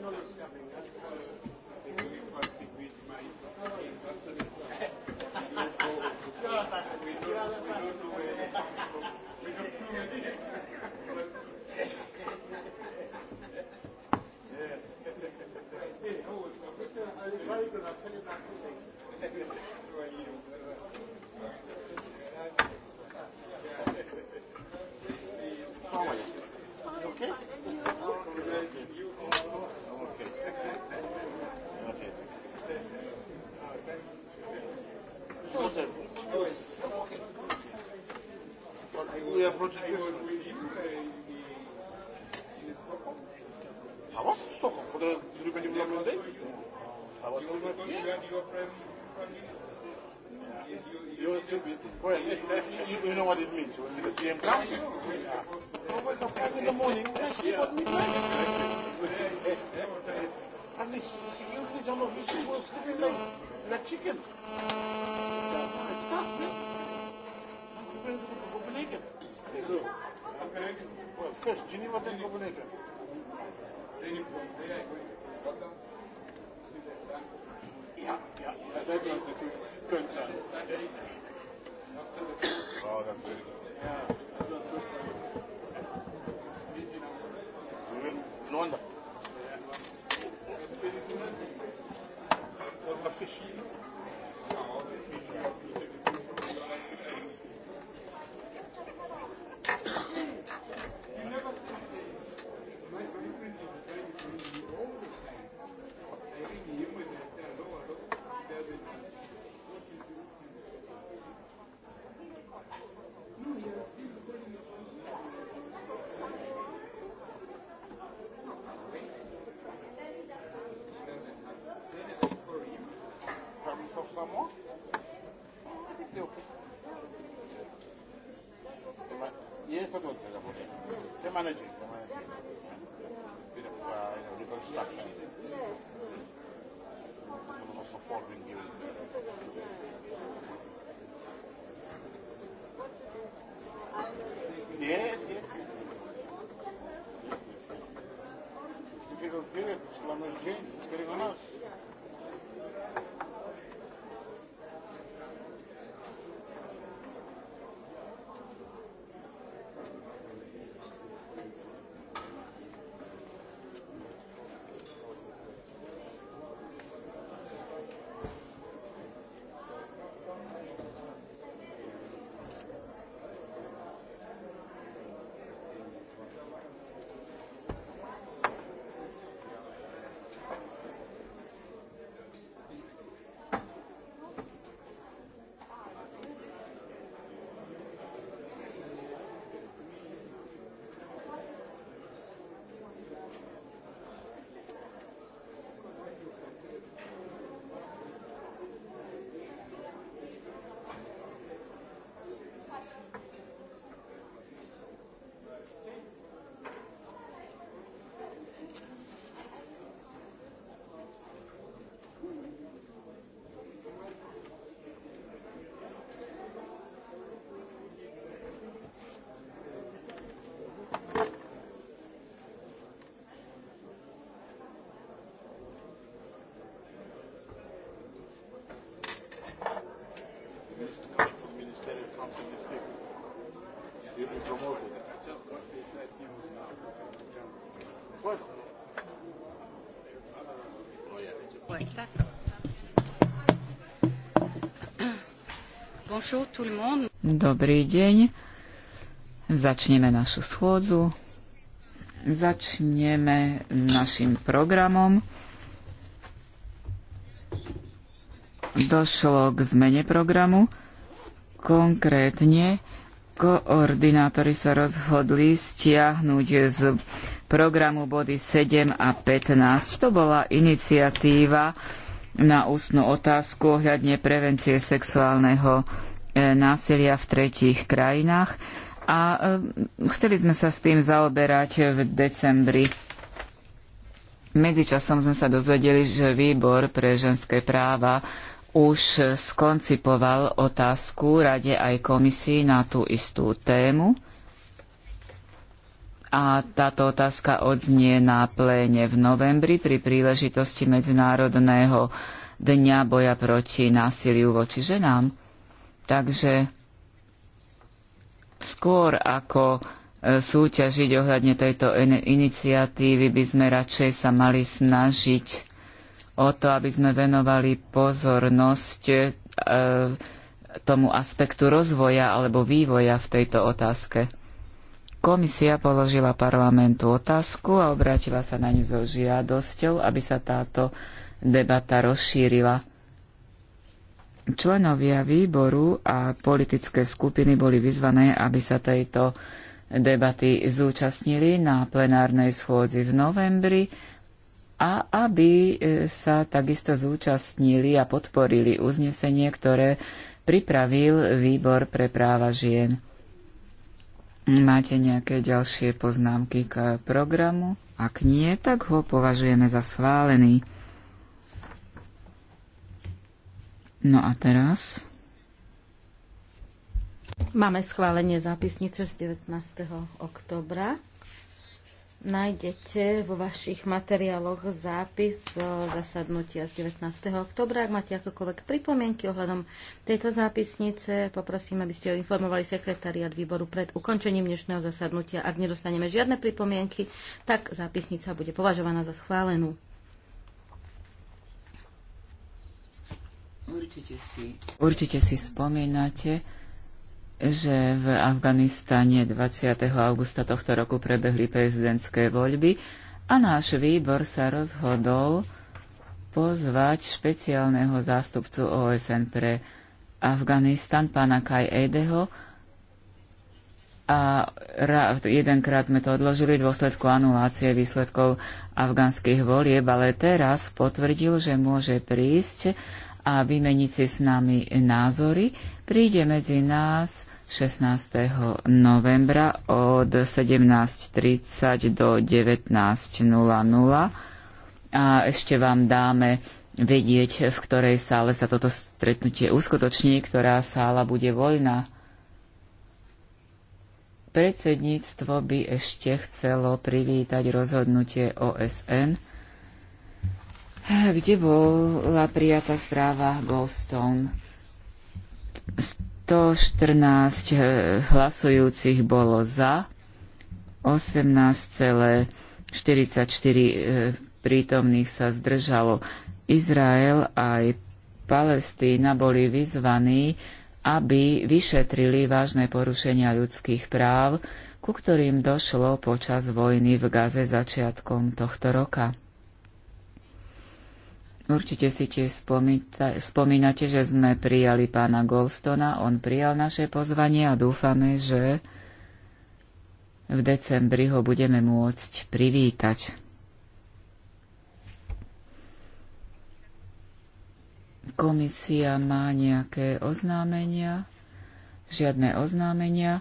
no lo escape. have been given. Dobrý deň. Začneme našu schôdzu. Začneme našim programom. Došlo k zmene programu. Konkrétne koordinátori sa rozhodli stiahnuť z programu body 7 a 15. To bola iniciatíva na ústnu otázku ohľadne prevencie sexuálneho e, násilia v tretích krajinách a e, chceli sme sa s tým zaoberať v decembri. Medzičasom sme sa dozvedeli, že výbor pre ženské práva už skoncipoval otázku Rade aj komisii na tú istú tému. A táto otázka odznie na pléne v novembri pri príležitosti Medzinárodného dňa boja proti násiliu voči ženám. Takže skôr ako e, súťažiť ohľadne tejto iniciatívy by sme radšej sa mali snažiť o to, aby sme venovali pozornosť e, tomu aspektu rozvoja alebo vývoja v tejto otázke. Komisia položila parlamentu otázku a obrátila sa na ňu so žiadosťou, aby sa táto debata rozšírila. Členovia výboru a politické skupiny boli vyzvané, aby sa tejto debaty zúčastnili na plenárnej schôdzi v novembri a aby e, sa takisto zúčastnili a podporili uznesenie, ktoré pripravil Výbor pre práva žien. Máte nejaké ďalšie poznámky k programu? Ak nie, tak ho považujeme za schválený. No a teraz? Máme schválenie zápisnice z 19. oktobra nájdete vo vašich materiáloch zápis o eh, zasadnutia z 19. oktobra. Ak máte akokoľvek pripomienky ohľadom tejto zápisnice, poprosím, aby ste informovali sekretariat výboru pred ukončením dnešného zasadnutia. Ak nedostaneme žiadne pripomienky, tak zápisnica bude považovaná za schválenú. Určite si, Určite si spomínate, že v Afganistane 20. augusta tohto roku prebehli prezidentské voľby a náš výbor sa rozhodol pozvať špeciálneho zástupcu OSN pre Afganistan, pána Kaj Edeho, a jedenkrát sme to odložili v dôsledku anulácie výsledkov afgánskych volieb, ale teraz potvrdil, že môže prísť a vymeniť si s nami názory príde medzi nás 16. novembra od 17.30 do 19.00 a ešte vám dáme vedieť, v ktorej sále sa toto stretnutie uskutoční, ktorá sála bude voľná. Predsedníctvo by ešte chcelo privítať rozhodnutie OSN, kde bola prijatá správa Goldstone 114 eh, hlasujúcich bolo za, 18,44 eh, prítomných sa zdržalo. Izrael aj Palestína boli vyzvaní, aby vyšetrili vážne porušenia ľudských práv, ku ktorým došlo počas vojny v Gaze začiatkom tohto roka. Určite si tiež spomínate, že sme prijali pána Goldstona. On prijal naše pozvanie a dúfame, že v decembri ho budeme môcť privítať. Komisia má nejaké oznámenia? Žiadne oznámenia.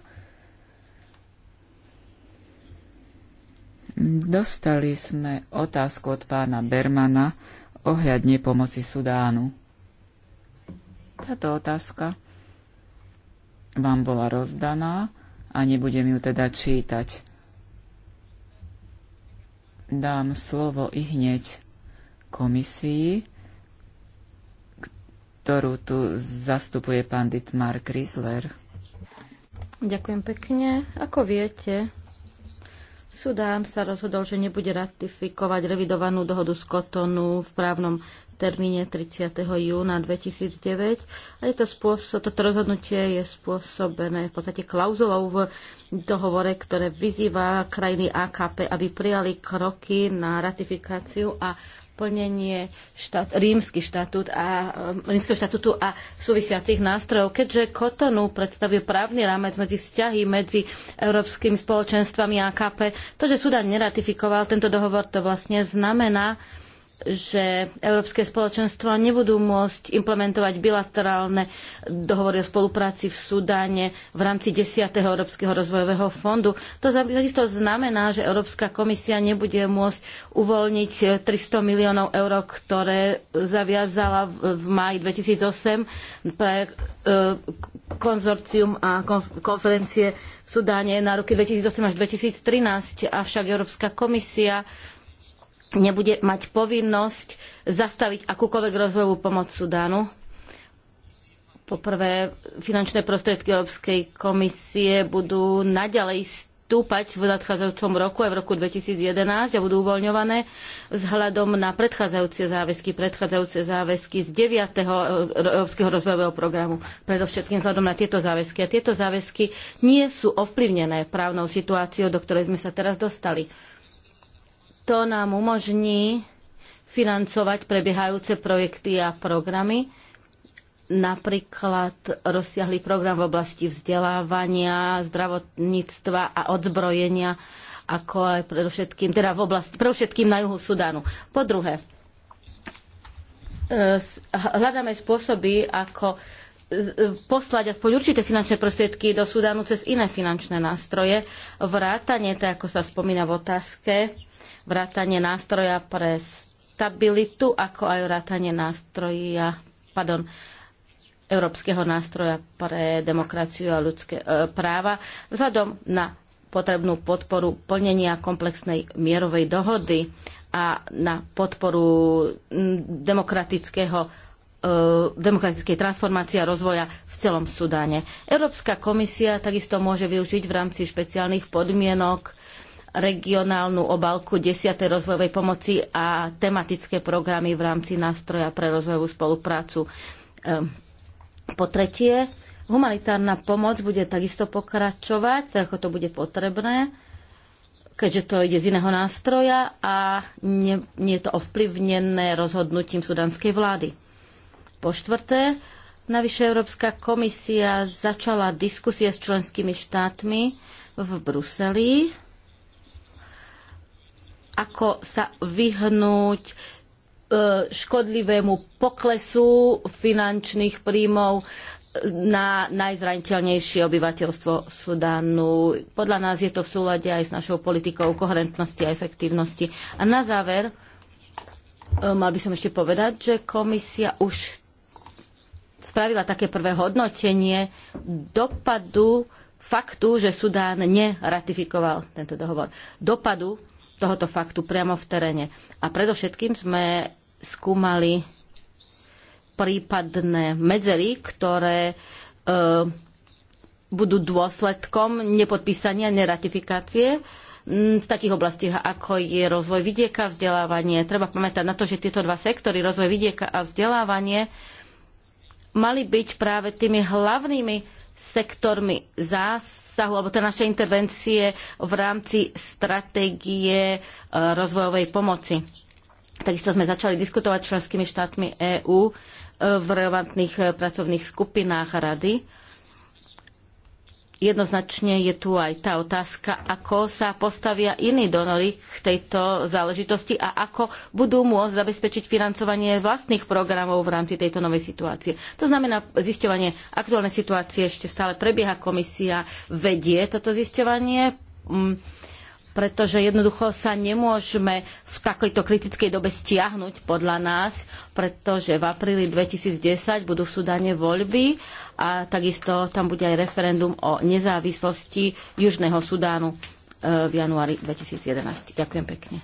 Dostali sme otázku od pána Bermana ohľadne pomoci Sudánu. Táto otázka vám bola rozdaná a nebudem ju teda čítať. Dám slovo i hneď komisii, ktorú tu zastupuje pán Dietmar Chrysler. Ďakujem pekne. Ako viete, Sudán sa rozhodol, že nebude ratifikovať revidovanú dohodu z Kotonu v právnom termíne 30. júna 2009. A je to spôsob, toto rozhodnutie je spôsobené v podstate klauzulou v dohovore, ktoré vyzýva krajiny AKP, aby prijali kroky na ratifikáciu a plnenie štát, rímsky štatút a, e, rímskeho štatútu a súvisiacich nástrojov, keďže Kotonu predstavuje právny rámec medzi vzťahy medzi európskymi spoločenstvami a AKP. To, že Sudan neratifikoval tento dohovor, to vlastne znamená, že Európske spoločenstva nebudú môcť implementovať bilaterálne dohovory o spolupráci v Sudáne v rámci 10. Európskeho rozvojového fondu. To takisto znamená, že Európska komisia nebude môcť uvoľniť 300 miliónov eur, ktoré zaviazala v, v máji 2008 pre e, konzorcium a konf- konferencie v Sudáne na roky 2008 až 2013. Avšak Európska komisia nebude mať povinnosť zastaviť akúkoľvek rozvojovú pomoc Sudánu. Poprvé, finančné prostriedky Európskej komisie budú naďalej stúpať v nadchádzajúcom roku aj v roku 2011 a budú uvoľňované vzhľadom na predchádzajúce záväzky, predchádzajúce záväzky z 9. E, Európskeho rozvojového programu. Predovšetkým vzhľadom na tieto záväzky. A tieto záväzky nie sú ovplyvnené právnou situáciou, do ktorej sme sa teraz dostali to nám umožní financovať prebiehajúce projekty a programy, napríklad rozsiahly program v oblasti vzdelávania, zdravotníctva a odzbrojenia, ako aj predovšetkým, teda v oblasti, predovšetkým na juhu Sudánu. Po druhé, e, hľadáme spôsoby, ako E, poslať aspoň určité finančné prostriedky do Sudánu cez iné finančné nástroje, vrátanie, tak ako sa spomína v otázke, vrátanie nástroja pre stabilitu, ako aj vrátanie nástroja, pardon, Európskeho nástroja pre demokraciu a ľudské e, práva vzhľadom na potrebnú podporu plnenia komplexnej mierovej dohody a na podporu demokratického E, demokratickej transformácie a rozvoja v celom Sudáne. Európska komisia takisto môže využiť v rámci špeciálnych podmienok regionálnu obalku 10. rozvojovej pomoci a tematické programy v rámci nástroja pre rozvojovú spoluprácu. E, po tretie, humanitárna pomoc bude takisto pokračovať, ako to bude potrebné, keďže to ide z iného nástroja a nie, nie je to ovplyvnené rozhodnutím sudanskej vlády. Po štvrté, navyše Európska komisia začala diskusie s členskými štátmi v Bruseli, ako sa vyhnúť e, škodlivému poklesu finančných príjmov e, na najzraniteľnejšie obyvateľstvo Sudánu. Podľa nás je to v súlade aj s našou politikou koherentnosti a efektívnosti. A na záver, e, mal by som ešte povedať, že komisia už spravila také prvé hodnotenie dopadu faktu, že Sudán neratifikoval tento dohovor. Dopadu tohoto faktu priamo v teréne. A predovšetkým sme skúmali prípadné medzery, ktoré e, budú dôsledkom nepodpísania, neratifikácie v takých oblastiach, ako je rozvoj vidieka, vzdelávanie. Treba pamätať na to, že tieto dva sektory, rozvoj vidieka a vzdelávanie, mali byť práve tými hlavnými sektormi zásahu, alebo teda naše intervencie v rámci stratégie e, rozvojovej pomoci. Takisto sme začali diskutovať s členskými štátmi EÚ e, v relevantných e, pracovných skupinách rady Jednoznačne je tu aj tá otázka, ako sa postavia iní donory k tejto záležitosti a ako budú môcť zabezpečiť financovanie vlastných programov v rámci tejto novej situácie. To znamená, zisťovanie aktuálnej situácie ešte stále prebieha, komisia vedie toto zisťovanie mm, pretože jednoducho sa nemôžeme v takejto kritickej dobe stiahnuť podľa nás, pretože v apríli 2010 budú v Sudáne voľby a takisto tam bude aj referendum o nezávislosti Južného Sudánu e, v januári 2011. Ďakujem pekne.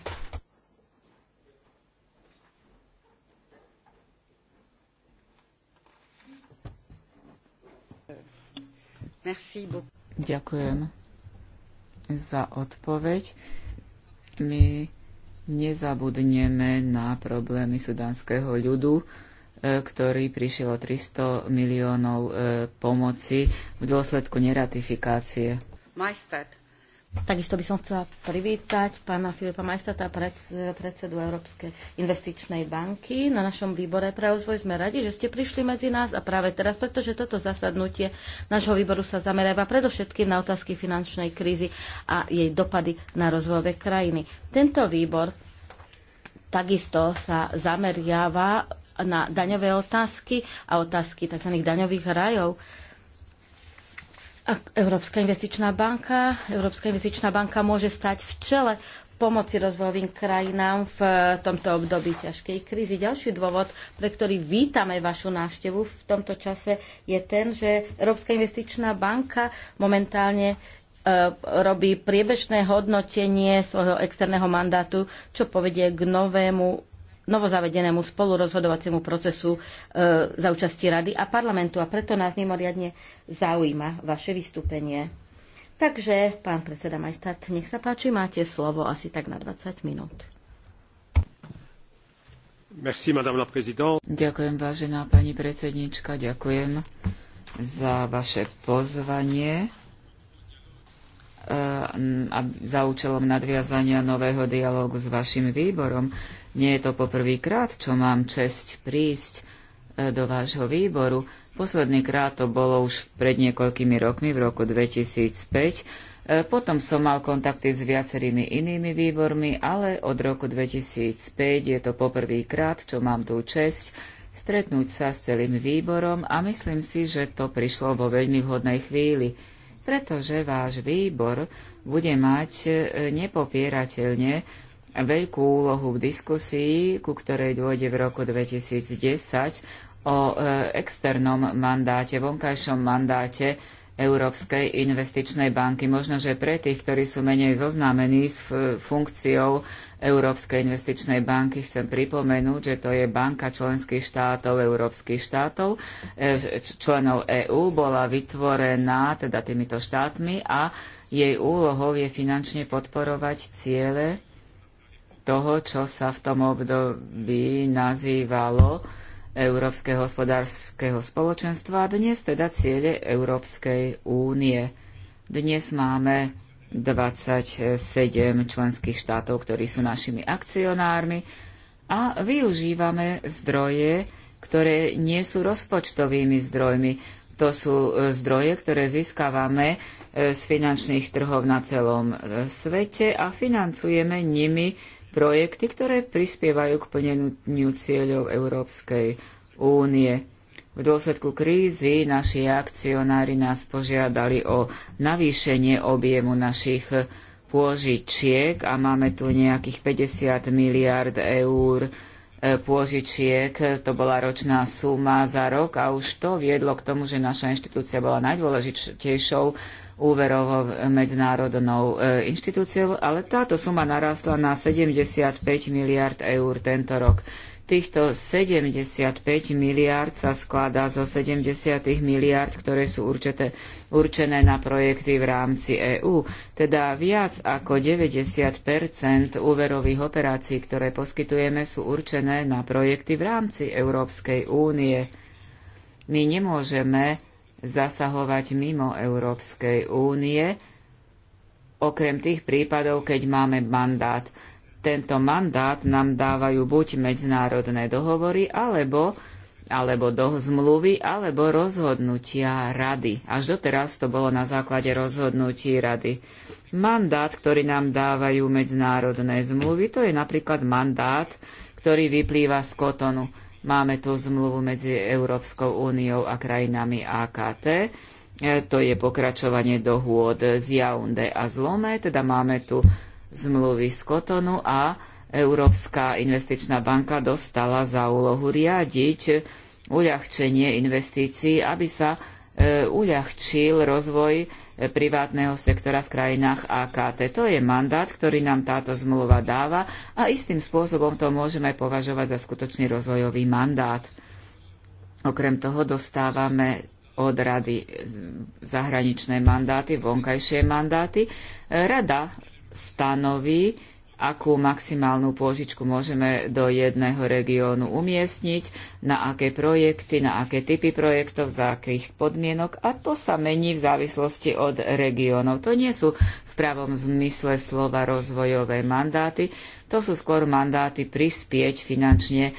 Ďakujem za odpoveď. My nezabudneme na problémy sudánskeho ľudu, E, ktorý prišiel o 300 miliónov e, pomoci v dôsledku neratifikácie. Majstad. Takisto by som chcela privítať pána Filipa Majstata, predsedu Európskej investičnej banky. Na našom výbore pre rozvoj sme radi, že ste prišli medzi nás a práve teraz, pretože toto zasadnutie nášho výboru sa zameráva predovšetkým na otázky finančnej krízy a jej dopady na rozvojové krajiny. Tento výbor takisto sa zameriava na daňové otázky a otázky tzv. daňových rajov. Európska investičná banka, Európska investičná banka môže stať v čele pomoci rozvojovým krajinám v tomto období ťažkej krízy. Ďalší dôvod, pre ktorý vítame vašu návštevu v tomto čase, je ten, že Európska investičná banka momentálne e, robí priebežné hodnotenie svojho externého mandátu, čo povedie k novému novozavedenému spolurozhodovaciemu procesu e, za účasti Rady a parlamentu. A preto nás mimoriadne zaujíma vaše vystúpenie. Takže, pán predseda Majstát, nech sa páči, máte slovo asi tak na 20 minút. Merci, madame la Ďakujem, vážená pani predsednička, ďakujem za vaše pozvanie e, a za účelom nadviazania nového dialógu s vašim výborom. Nie je to poprvýkrát, čo mám česť prísť e, do vášho výboru. Posledný krát to bolo už pred niekoľkými rokmi, v roku 2005. E, potom som mal kontakty s viacerými inými výbormi, ale od roku 2005 je to poprvýkrát, čo mám tú česť stretnúť sa s celým výborom a myslím si, že to prišlo vo veľmi vhodnej chvíli, pretože váš výbor bude mať e, nepopierateľne veľkú úlohu v diskusii, ku ktorej dôjde v roku 2010 o e, externom mandáte, vonkajšom mandáte Európskej investičnej banky. Možno, že pre tých, ktorí sú menej zoznámení s funkciou Európskej investičnej banky, chcem pripomenúť, že to je banka členských štátov, európskych štátov, e, členov EÚ, bola vytvorená teda týmito štátmi a jej úlohou je finančne podporovať ciele toho, čo sa v tom období nazývalo Európske hospodárskeho spoločenstva a dnes teda ciele Európskej únie. Dnes máme 27 členských štátov, ktorí sú našimi akcionármi a využívame zdroje, ktoré nie sú rozpočtovými zdrojmi. To sú e, zdroje, ktoré získavame e, z finančných trhov na celom e, svete a financujeme nimi projekty, ktoré prispievajú k plneniu cieľov Európskej únie. V dôsledku krízy naši akcionári nás požiadali o navýšenie objemu našich pôžičiek a máme tu nejakých 50 miliard eur e, pôžičiek. To bola ročná suma za rok a už to viedlo k tomu, že naša inštitúcia bola najdôležitejšou úverov medzinárodnou e, inštitúciou, ale táto suma narastla na 75 miliard eur tento rok. Týchto 75 miliard sa skladá zo 70 miliard, ktoré sú určete, určené na projekty v rámci EÚ. Teda viac ako 90 úverových operácií, ktoré poskytujeme, sú určené na projekty v rámci Európskej únie. My nemôžeme zasahovať mimo Európskej únie, okrem tých prípadov, keď máme mandát. Tento mandát nám dávajú buď medzinárodné dohovory, alebo, alebo do zmluvy, alebo rozhodnutia rady. Až doteraz to bolo na základe rozhodnutí rady. Mandát, ktorý nám dávajú medzinárodné zmluvy, to je napríklad mandát, ktorý vyplýva z kotonu Máme tu zmluvu medzi Európskou úniou a krajinami AKT. E, to je pokračovanie dohôd z Jaunde a z Lome, teda máme tu zmluvy z Kotonu a Európska investičná banka dostala za úlohu riadiť uľahčenie investícií, aby sa e, uľahčil rozvoj privátneho sektora v krajinách AKT. To je mandát, ktorý nám táto zmluva dáva a istým spôsobom to môžeme považovať za skutočný rozvojový mandát. Okrem toho dostávame od rady zahraničné mandáty, vonkajšie mandáty. Rada stanoví akú maximálnu pôžičku môžeme do jedného regiónu umiestniť, na aké projekty, na aké typy projektov, za akých podmienok a to sa mení v závislosti od regiónov. To nie sú v pravom zmysle slova rozvojové mandáty, to sú skôr mandáty prispieť finančne e,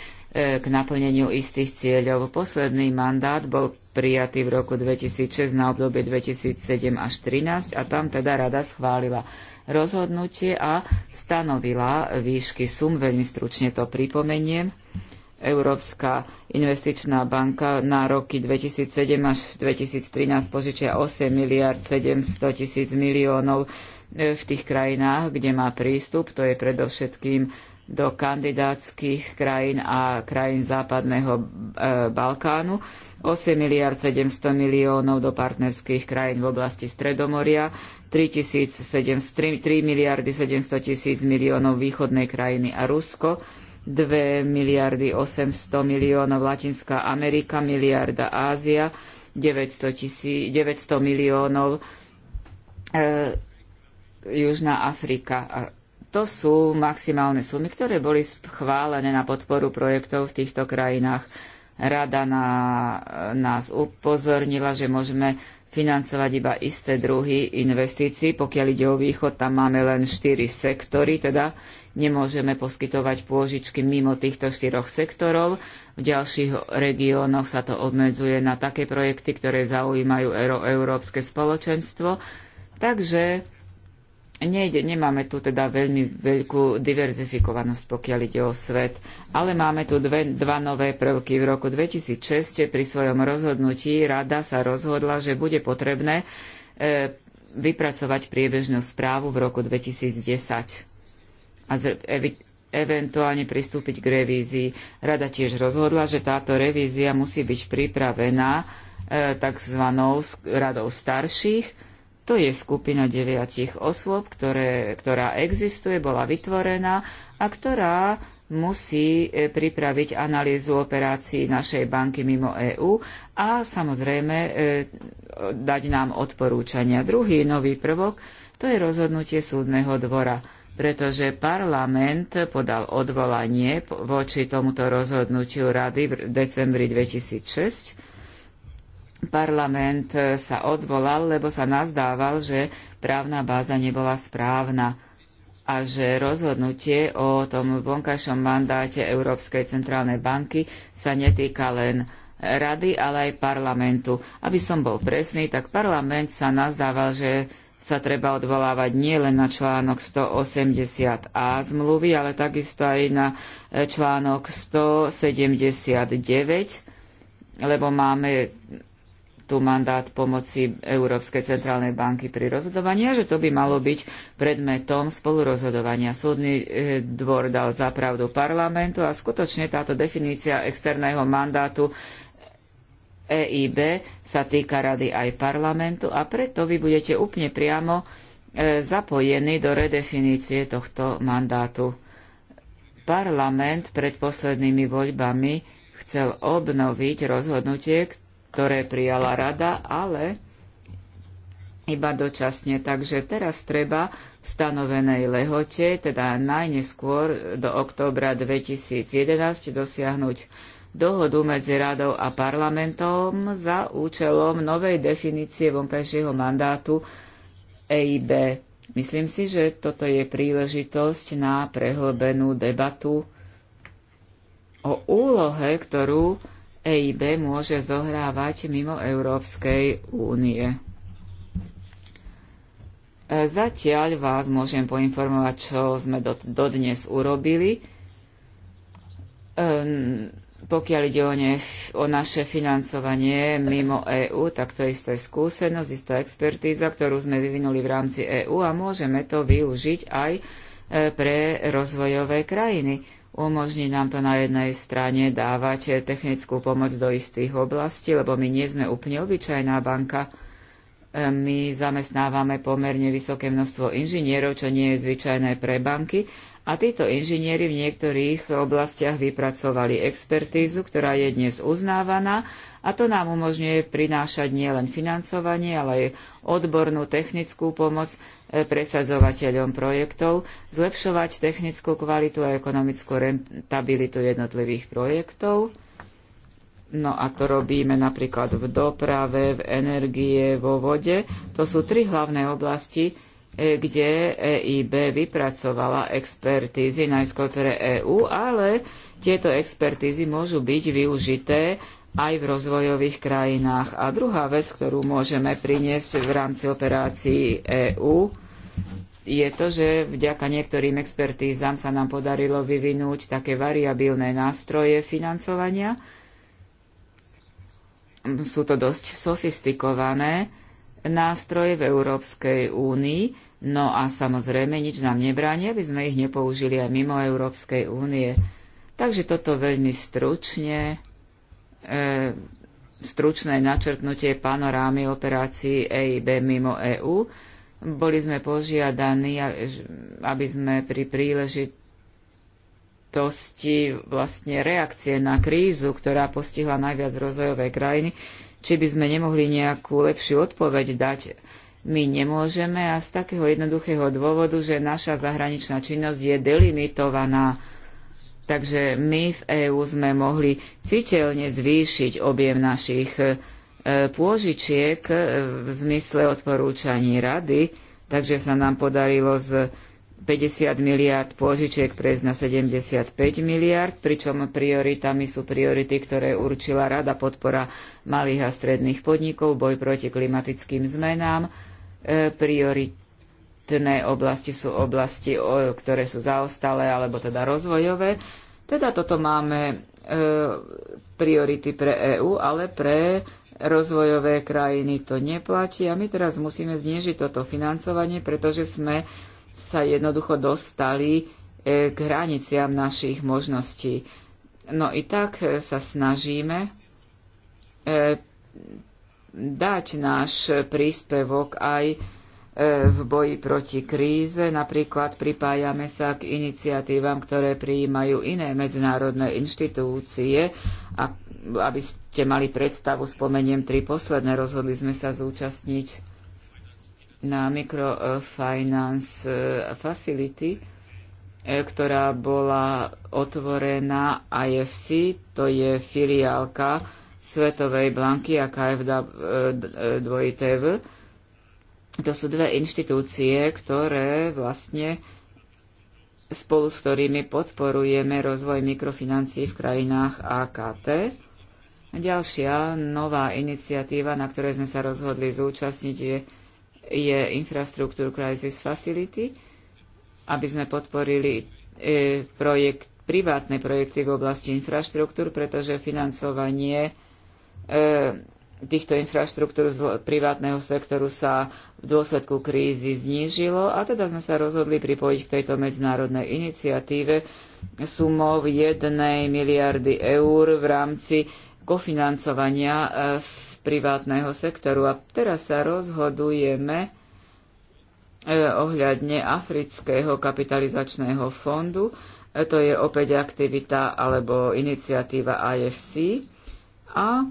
k naplneniu istých cieľov. Posledný mandát bol prijatý v roku 2006 na obdobie 2007 až 2013 a tam teda rada schválila rozhodnutie a stanovila výšky sum, veľmi stručne to pripomeniem. Európska investičná banka na roky 2007 až 2013 požičia 8 miliard 700 tisíc miliónov e, v tých krajinách, kde má prístup. To je predovšetkým do kandidátskych krajín a krajín západného e, Balkánu 8 miliard 700 miliónov do partnerských krajín v oblasti Stredomoria, 3, 700, 3, 3 miliardy 700 tisíc miliónov východnej krajiny a Rusko, 2 miliardy 800 miliónov Latinská Amerika, miliarda Ázia, 900, tisí, 900 miliónov e, Južná Afrika. A to sú maximálne sumy, ktoré boli schválené na podporu projektov v týchto krajinách. Rada na, nás upozornila, že môžeme financovať iba isté druhy investícií. Pokiaľ ide o východ, tam máme len štyri sektory, teda nemôžeme poskytovať pôžičky mimo týchto štyroch sektorov. V ďalších regiónoch sa to obmedzuje na také projekty, ktoré zaujímajú euro európske spoločenstvo. Takže nejde, nemáme tu teda veľmi veľkú diverzifikovanosť, pokiaľ ide o svet, ale máme tu dve, dva nové prvky. V roku 2006 pri svojom rozhodnutí rada sa rozhodla, že bude potrebné e, vypracovať priebežnú správu v roku 2010 a z, ev, eventuálne pristúpiť k revízii. Rada tiež rozhodla, že táto revízia musí byť pripravená e, tzv. radou starších, to je skupina deviatich osôb, ktoré, ktorá existuje, bola vytvorená a ktorá musí e, pripraviť analýzu operácií našej banky mimo EÚ a samozrejme e, dať nám odporúčania. Druhý nový prvok to je rozhodnutie súdneho dvora, pretože parlament podal odvolanie voči tomuto rozhodnutiu rady v decembri 2006 parlament eh, sa odvolal, lebo sa nazdával, že právna báza nebola správna a že rozhodnutie o tom vonkajšom mandáte Európskej centrálnej banky sa netýka len rady, ale aj parlamentu. Aby som bol presný, tak parlament sa nazdával, že sa treba odvolávať nielen na článok 180a zmluvy, ale takisto aj na eh, článok 179, lebo máme tu mandát pomoci Európskej centrálnej banky pri rozhodovaní a že to by malo byť predmetom spolurozhodovania. Súdny e, dvor dal zapravdu parlamentu a skutočne táto definícia externého mandátu EIB sa týka rady aj parlamentu a preto vy budete úplne priamo e, zapojení do redefinície tohto mandátu. Parlament pred poslednými voľbami chcel obnoviť rozhodnutie, ktoré prijala rada, ale iba dočasne. Takže teraz treba v stanovenej lehote, teda najneskôr do októbra 2011, dosiahnuť dohodu medzi radou a parlamentom za účelom novej definície vonkajšieho mandátu EIB. Myslím si, že toto je príležitosť na prehlbenú debatu o úlohe, ktorú EIB môže zohrávať mimo Európskej únie. E, zatiaľ vás môžem poinformovať, čo sme dodnes urobili. E, pokiaľ ide o, ne, o naše financovanie mimo EÚ, tak to je istá skúsenosť, istá expertíza, ktorú sme vyvinuli v rámci EÚ a môžeme to využiť aj e, pre rozvojové krajiny. Umožní nám to na jednej strane dávať technickú pomoc do istých oblastí, lebo my nie sme úplne obyčajná banka. E, my zamestnávame pomerne vysoké množstvo inžinierov, čo nie je zvyčajné pre banky. A títo inžinieri v niektorých oblastiach vypracovali expertízu, ktorá je dnes uznávaná a to nám umožňuje prinášať nielen financovanie, ale aj odbornú technickú pomoc e, presadzovateľom projektov, zlepšovať technickú kvalitu a ekonomickú rentabilitu jednotlivých projektov. No a to robíme napríklad v doprave, v energie, vo vode. To sú tri hlavné oblasti, e, kde EIB vypracovala expertízy najskôr pre EÚ, ale tieto expertízy môžu byť využité aj v rozvojových krajinách. A druhá vec, ktorú môžeme priniesť v rámci operácií EÚ, je to, že vďaka niektorým expertízam sa nám podarilo vyvinúť také variabilné nástroje financovania. Sú to dosť sofistikované nástroje v Európskej únii, no a samozrejme nič nám nebráni, aby sme ich nepoužili aj mimo Európskej únie. Takže toto veľmi stručne E, stručné načrtnutie panorámy operácií EIB mimo EÚ. Boli sme požiadaní, aby sme pri príležitosti vlastne reakcie na krízu, ktorá postihla najviac rozvojové krajiny, či by sme nemohli nejakú lepšiu odpoveď dať. My nemôžeme a z takého jednoduchého dôvodu, že naša zahraničná činnosť je delimitovaná Takže my v EÚ sme mohli citeľne zvýšiť objem našich e, pôžičiek e, v zmysle odporúčaní rady, takže sa nám podarilo z 50 miliard pôžičiek prejsť na 75 miliard, pričom prioritami sú priority, ktoré určila Rada podpora malých a stredných podnikov, boj proti klimatickým zmenám. E, prioritné oblasti sú oblasti, ktoré sú zaostalé alebo teda rozvojové teda toto máme e, priority pre EÚ, ale pre rozvojové krajiny to neplatí a my teraz musíme znižiť toto financovanie, pretože sme sa jednoducho dostali e, k hraniciam našich možností. No i tak e, sa snažíme dať náš príspevok aj E, v boji proti kríze. Napríklad pripájame sa k iniciatívam, ktoré prijímajú iné medzinárodné inštitúcie. A aby ste mali predstavu, spomeniem tri posledné. Rozhodli sme sa zúčastniť na Microfinance e, Facility, e, ktorá bola otvorená IFC, to je filiálka Svetovej banky a KFW to sú dve inštitúcie, ktoré vlastne spolu s ktorými podporujeme rozvoj mikrofinancií v krajinách AKT. Ďalšia nová iniciatíva, na ktorej sme sa rozhodli zúčastniť, je, je Infrastructure Crisis Facility, aby sme podporili e, projekt, privátne projekty v oblasti infraštruktúr, pretože financovanie e, týchto infraštruktúr z privátneho sektoru sa v dôsledku krízy znížilo a teda sme sa rozhodli pripojiť k tejto medzinárodnej iniciatíve sumou 1 miliardy eur v rámci kofinancovania e, v privátneho sektoru. A teraz sa rozhodujeme e, ohľadne Afrického kapitalizačného fondu. E, to je opäť aktivita alebo iniciatíva IFC. A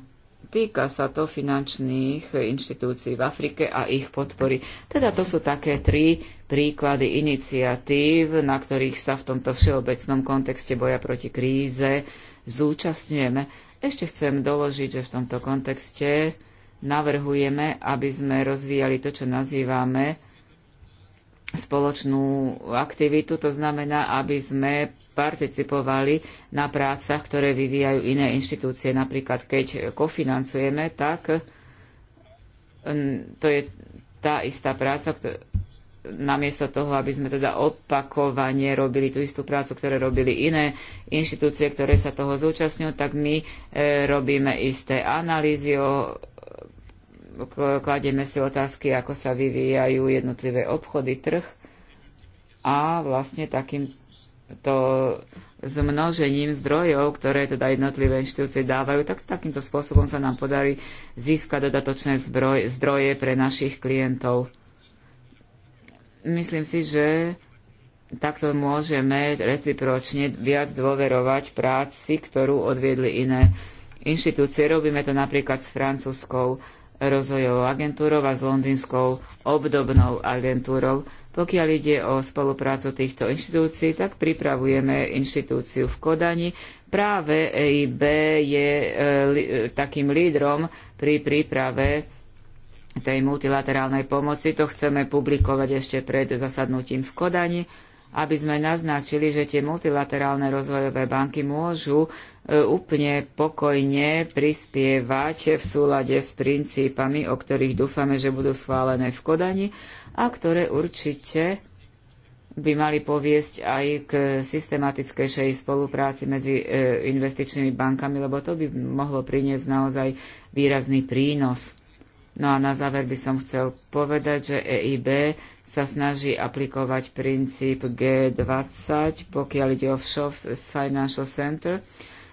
Týka sa to finančných inštitúcií v Afrike a ich podpory. Teda to sú také tri príklady iniciatív, na ktorých sa v tomto všeobecnom kontexte boja proti kríze zúčastňujeme. Ešte chcem doložiť, že v tomto kontexte navrhujeme, aby sme rozvíjali to, čo nazývame spoločnú aktivitu, to znamená, aby sme participovali na prácach, ktoré vyvíjajú iné inštitúcie. Napríklad, keď kofinancujeme, tak mm, to je tá istá práca, ktorá, namiesto toho, aby sme teda opakovane robili tú istú prácu, ktoré robili iné inštitúcie, ktoré sa toho zúčastňujú, tak my e, robíme isté analýzy o kladieme si otázky, ako sa vyvíjajú jednotlivé obchody, trh a vlastne takýmto zmnožením zdrojov, ktoré teda jednotlivé inštitúcie dávajú, tak takýmto spôsobom sa nám podarí získať dodatočné zbroj, zdroje pre našich klientov. Myslím si, že takto môžeme recipročne viac dôverovať práci, ktorú odviedli iné inštitúcie. Robíme to napríklad s francúzskou rozvojovou agentúrou a s londýnskou obdobnou agentúrou. Pokiaľ ide o spoluprácu týchto inštitúcií, tak pripravujeme inštitúciu v Kodani. Práve EIB je e, li, e, takým lídrom pri príprave tej multilaterálnej pomoci. To chceme publikovať ešte pred zasadnutím v Kodani aby sme naznačili, že tie multilaterálne rozvojové banky môžu e, úplne pokojne prispievať v súlade s princípami, o ktorých dúfame, že budú schválené v Kodani a ktoré určite by mali poviesť aj k systematickejšej spolupráci medzi e, investičnými bankami, lebo to by mohlo priniesť naozaj výrazný prínos. No a na záver by som chcel povedať, že EIB sa snaží aplikovať princíp G20, pokiaľ ide o offshore Financial Center.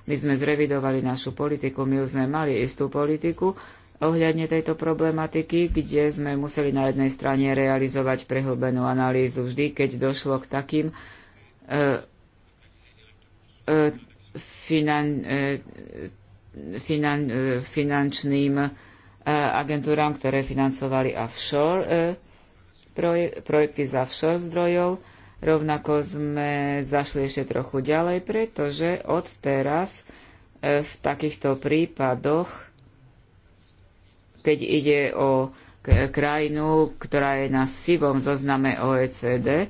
My sme zrevidovali našu politiku, my už sme mali istú politiku ohľadne tejto problematiky, kde sme museli na jednej strane realizovať prehlbenú analýzu vždy, keď došlo k takým e, e, finan, e, finan, e, finančným E, agentúram, ktoré financovali offshore e, projekty z offshore zdrojov. Rovnako sme zašli ešte trochu ďalej, pretože od teraz e, v takýchto prípadoch, keď ide o krajinu, ktorá je na sivom zozname OECD,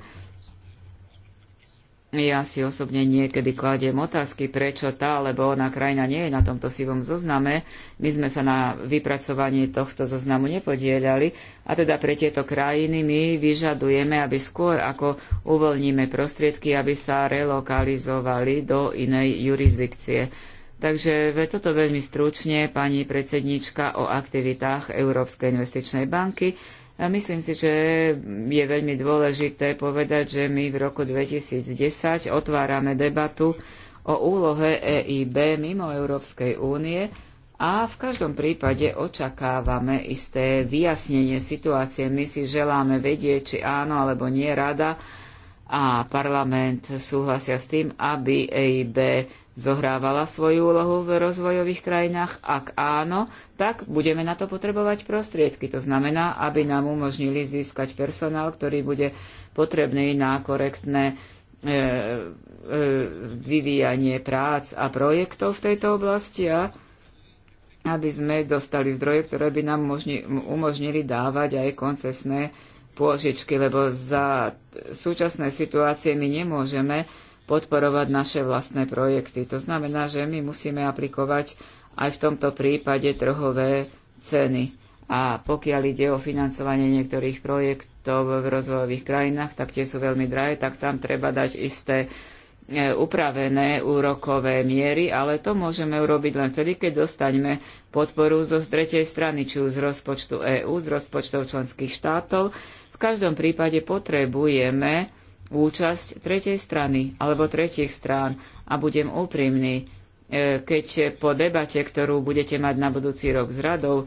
ja si osobne niekedy kladiem otázky, prečo tá alebo ona krajina nie je na tomto sivom zozname. My sme sa na vypracovanie tohto zoznamu nepodielali a teda pre tieto krajiny my vyžadujeme, aby skôr ako uvoľníme prostriedky, aby sa relokalizovali do inej jurisdikcie. Takže toto veľmi stručne, pani predsednička, o aktivitách Európskej investičnej banky. A myslím si, že je veľmi dôležité povedať, že my v roku 2010 otvárame debatu o úlohe EIB mimo Európskej únie a v každom prípade očakávame isté vyjasnenie situácie. My si želáme vedieť, či áno alebo nie rada a parlament súhlasia s tým, aby EIB zohrávala svoju úlohu v rozvojových krajinách? Ak áno, tak budeme na to potrebovať prostriedky. To znamená, aby nám umožnili získať personál, ktorý bude potrebný na korektné e, e, vyvíjanie prác a projektov v tejto oblasti a aby sme dostali zdroje, ktoré by nám možni, umožnili dávať aj koncesné pôžičky, lebo za súčasné situácie my nemôžeme podporovať naše vlastné projekty. To znamená, že my musíme aplikovať aj v tomto prípade trhové ceny. A pokiaľ ide o financovanie niektorých projektov v rozvojových krajinách, tak tie sú veľmi drahé, tak tam treba dať isté e, upravené úrokové miery, ale to môžeme urobiť len vtedy, keď dostaňme podporu zo tretej strany, či už z rozpočtu EÚ, z rozpočtov členských štátov. V každom prípade potrebujeme účasť tretej strany alebo tretich strán. A budem úprimný, e, keď po debate, ktorú budete mať na budúci rok s radou, e,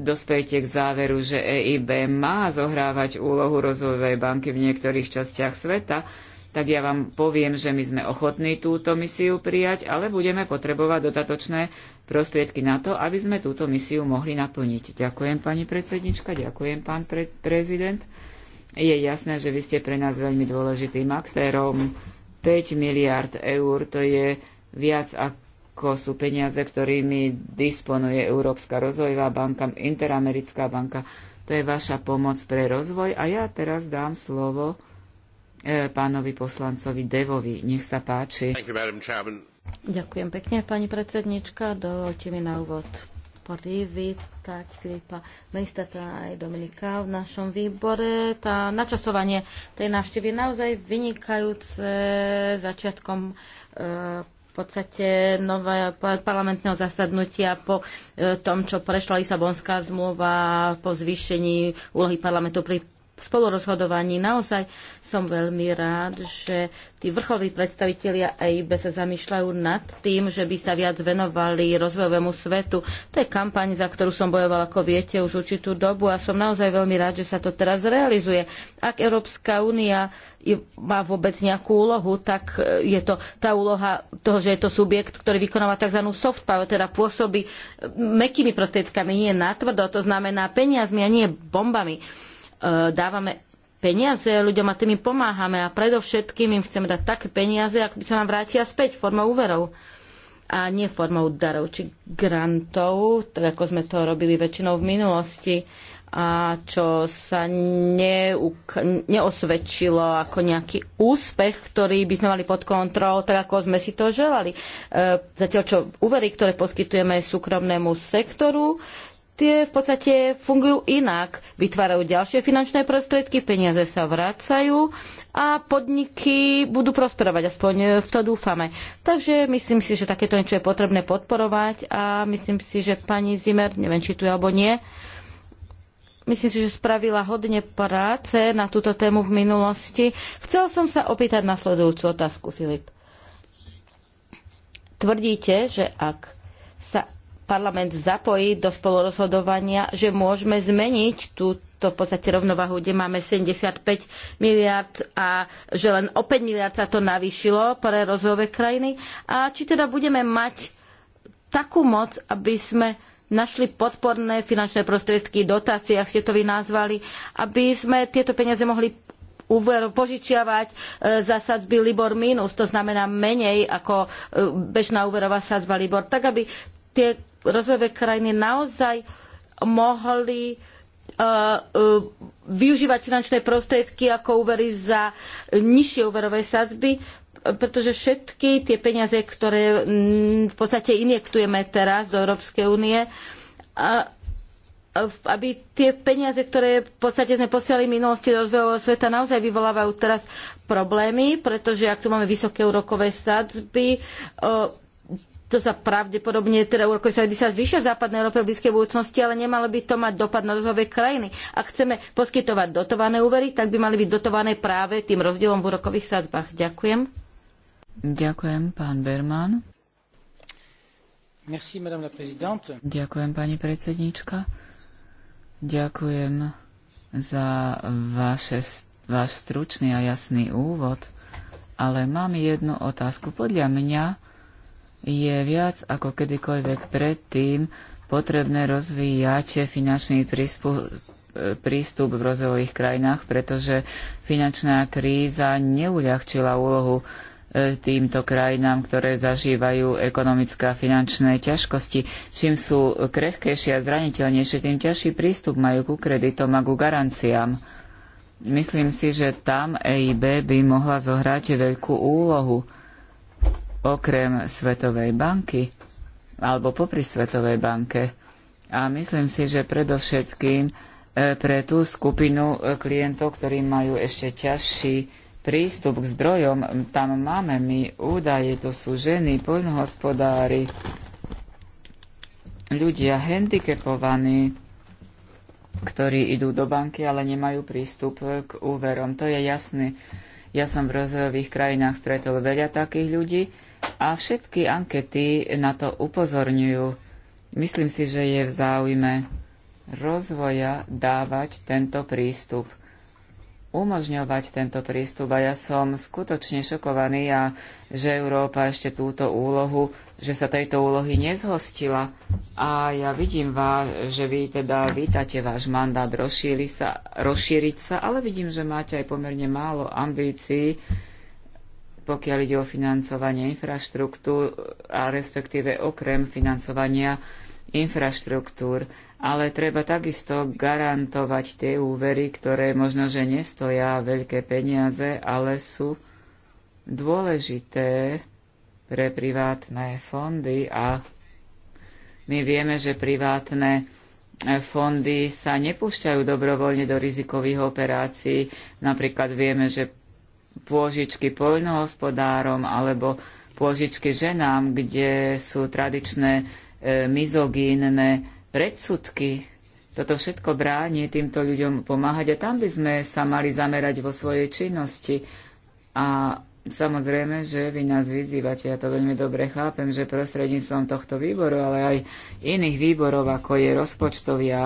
dospejte k záveru, že EIB má zohrávať úlohu rozvojovej banky v niektorých častiach sveta, tak ja vám poviem, že my sme ochotní túto misiu prijať, ale budeme potrebovať dodatočné prostriedky na to, aby sme túto misiu mohli naplniť. Ďakujem, pani predsednička, ďakujem, pán pre- prezident. Je jasné, že vy ste pre nás veľmi dôležitým aktérom. 5 miliard eur to je viac ako sú peniaze, ktorými disponuje Európska rozvojová banka, Interamerická banka. To je vaša pomoc pre rozvoj. A ja teraz dám slovo e, pánovi poslancovi Devovi. Nech sa páči. You, Ďakujem pekne, pani predsednička. Dovolte mi na úvod privítať Filipa Mejstata aj Dominika v našom výbore. Tá načasovanie tej návštevy je naozaj vynikajúce začiatkom e, v podstate nové parlamentného zasadnutia po e, tom, čo prešla Lisabonská zmluva, po zvýšení úlohy parlamentu pri spolurozhodovaní. Naozaj som veľmi rád, že tí vrcholní predstavitelia EIB sa zamýšľajú nad tým, že by sa viac venovali rozvojovému svetu. To je kampaň, za ktorú som bojoval, ako viete, už určitú dobu a som naozaj veľmi rád, že sa to teraz realizuje. Ak Európska únia má vôbec nejakú úlohu, tak e, je to tá úloha toho, že je to subjekt, ktorý vykonáva tzv. soft power, teda pôsobí e, mekými prostriedkami, nie natvrdo, to znamená peniazmi a nie bombami E, dávame peniaze ľuďom a tým im pomáhame a predovšetkým im chceme dať také peniaze, ak by sa nám vrátia späť formou úverov a nie formou darov či grantov, tak ako sme to robili väčšinou v minulosti a čo sa neuk- neosvedčilo ako nejaký úspech, ktorý by sme mali pod kontrolou, tak ako sme si to želali. E, zatiaľ, čo úvery, ktoré poskytujeme súkromnému sektoru, tie v podstate fungujú inak. Vytvárajú ďalšie finančné prostriedky, peniaze sa vracajú a podniky budú prosperovať, aspoň e, v to dúfame. Takže myslím si, že takéto niečo je potrebné podporovať a myslím si, že pani Zimmer, neviem, či tu je alebo nie, myslím si, že spravila hodne práce na túto tému v minulosti. Chcel som sa opýtať na sledujúcu otázku, Filip. Tvrdíte, že ak parlament zapojí do spolurozhodovania, že môžeme zmeniť túto v podstate rovnovahu, kde máme 75 miliard a že len o 5 miliard sa to navýšilo pre rozvojové krajiny. A či teda budeme mať takú moc, aby sme našli podporné finančné prostriedky, dotácie, ak ste to vy nazvali, aby sme tieto peniaze mohli požičiavať e, za sadzby Libor minus, to znamená menej ako e, bežná úverová sadzba Libor, tak aby tie rozvojové krajiny naozaj mohli e, e, využívať finančné prostriedky ako úvery za nižšie úverové sadzby, pretože všetky tie peniaze, ktoré mm, v podstate injektujeme teraz do Európskej únie, e, aby tie peniaze, ktoré v podstate sme posielali v minulosti do rozvojového sveta, naozaj vyvolávajú teraz problémy, pretože ak tu máme vysoké úrokové sadzby, to sa pravdepodobne, teda úrokový by sa zvýšia v západnej Európe v blízkej budúcnosti, ale nemalo by to mať dopad na rozvojové krajiny. Ak chceme poskytovať dotované úvery, tak by mali byť dotované práve tým rozdielom v úrokových sadzbách. Ďakujem. Ďakujem, pán Berman. Merci, madame la présidente. Ďakujem, pani predsednička. Ďakujem za vaše, váš stručný a jasný úvod, ale mám jednu otázku. Podľa mňa je viac ako kedykoľvek predtým potrebné rozvíjať finančný prístup, prístup v rozvojových krajinách, pretože finančná kríza neuľahčila úlohu e, týmto krajinám, ktoré zažívajú ekonomické a finančné ťažkosti. Čím sú krehkejšie a zraniteľnejšie, tým ťažší prístup majú ku kreditom a ku garanciám. Myslím si, že tam EIB by mohla zohrať veľkú úlohu okrem Svetovej banky alebo popri Svetovej banke. A myslím si, že predovšetkým e, pre tú skupinu e, klientov, ktorí majú ešte ťažší prístup k zdrojom, tam máme my údaje, to sú ženy, poľnohospodári, ľudia handicapovaní, ktorí idú do banky, ale nemajú prístup e, k úverom. To je jasný ja som v rozvojových krajinách stretol veľa takých ľudí a všetky ankety na to upozorňujú. Myslím si, že je v záujme rozvoja dávať tento prístup umožňovať tento prístup a ja som skutočne šokovaný a že Európa ešte túto úlohu, že sa tejto úlohy nezhostila a ja vidím vás, že vy teda vítate váš mandát sa, rozšíriť sa, ale vidím, že máte aj pomerne málo ambícií, pokiaľ ide o financovanie infraštruktúr a respektíve okrem financovania infraštruktúr ale treba takisto garantovať tie úvery, ktoré možno, že nestoja veľké peniaze, ale sú dôležité pre privátne fondy a my vieme, že privátne fondy sa nepúšťajú dobrovoľne do rizikových operácií. Napríklad vieme, že pôžičky poľnohospodárom alebo pôžičky ženám, kde sú tradičné e, mizogínne predsudky. Toto všetko bráni týmto ľuďom pomáhať a tam by sme sa mali zamerať vo svojej činnosti. A samozrejme, že vy nás vyzývate, ja to veľmi dobre chápem, že prostredníctvom tohto výboru, ale aj iných výborov, ako je rozpočtový a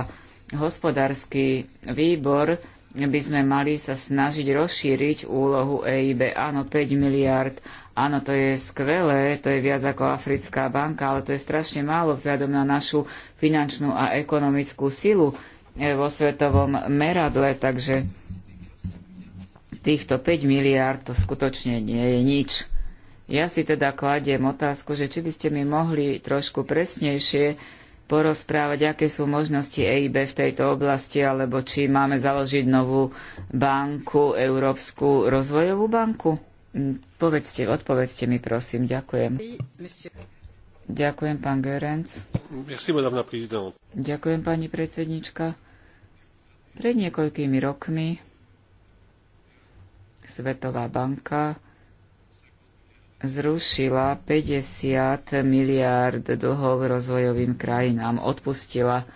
hospodársky výbor, by sme mali sa snažiť rozšíriť úlohu EIB. Áno, 5 miliard Áno, to je skvelé, to je viac ako Africká banka, ale to je strašne málo vzhľadom na našu finančnú a ekonomickú silu e, vo svetovom meradle, takže týchto 5 miliárd to skutočne nie je nič. Ja si teda kladiem otázku, že či by ste mi mohli trošku presnejšie porozprávať, aké sú možnosti EIB v tejto oblasti, alebo či máme založiť novú banku, Európsku rozvojovú banku Povedzte, odpovedzte mi prosím. Ďakujem. Ďakujem, pán Gerenc. Ďakujem, pani predsednička. Pred niekoľkými rokmi Svetová banka zrušila 50 miliárd dlhov rozvojovým krajinám. Odpustila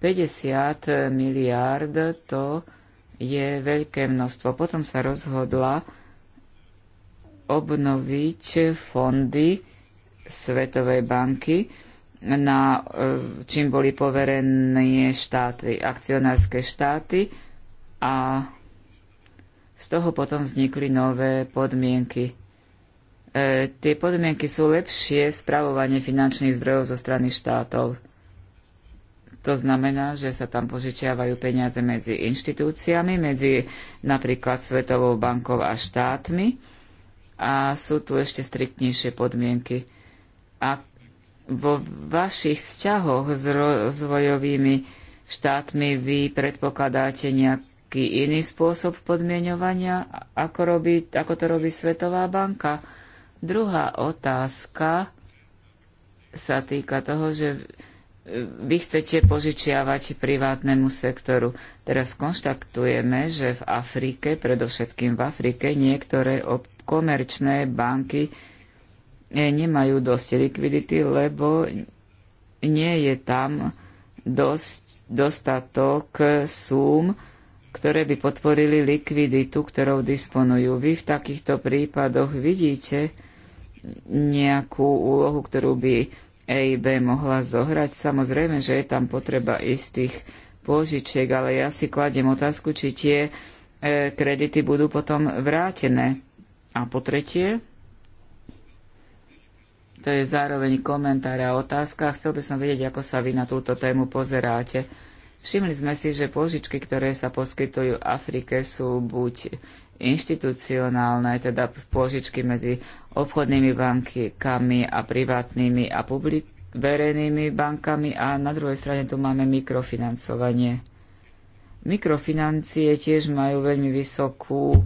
50 miliárd, to je veľké množstvo. Potom sa rozhodla, obnoviť fondy Svetovej banky, na, e, čím boli poverené štáty, akcionárske štáty a z toho potom vznikli nové podmienky. E, tie podmienky sú lepšie spravovanie finančných zdrojov zo strany štátov. To znamená, že sa tam požičiavajú peniaze medzi inštitúciami, medzi napríklad Svetovou bankou a štátmi a sú tu ešte striktnejšie podmienky. A vo vašich vzťahoch s rozvojovými štátmi vy predpokladáte nejaký iný spôsob podmienovania, ako, robí, ako to robí Svetová banka? Druhá otázka sa týka toho, že vy chcete požičiavať privátnemu sektoru. Teraz konštaktujeme, že v Afrike, predovšetkým v Afrike, niektoré komerčné banky e, nemajú dosť likvidity, lebo nie je tam dosť, dostatok súm, ktoré by potvorili likviditu, ktorou disponujú. Vy v takýchto prípadoch vidíte nejakú úlohu, ktorú by EIB mohla zohrať. Samozrejme, že je tam potreba istých požičiek, ale ja si kladiem otázku, či tie e, kredity budú potom vrátené. A po tretie, to je zároveň komentár a otázka. Chcel by som vedieť, ako sa vy na túto tému pozeráte. Všimli sme si, že požičky, ktoré sa poskytujú Afrike, sú buď inštitucionálne, teda požičky medzi obchodnými bankami a privátnymi a publik- verejnými bankami a na druhej strane tu máme mikrofinancovanie. Mikrofinancie tiež majú veľmi vysokú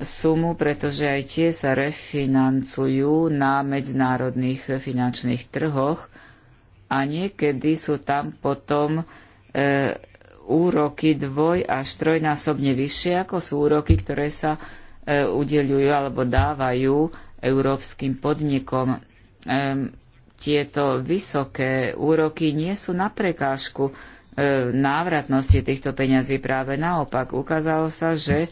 sumu, pretože aj tie sa refinancujú na medzinárodných finančných trhoch a niekedy sú tam potom e, úroky dvoj až trojnásobne vyššie, ako sú úroky, ktoré sa e, udeľujú alebo dávajú európskym podnikom. E, tieto vysoké úroky nie sú na prekážku e, návratnosti týchto peňazí. Práve naopak, ukázalo sa, že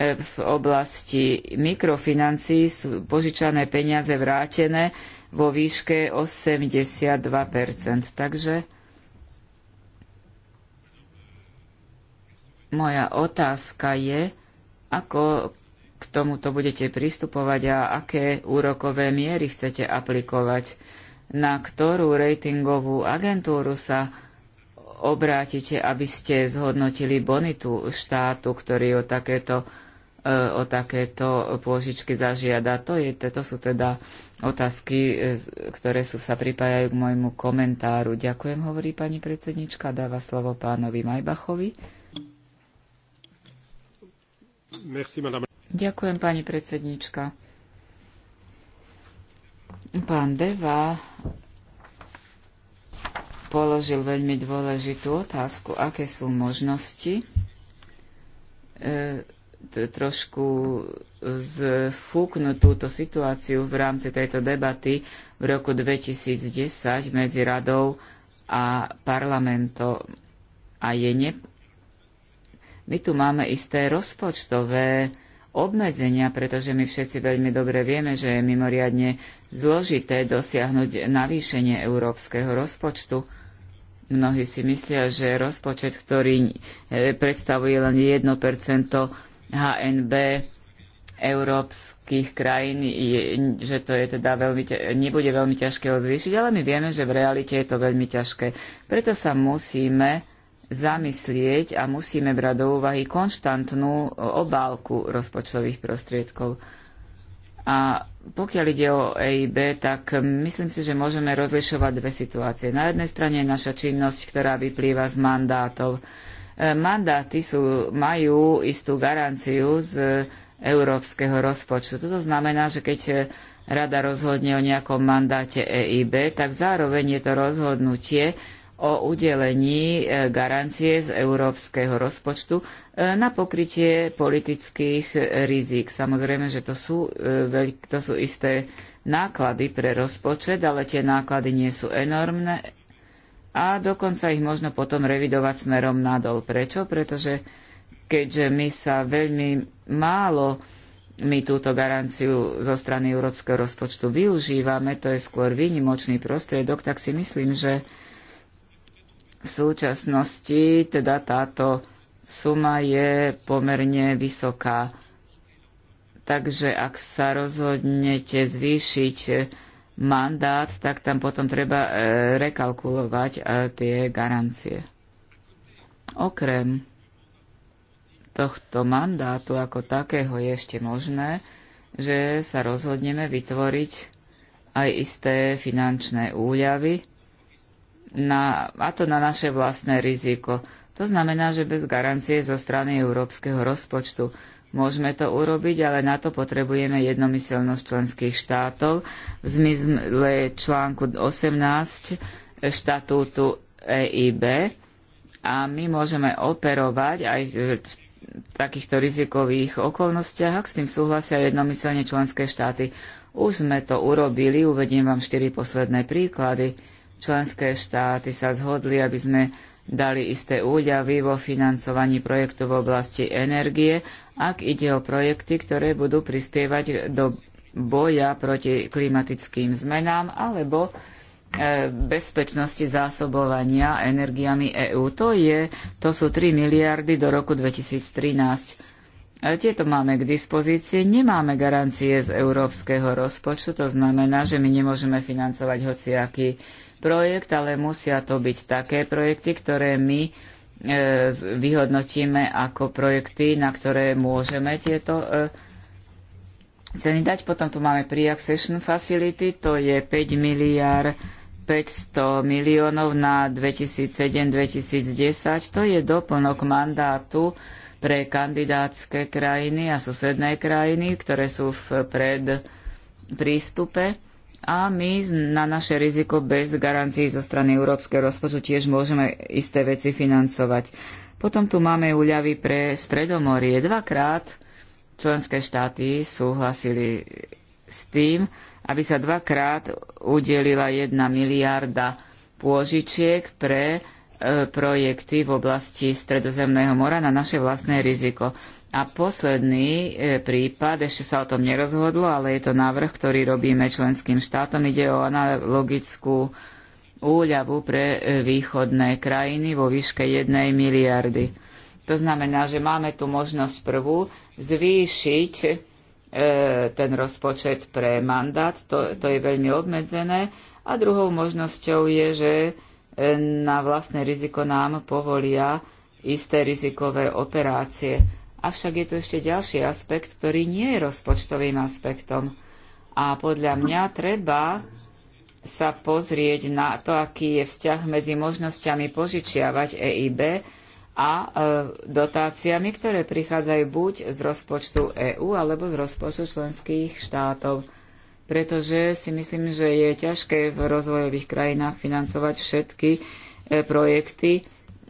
v oblasti mikrofinancií sú požičané peniaze vrátené vo výške 82 Takže moja otázka je, ako k tomuto budete pristupovať a aké úrokové miery chcete aplikovať, na ktorú ratingovú agentúru sa obrátite, aby ste zhodnotili bonitu štátu, ktorý o takéto E, o takéto pôžičky zažiada. To, je, to sú teda otázky, e, ktoré sú, sa pripájajú k môjmu komentáru. Ďakujem, hovorí pani predsednička. Dáva slovo pánovi Majbachovi. Merci, madame. Ďakujem, pani predsednička. Pán Deva položil veľmi dôležitú otázku, aké sú možnosti e trošku zfúknuť túto situáciu v rámci tejto debaty v roku 2010 medzi radou a parlamentom. A je ne... My tu máme isté rozpočtové obmedzenia, pretože my všetci veľmi dobre vieme, že je mimoriadne zložité dosiahnuť navýšenie európskeho rozpočtu. Mnohí si myslia, že rozpočet, ktorý e, predstavuje len 1 HNB európskych krajín, že to je teda veľmi, nebude veľmi ťažké ho zvýšiť, ale my vieme, že v realite je to veľmi ťažké. Preto sa musíme zamyslieť a musíme brať do úvahy konštantnú obálku rozpočtových prostriedkov. A pokiaľ ide o EIB, tak myslím si, že môžeme rozlišovať dve situácie. Na jednej strane je naša činnosť, ktorá vyplýva z mandátov E, mandáty sú, majú istú garanciu z európskeho rozpočtu. Toto znamená, že keď rada rozhodne o nejakom mandáte EIB, tak zároveň je to rozhodnutie o udelení e, garancie z európskeho rozpočtu e, na pokrytie politických rizík. Samozrejme, že to sú, to sú isté náklady pre rozpočet, ale tie náklady nie sú enormné, a dokonca ich možno potom revidovať smerom nadol. Prečo? Pretože keďže my sa veľmi málo my túto garanciu zo strany európskeho rozpočtu využívame, to je skôr výnimočný prostriedok, tak si myslím, že v súčasnosti teda táto suma je pomerne vysoká. Takže ak sa rozhodnete zvýšiť mandát, tak tam potom treba e, rekalkulovať e, tie garancie. Okrem tohto mandátu ako takého je ešte možné, že sa rozhodneme vytvoriť aj isté finančné úľavy, na, a to na naše vlastné riziko. To znamená, že bez garancie zo strany európskeho rozpočtu. Môžeme to urobiť, ale na to potrebujeme jednomyselnosť členských štátov v zmysle článku 18 štatútu EIB a my môžeme operovať aj v takýchto rizikových okolnostiach, ak s tým súhlasia jednomyselne členské štáty. Už sme to urobili, uvediem vám štyri posledné príklady. Členské štáty sa zhodli, aby sme dali isté úľavy vo financovaní projektov v oblasti energie, ak ide o projekty, ktoré budú prispievať do boja proti klimatickým zmenám alebo e, bezpečnosti zásobovania energiami EÚ. To, je, to sú 3 miliardy do roku 2013. E, tieto máme k dispozícii, nemáme garancie z európskeho rozpočtu, to znamená, že my nemôžeme financovať hociaký projekt, ale musia to byť také projekty, ktoré my e, vyhodnotíme ako projekty, na ktoré môžeme tieto e, ceny dať. Potom tu máme pre-accession facility, to je 5 miliard 500 miliónov na 2007-2010. To je doplnok mandátu pre kandidátske krajiny a susedné krajiny, ktoré sú v pred prístupe a my na naše riziko bez garancií zo strany európskeho rozpočtu tiež môžeme isté veci financovať. Potom tu máme úľavy pre Stredomorie. Dvakrát členské štáty súhlasili s tým, aby sa dvakrát udelila jedna miliarda pôžičiek pre e, projekty v oblasti Stredozemného mora na naše vlastné riziko. A posledný e, prípad, ešte sa o tom nerozhodlo, ale je to návrh, ktorý robíme členským štátom. Ide o analogickú úľavu pre e, východné krajiny vo výške jednej miliardy. To znamená, že máme tu možnosť prvú zvýšiť e, ten rozpočet pre mandát, to, to je veľmi obmedzené. A druhou možnosťou je, že e, na vlastné riziko nám povolia isté rizikové operácie Avšak je tu ešte ďalší aspekt, ktorý nie je rozpočtovým aspektom. A podľa mňa treba sa pozrieť na to, aký je vzťah medzi možnosťami požičiavať EIB a e, dotáciami, ktoré prichádzajú buď z rozpočtu EÚ alebo z rozpočtu členských štátov. Pretože si myslím, že je ťažké v rozvojových krajinách financovať všetky e, projekty,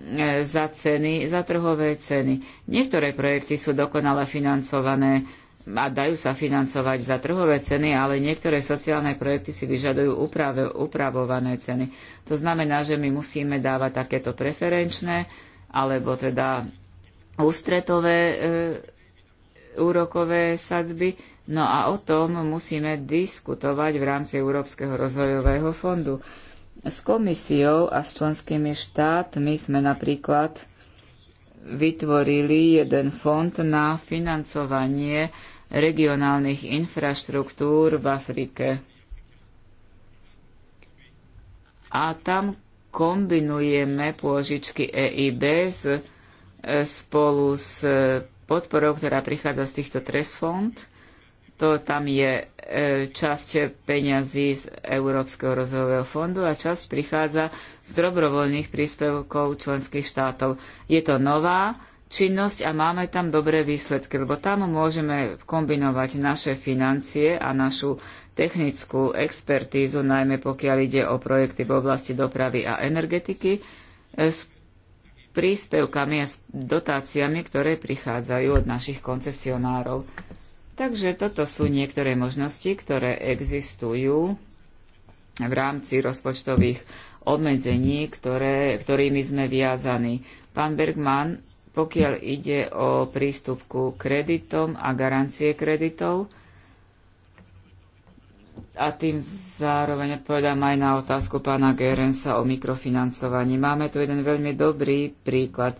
E, za ceny, za trhové ceny. Niektoré projekty sú dokonale financované a dajú sa financovať za trhové ceny, ale niektoré sociálne projekty si vyžadujú uprave, upravované ceny. To znamená, že my musíme dávať takéto preferenčné alebo teda ústretové e, úrokové sadzby. No a o tom musíme diskutovať v rámci Európskeho rozvojového fondu. E, s komisiou a s členskými štátmi sme napríklad vytvorili jeden fond na financovanie regionálnych infraštruktúr v Afrike. A tam kombinujeme pôžičky EIB e, spolu s podporou, ktorá prichádza z týchto trust fond to tam je e, časť peňazí z Európskeho rozvojového fondu a časť prichádza z dobrovoľných príspevkov členských štátov. Je to nová činnosť a máme tam dobré výsledky, lebo tam môžeme kombinovať naše financie a našu technickú expertízu, najmä pokiaľ ide o projekty v oblasti dopravy a energetiky, e, s príspevkami a s dotáciami, ktoré prichádzajú od našich koncesionárov. Takže toto sú niektoré možnosti, ktoré existujú v rámci rozpočtových obmedzení, ktoré, ktorými sme viazaní. Pán Bergman, pokiaľ ide o prístup ku kreditom a garancie kreditov, a tým zároveň odpovedám aj na otázku pána Gerensa o mikrofinancovaní. Máme tu jeden veľmi dobrý príklad.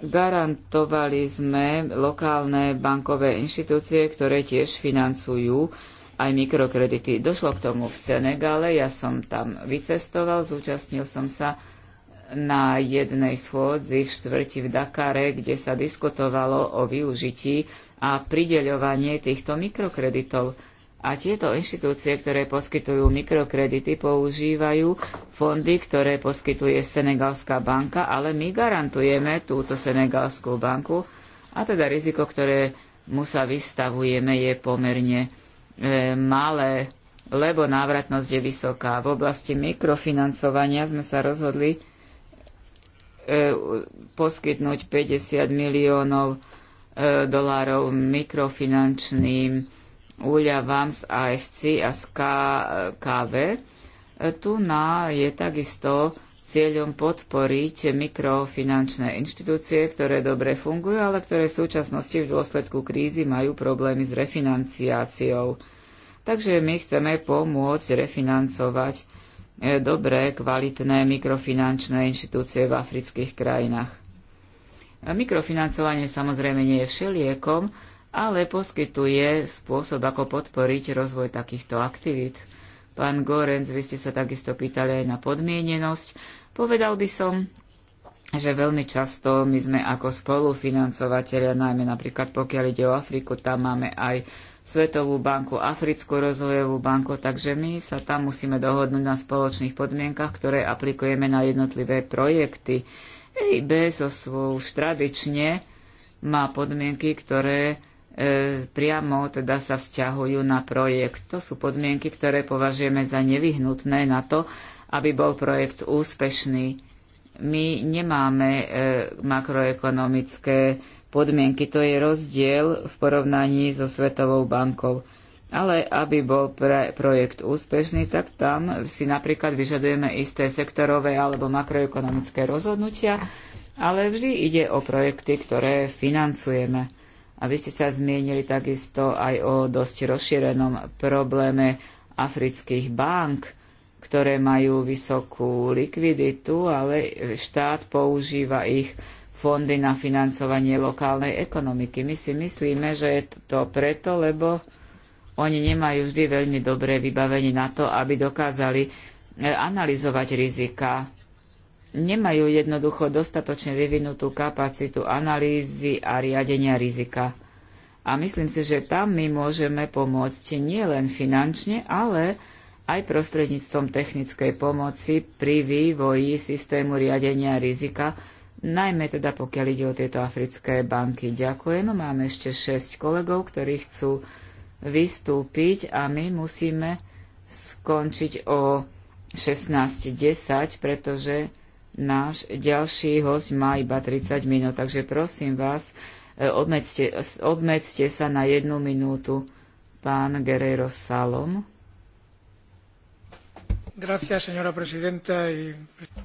Garantovali sme lokálne bankové inštitúcie, ktoré tiež financujú aj mikrokredity. Došlo k tomu v Senegale, ja som tam vycestoval, zúčastnil som sa na jednej schôdzi v štvrti v Dakare, kde sa diskutovalo o využití a prideľovanie týchto mikrokreditov. A tieto inštitúcie, ktoré poskytujú mikrokredity, používajú fondy, ktoré poskytuje Senegalská banka, ale my garantujeme túto Senegalskú banku a teda riziko, ktoré mu sa vystavujeme, je pomerne e, malé, lebo návratnosť je vysoká. V oblasti mikrofinancovania sme sa rozhodli e, poskytnúť 50 miliónov e, dolárov mikrofinančným vám z AFC a z KV. Tu na je takisto cieľom podporiť mikrofinančné inštitúcie, ktoré dobre fungujú, ale ktoré v súčasnosti v dôsledku krízy majú problémy s refinanciáciou. Takže my chceme pomôcť refinancovať eh, dobré, kvalitné mikrofinančné inštitúcie v afrických krajinách. Mikrofinancovanie samozrejme nie je všeliekom, ale poskytuje spôsob, ako podporiť rozvoj takýchto aktivít. Pán Gorenc, vy ste sa takisto pýtali aj na podmienenosť. Povedal by som, že veľmi často my sme ako spolufinancovateľia, najmä napríklad pokiaľ ide o Afriku, tam máme aj Svetovú banku, Africkú rozvojovú banku, takže my sa tam musíme dohodnúť na spoločných podmienkach, ktoré aplikujeme na jednotlivé projekty. EIB so svojou už tradične má podmienky, ktoré E, priamo teda sa vzťahujú na projekt. To sú podmienky, ktoré považujeme za nevyhnutné na to, aby bol projekt úspešný. My nemáme e, makroekonomické podmienky, to je rozdiel v porovnaní so Svetovou bankou. Ale aby bol pre projekt úspešný, tak tam si napríklad vyžadujeme isté sektorové alebo makroekonomické rozhodnutia, ale vždy ide o projekty, ktoré financujeme. A vy ste sa zmienili takisto aj o dosť rozšírenom probléme afrických bank, ktoré majú vysokú likviditu, ale štát používa ich fondy na financovanie lokálnej ekonomiky. My si myslíme, že je to preto, lebo oni nemajú vždy veľmi dobré vybavenie na to, aby dokázali eh, analyzovať rizika nemajú jednoducho dostatočne vyvinutú kapacitu analýzy a riadenia rizika. A myslím si, že tam my môžeme pomôcť nielen finančne, ale aj prostredníctvom technickej pomoci pri vývoji systému riadenia rizika, najmä teda pokiaľ ide o tieto africké banky. Ďakujem. Máme ešte 6 kolegov, ktorí chcú vystúpiť a my musíme skončiť o 16.10, pretože náš ďalší host má iba 30 minút, takže prosím vás, e, obmedzte, obmedzte sa na jednu minútu. Pán Guerrero Salom.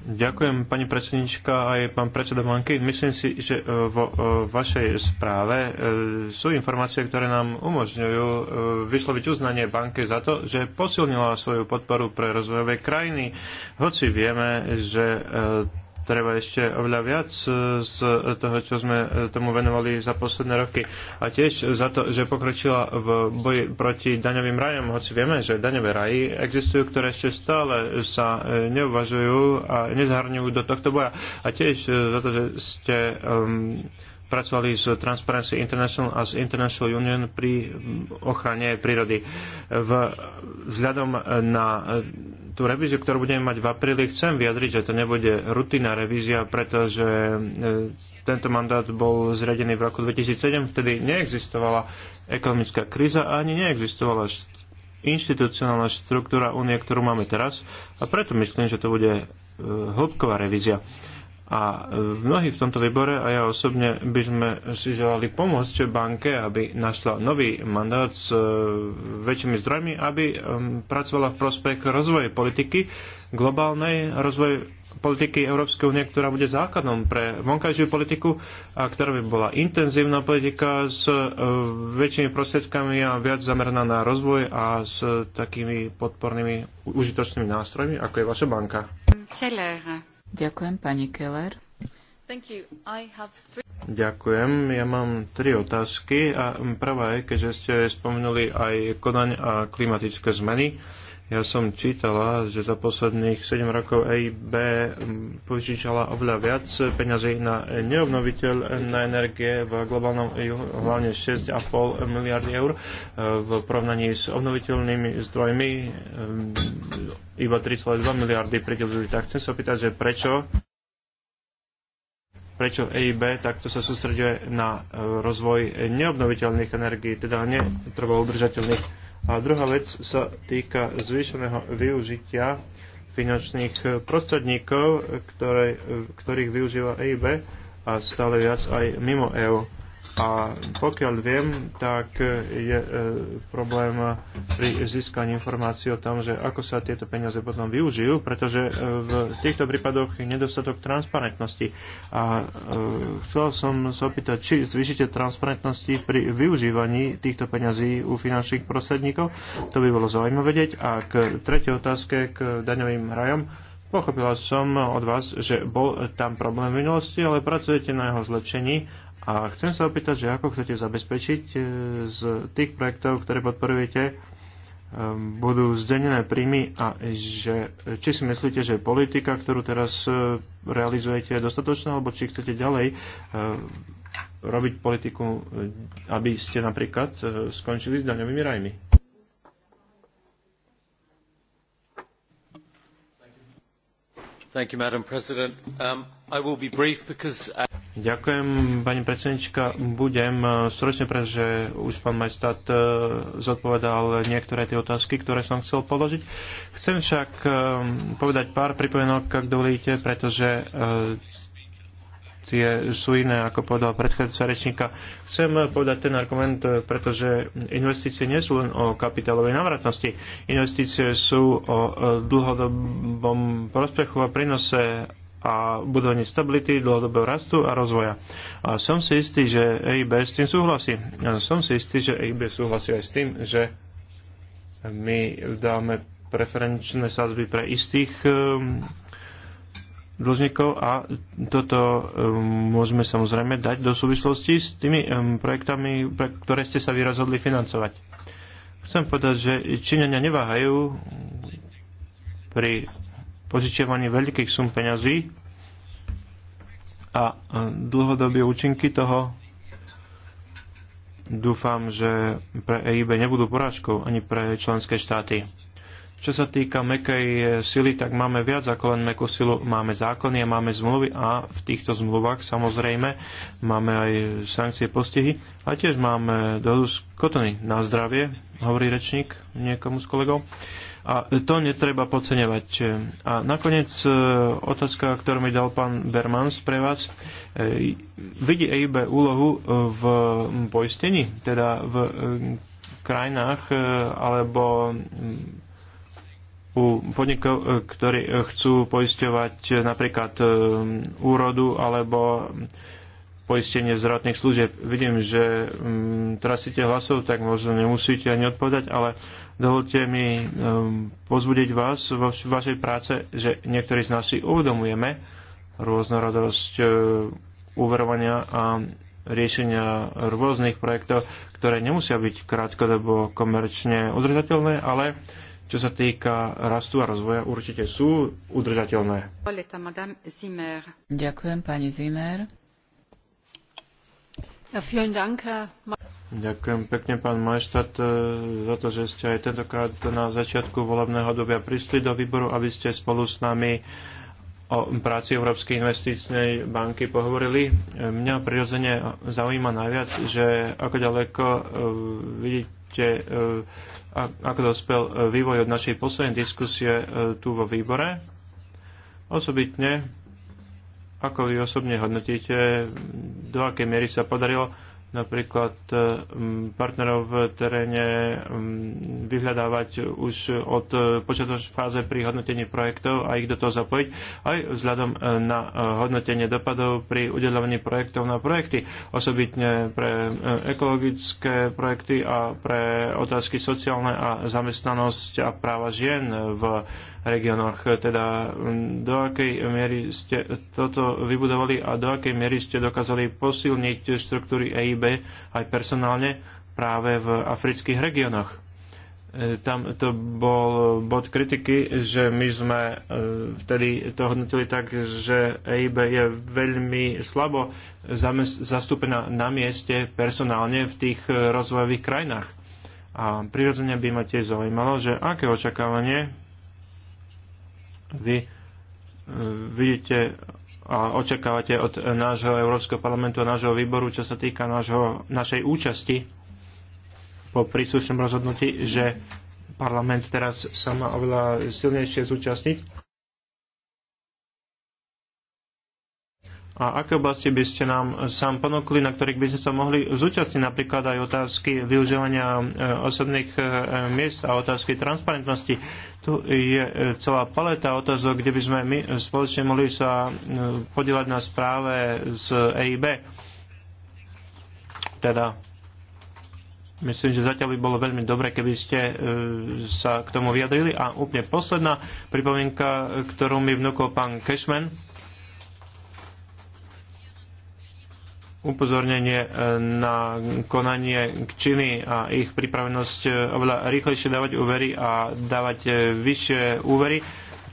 Ďakujem pani predsednička aj pán predseda banky. Myslím si, že e, vo e, vašej správe e, sú informácie, ktoré nám umožňujú vysloviť uznanie banke za to, že posilnila svoju podporu pre rozvojové krajiny, hoci vieme, že treba ešte oveľa viac e, z toho, čo sme e, tomu venovali za posledné roky. A tiež za to, že pokročila v boji proti daňovým rajom, hoci vieme, že daňové raji existujú, ktoré ešte stále sa e, neuvažujú a nezahrňujú do tohto boja. A tiež za to, že ste um, pracovali s Transparency International a s International Union pri mm, ochrane prírody. V, vzhľadom na e, tú revíziu, ktorú budeme mať v apríli, chcem vyjadriť, že to nebude rutinná revízia, pretože e, tento mandát bol zriadený v roku 2007, vtedy neexistovala ekonomická kríza a ani neexistovala inštitucionálna štruktúra únie, ktorú máme teraz a preto myslím, že to bude e, hĺbková revízia. A e, mnohí v tomto výbore a ja osobne by sme si želali pomôcť banke, aby našla nový mandát s e, väčšími zdrojmi, aby e, pracovala v prospech rozvoje politiky, globálnej rozvoj politiky Európskej únie, ktorá bude základom pre vonkajšiu politiku a ktorá by bola intenzívna politika s väčšími prostriedkami a viac zameraná na rozvoj a s takými podpornými užitočnými nástrojmi, ako je vaša banka. Keller. Ďakujem, pani Keller. Three... Ďakujem. Ja mám tri otázky. A prvá je, keďže ste spomenuli aj konaň a klimatické zmeny. Ja som čítala, že za posledných 7 rokov EIB požičala oveľa viac peňazí na neobnoviteľné energie v globálnom EU, hlavne 6,5 miliardy eur e, v porovnaní s obnoviteľnými zdrojmi e, iba 3,2 miliardy pridelujú. Tak chcem sa opýtať, že prečo prečo EIB takto sa sústreďuje na e, rozvoj neobnoviteľných energií, teda netrvalo udržateľných a druhá vec sa týka zvýšeného využitia finančných prostredníkov, ktoré, ktorých využíva EIB a stále viac aj mimo EÚ. A pokiaľ viem, tak je e, problém pri získaní informácií o tom, že ako sa tieto peniaze potom využijú, pretože e, v týchto prípadoch je nedostatok transparentnosti. A e, chcel som sa opýtať, či zvýšite transparentnosti pri využívaní týchto peňazí u finančných prostredníkov. To by bolo zaujímavé vedieť. A k tretej otázke k daňovým rajom. Pochopila som od vás, že bol tam problém v minulosti, ale pracujete na jeho zlepšení a chcem sa opýtať, že ako chcete zabezpečiť e, z tých projektov, ktoré podporujete, e, budú zdenené príjmy a že, či si myslíte, že politika, ktorú teraz e, realizujete, je dostatočná, alebo či chcete ďalej robiť politiku, aby ste napríklad skončili s daňovými rajmi? Thank you, Madam President. Um, I will be brief because uh, Ďakujem, pani predsednička. Budem eh, stručne, pretože už pán majstát eh, zodpovedal niektoré tie otázky, ktoré som chcel položiť. Chcem však eh, povedať pár pripomienok, ak dovolíte, pretože tie sú iné, ako povedal predchádzajúca rečníka. Chcem povedať ten argument, pretože investície nie sú len o kapitálovej návratnosti. Investície sú o dlhodobom prospechu a prínose a budovanie stability, dlhodobého rastu a rozvoja. A som si istý, že EIB s tým súhlasí. A som si istý, že EIB súhlasí aj s tým, že my dáme preferenčné sázby pre istých um, dlžníkov a toto um, môžeme samozrejme dať do súvislosti s tými um, projektami, pre ktoré ste sa vyrazhodli financovať. Chcem povedať, že Číňania neváhajú pri požičiavanie veľkých sum peňazí a e, dlhodobie účinky toho dúfam, že pre EIB nebudú porážkou ani pre členské štáty. Čo sa týka mekej e, sily, tak máme viac ako len mekú silu. Máme zákony a máme zmluvy a v týchto zmluvách samozrejme máme aj sankcie postihy a tiež máme dohodu z kotony na zdravie, hovorí rečník niekomu z kolegov. A to netreba podceňovať. A nakoniec e, otázka, ktorú mi dal pán Bermans pre vás. E, vidí EIB úlohu v poistení, teda v e, krajinách alebo mm, u podnikov, ktorí chcú poisťovať napríklad úrodu alebo poistenie zdravotných služieb. Vidím, že mm, trasíte hlasov, tak možno nemusíte ani odpovedať, ale Dovolte mi um, pozbudiť vás vo vašej práce, že niektorí z nás si uvedomujeme rôznorodosť uh, uverovania a riešenia rôznych projektov, ktoré nemusia byť krátkodobo komerčne udržateľné, ale čo sa týka rastu a rozvoja, určite sú udržateľné. Ďakujem, pani Zimmer. Ja, Ďakujem pekne, pán Majštát, e, za to, že ste aj tentokrát na začiatku volebného obdobia prišli do výboru, aby ste spolu s nami o práci Európskej investičnej banky pohovorili. E, mňa prirodzene zaujíma najviac, že ako ďaleko e, vidíte, ako dospel vývoj od našej poslednej diskusie tu vo výbore. Osobitne, ako vy osobne hodnotíte, do akej miery sa podarilo napríklad e, partnerov v teréne vyhľadávať už od e, počiatočnej fáze pri hodnotení projektov a ich do toho zapojiť, aj vzhľadom e, na hodnotenie dopadov pri udelovaní projektov na projekty, osobitne pre ekologické projekty a pre otázky sociálne a zamestnanosť a práva žien v regiónoch. Teda do akej miery ste toto vybudovali a do akej miery ste dokázali posilniť štruktúry EIB aj personálne práve v afrických regiónoch? E, tam to bol bod kritiky, že my sme e, vtedy to hodnotili tak, že EIB je veľmi slabo zastúpená na mieste personálne v tých e, rozvojových krajinách. A prirodzene by ma tiež zaujímalo, že aké očakávanie vy e, vidíte a očakávate od nášho Európskeho parlamentu a nášho výboru, čo sa týka nášho, našej účasti po príslušnom rozhodnutí, že parlament teraz sa má oveľa silnejšie zúčastniť A aké oblasti by ste nám eh, sám ponúkli, na ktorých by ste sa mohli zúčastniť, napríklad aj otázky využívania eh, osobných eh, miest a otázky transparentnosti? Tu je celá paleta otázok, kde by sme my spoločne mohli sa podielať na správe z EIB. Teda Myslím, že zatiaľ by bolo veľmi dobre, keby ste sa k tomu vyjadrili. A úplne posledná pripomienka, ktorú mi vnúkol pán Cashman upozornenie e, na konanie k činy a ich pripravenosť e, oveľa rýchlejšie dávať úvery a dávať e, vyššie úvery,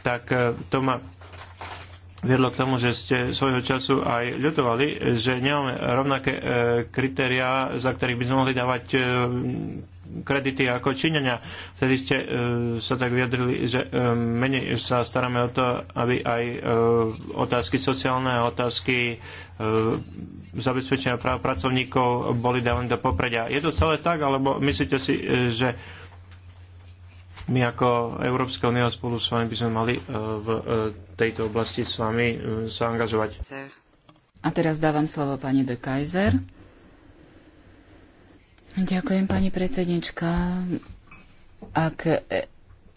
tak to ma viedlo k tomu, že ste svojho času aj ľutovali, že nemáme rovnaké kritériá, za ktorých by sme mohli dávať kredity ako Číňania. Vtedy ste e, sa tak vyjadrili, že e, menej sa staráme o to, aby aj e, otázky sociálne, otázky e, zabezpečenia práv pracovníkov boli dávané do popredia. Je to celé tak, alebo myslíte si, e, že my ako Európska únia spolu s vami by sme mali e, v e, tejto oblasti s vami e, sa angažovať. A teraz dávam slovo pani de Kaiser. Ďakujem, pani predsednička. Ak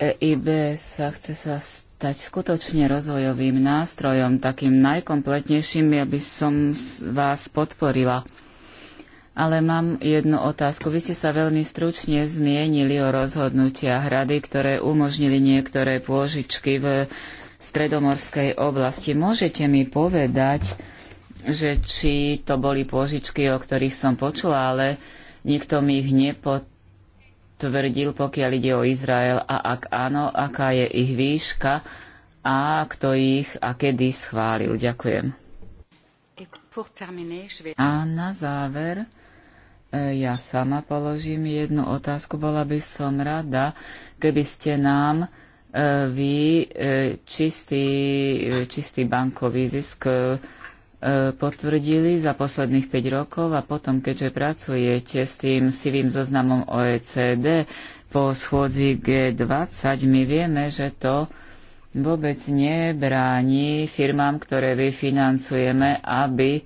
EIB sa chce sa stať skutočne rozvojovým nástrojom, takým najkompletnejším, ja by som vás podporila. Ale mám jednu otázku. Vy ste sa veľmi stručne zmienili o rozhodnutiach rady, ktoré umožnili niektoré pôžičky v stredomorskej oblasti. Môžete mi povedať, že či to boli pôžičky, o ktorých som počula, ale Nikto mi ich nepotvrdil, pokiaľ ide o Izrael a ak áno, aká je ich výška a kto ich a kedy schválil. Ďakujem. A na záver e, ja sama položím jednu otázku. Bola by som rada, keby ste nám e, vy e, čistý, čistý bankový zisk potvrdili za posledných 5 rokov a potom, keďže pracujete s tým sivým zoznamom OECD po schôdzi G20, my vieme, že to vôbec nebráni firmám, ktoré vyfinancujeme, aby e,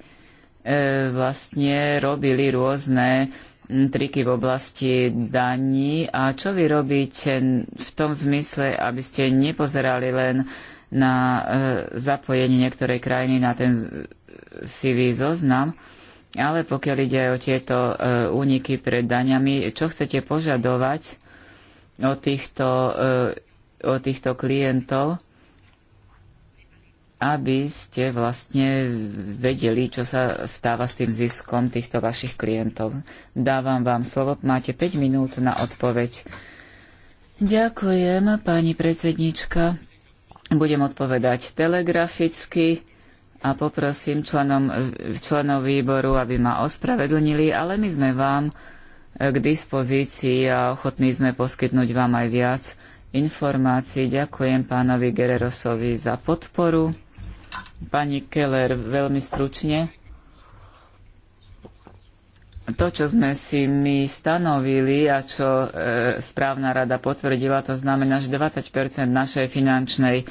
vlastne robili rôzne triky v oblasti daní. A čo vy robíte v tom zmysle, aby ste nepozerali len na e, zapojenie niektorej krajiny na ten CV zoznam, ale pokiaľ ide aj o tieto e, úniky pred daňami, čo chcete požadovať o týchto, e, o týchto klientov, aby ste vlastne vedeli, čo sa stáva s tým ziskom týchto vašich klientov. Dávam vám slovo, máte 5 minút na odpoveď. Ďakujem, pani predsednička. Budem odpovedať telegraficky a poprosím členom, členov výboru, aby ma ospravedlnili, ale my sme vám eh, k dispozícii a ochotní sme poskytnúť vám aj viac informácií. Ďakujem pánovi Gererosovi za podporu. Pani Keller, veľmi stručne. To, čo sme si my stanovili a čo e, správna rada potvrdila, to znamená, že 20 našej finančnej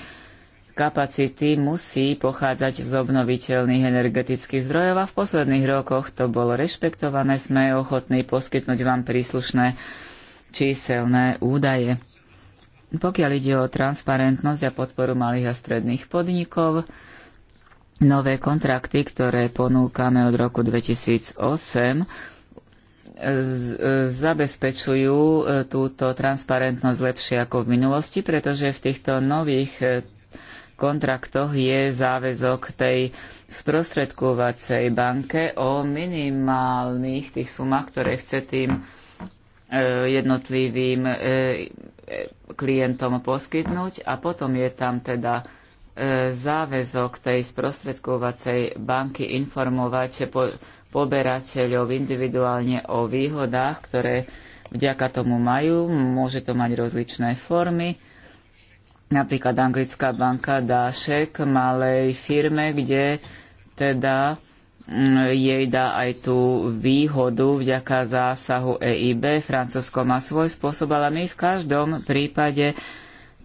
kapacity musí pochádzať z obnoviteľných energetických zdrojov a v posledných rokoch to bolo rešpektované. Sme ochotní poskytnúť vám príslušné číselné údaje. Pokiaľ ide o transparentnosť a podporu malých a stredných podnikov, nové kontrakty, ktoré ponúkame od roku 2008, zabezpečujú e, túto transparentnosť lepšie ako v minulosti, pretože v týchto nových e, kontraktoch je záväzok tej sprostredkovacej banke o minimálnych tých sumách, ktoré chce tým e, jednotlivým e, e, klientom poskytnúť a potom je tam teda záväzok tej sprostredkovacej banky informovať poberateľov individuálne o výhodách, ktoré vďaka tomu majú. Môže to mať rozličné formy Napríklad anglická banka dá šek malej firme, kde teda mm, jej dá aj tú výhodu vďaka zásahu EIB. Francúzsko má svoj spôsob, ale my v každom prípade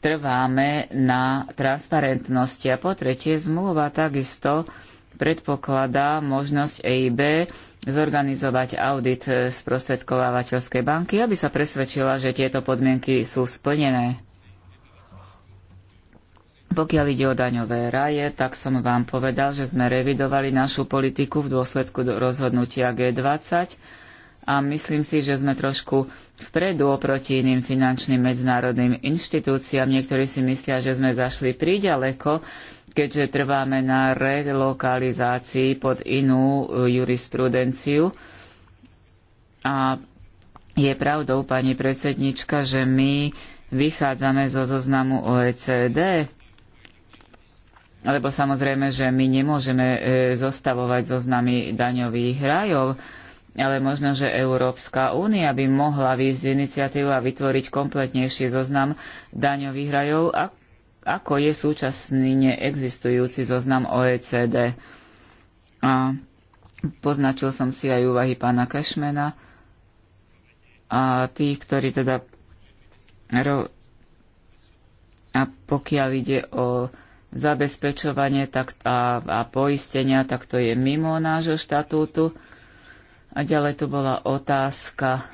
trváme na transparentnosti. A po tretie, zmluva takisto predpokladá možnosť EIB zorganizovať audit sprostredkovávateľskej banky, aby sa presvedčila, že tieto podmienky sú splnené. Pokiaľ ide o daňové raje, tak som vám povedal, že sme revidovali našu politiku v dôsledku rozhodnutia G20 a myslím si, že sme trošku vpredu oproti iným finančným medzinárodným inštitúciám. Niektorí si myslia, že sme zašli príďaleko, keďže trváme na relokalizácii pod inú e, jurisprudenciu. A je pravdou, pani predsednička, že my vychádzame zo zoznamu OECD, lebo samozrejme, že my nemôžeme e, zostavovať zoznamy daňových rajov, ale možno, že Európska únia by mohla výjsť z iniciatívu a vytvoriť kompletnejší zoznam daňových rajov, ako je súčasný neexistujúci zoznam OECD. A poznačil som si aj úvahy pána Kešmena a tých, ktorí teda a pokiaľ ide o zabezpečovanie tak, a, a poistenia, tak to je mimo nášho štatútu. A ďalej tu bola otázka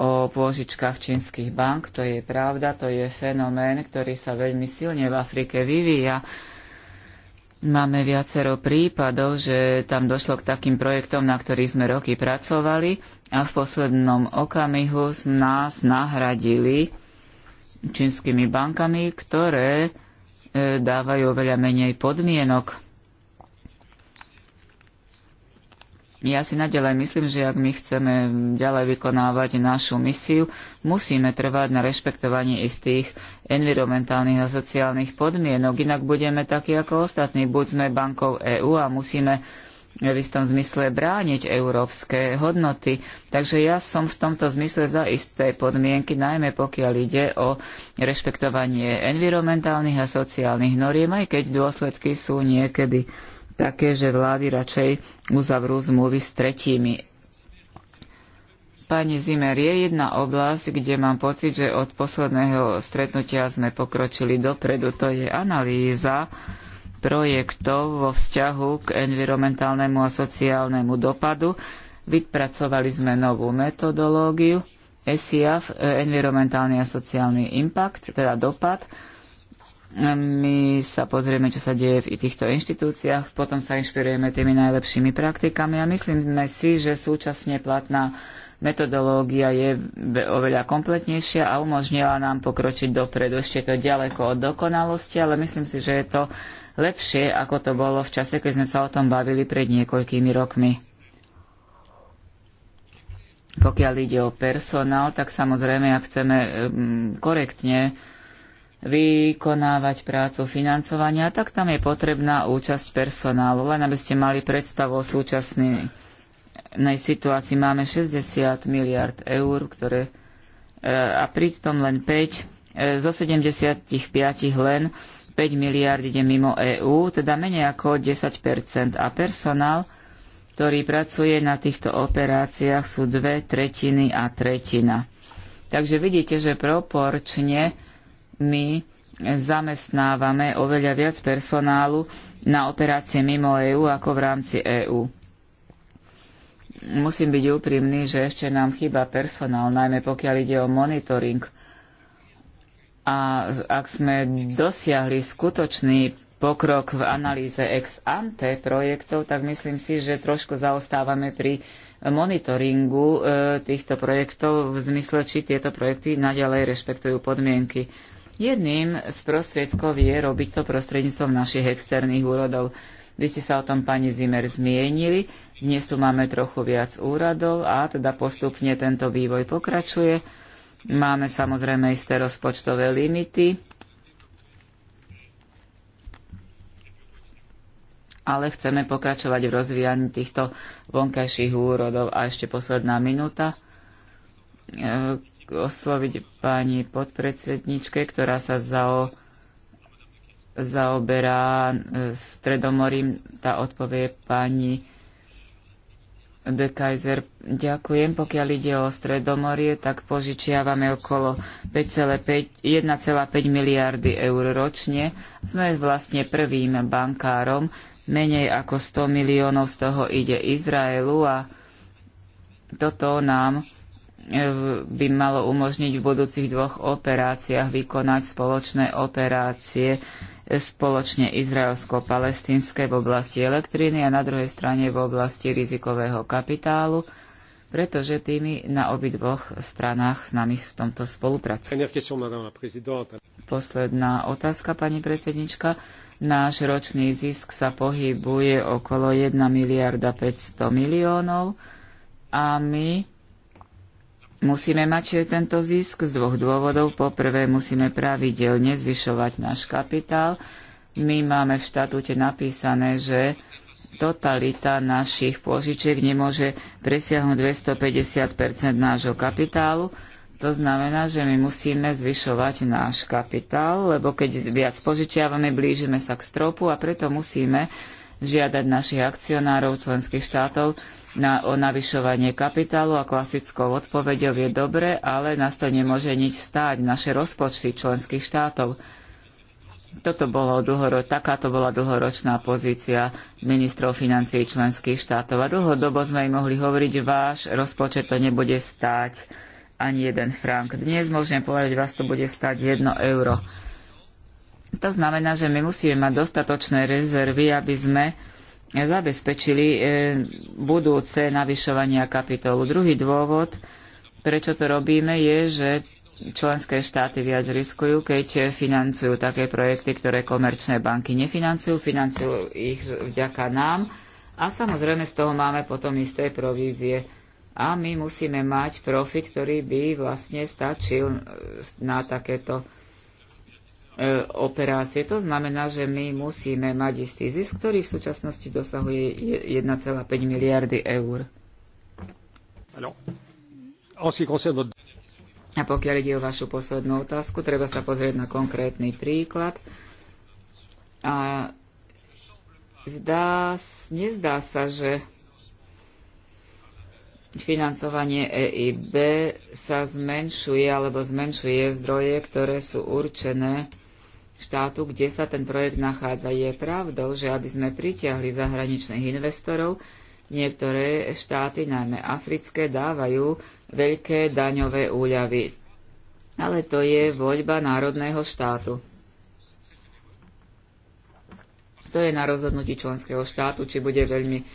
o pôžičkách čínskych bank. To je pravda, to je fenomén, ktorý sa veľmi silne v Afrike vyvíja. Máme viacero prípadov, že tam došlo k takým projektom, na ktorých sme roky pracovali a v poslednom okamihu nás nahradili čínskymi bankami, ktoré dávajú oveľa menej podmienok. Ja si nadalej myslím, že ak my chceme ďalej vykonávať našu misiu, musíme trvať na rešpektovaní istých environmentálnych a sociálnych podmienok. Inak budeme takí ako ostatní. Buď sme bankou EÚ a musíme v istom zmysle brániť európske hodnoty. Takže ja som v tomto zmysle za isté podmienky, najmä pokiaľ ide o rešpektovanie environmentálnych a sociálnych noriem, aj keď dôsledky sú niekedy také, že vlády radšej uzavrú zmluvy s tretími. Pani Zimer, je jedna oblasť, kde mám pocit, že od posledného stretnutia sme pokročili dopredu, to je analýza projektov vo vzťahu k environmentálnemu a sociálnemu dopadu. Vypracovali sme novú metodológiu ESIAF, e, environmentálny a sociálny impact, teda dopad. My sa pozrieme, čo sa deje v týchto inštitúciách, potom sa inšpirujeme tými najlepšími praktikami a myslíme si, že súčasne platná metodológia je oveľa kompletnejšia a umožnila nám pokročiť dopredu. Ešte to ďaleko od dokonalosti, ale myslím si, že je to lepšie, ako to bolo v čase, keď sme sa o tom bavili pred niekoľkými rokmi. Pokiaľ ide o personál, tak samozrejme, ak chceme mm, korektne vykonávať prácu financovania, tak tam je potrebná účasť personálu. Len aby ste mali predstavu o súčasnej situácii, máme 60 miliard eur, ktoré e, a pritom len 5 e, zo 75 len miliard ide mimo EÚ, teda menej ako 10 a personál, ktorý pracuje na týchto operáciách, sú dve tretiny a tretina. Takže vidíte, že proporčne my zamestnávame oveľa viac personálu na operácie mimo EÚ ako v rámci EÚ. Musím byť úprimný, že ešte nám chýba personál, najmä pokiaľ ide o monitoring. A ak sme dosiahli skutočný pokrok v analýze ex ante projektov, tak myslím si, že trošku zaostávame pri monitoringu e, týchto projektov v zmysle, či tieto projekty naďalej rešpektujú podmienky. Jedným z prostriedkov je robiť to prostredníctvom našich externých úrodov. Vy ste sa o tom, pani Zimmer, zmienili. Dnes tu máme trochu viac úradov a teda postupne tento vývoj pokračuje Máme samozrejme isté rozpočtové limity, ale chceme pokračovať v rozvíjaní týchto vonkajších úrodov. A ešte posledná minúta. E, osloviť pani podpredsedničke, ktorá sa zao, zaoberá e, stredomorím. Tá odpovie pani de Kaiser. Ďakujem. Pokiaľ ide o Stredomorie, tak požičiavame okolo 1,5 miliardy eur ročne. Sme vlastne prvým bankárom. Menej ako 100 miliónov z toho ide Izraelu a toto nám by malo umožniť v budúcich dvoch operáciách vykonať spoločné operácie spoločne izraelsko-palestinské v oblasti elektriny a na druhej strane v oblasti rizikového kapitálu, pretože tými na obidvoch stranách s nami v tomto spolupracujú. Posledná otázka, pani predsednička. Náš ročný zisk sa pohybuje okolo 1 miliarda 500 miliónov a my Musíme mať tento zisk z dvoch dôvodov. Po prvé, musíme pravidelne zvyšovať náš kapitál. My máme v štatúte napísané, že totalita našich pôžičiek nemôže presiahnuť 250 nášho kapitálu. To znamená, že my musíme zvyšovať náš kapitál, lebo keď viac požičiavame, blížime sa k stropu a preto musíme žiadať našich akcionárov členských štátov na, o navyšovanie kapitálu a klasickou odpoveďou je dobre, ale nás to nemôže nič stáť, naše rozpočty členských štátov. Toto bolo dlhoro, takáto bola dlhoročná pozícia ministrov financií členských štátov a dlhodobo sme im mohli hovoriť, váš rozpočet to nebude stáť ani jeden frank. Dnes môžem povedať, vás to bude stať jedno euro. To znamená, že my musíme mať dostatočné rezervy, aby sme zabezpečili e, budúce navyšovania kapitolu. Druhý dôvod, prečo to robíme, je, že členské štáty viac riskujú, keď financujú také projekty, ktoré komerčné banky nefinancujú, financujú ich vďaka nám a samozrejme z toho máme potom isté provízie. A my musíme mať profit, ktorý by vlastne stačil e, na takéto E, operácie. To znamená, že my musíme mať istý zisk, ktorý v súčasnosti dosahuje 1,5 miliardy eur. A pokiaľ ide o vašu poslednú otázku, treba sa pozrieť na konkrétny príklad. A zdá, nezdá sa, že financovanie EIB sa zmenšuje alebo zmenšuje zdroje, ktoré sú určené štátu, kde sa ten projekt nachádza. Je pravdou, že aby sme pritiahli zahraničných investorov, niektoré štáty, najmä africké, dávajú veľké daňové úľavy. Ale to je voľba národného štátu. To je na rozhodnutí členského štátu, či bude veľmi e,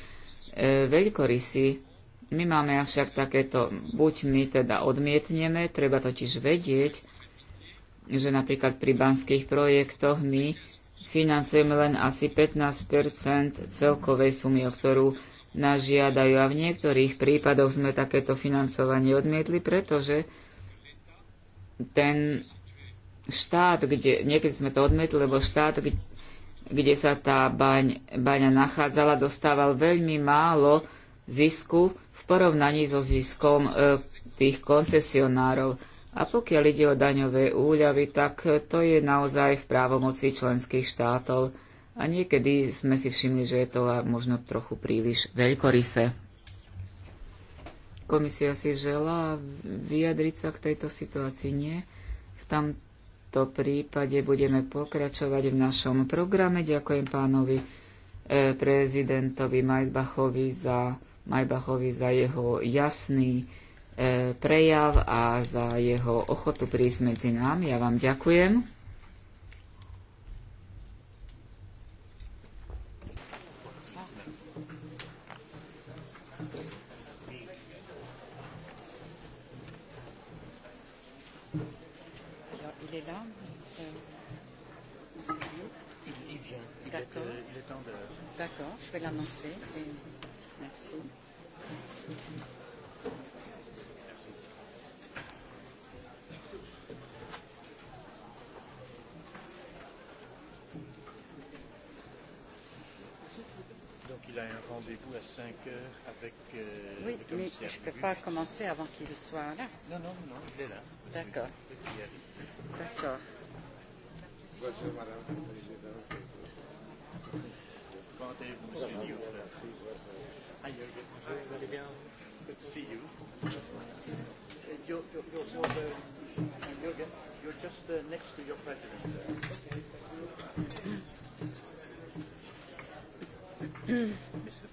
veľkorysý. My máme avšak takéto, buď my teda odmietneme, treba totiž vedieť, že napríklad pri banských projektoch my financujeme len asi 15 celkovej sumy, o ktorú nás žiadajú. A v niektorých prípadoch sme takéto financovanie odmietli, pretože ten štát, kde, niekedy sme to odmietli, lebo štát, kde, kde sa tá baň, baňa nachádzala, dostával veľmi málo zisku v porovnaní so ziskom e, tých koncesionárov. A pokiaľ ide o daňové úľavy, tak to je naozaj v právomoci členských štátov. A niekedy sme si všimli, že je to možno trochu príliš veľkoryse. Komisia si žela vyjadriť sa k tejto situácii nie. V tomto prípade budeme pokračovať v našom programe. Ďakujem pánovi e, prezidentovi Majbachovi za, Majbachovi za jeho jasný E, prejav a za jeho ochotu prísť medzi nám. Ja vám ďakujem. Euh, euh, D'accord, je vais l'annoncer. Et... 5 heures avec euh, oui, le mais je ne peux pas commencer avant qu'il soit là. Non, non, non, il est là. D'accord. D'accord. monsieur Good to see you. you're, just uh, next to your president. Mr.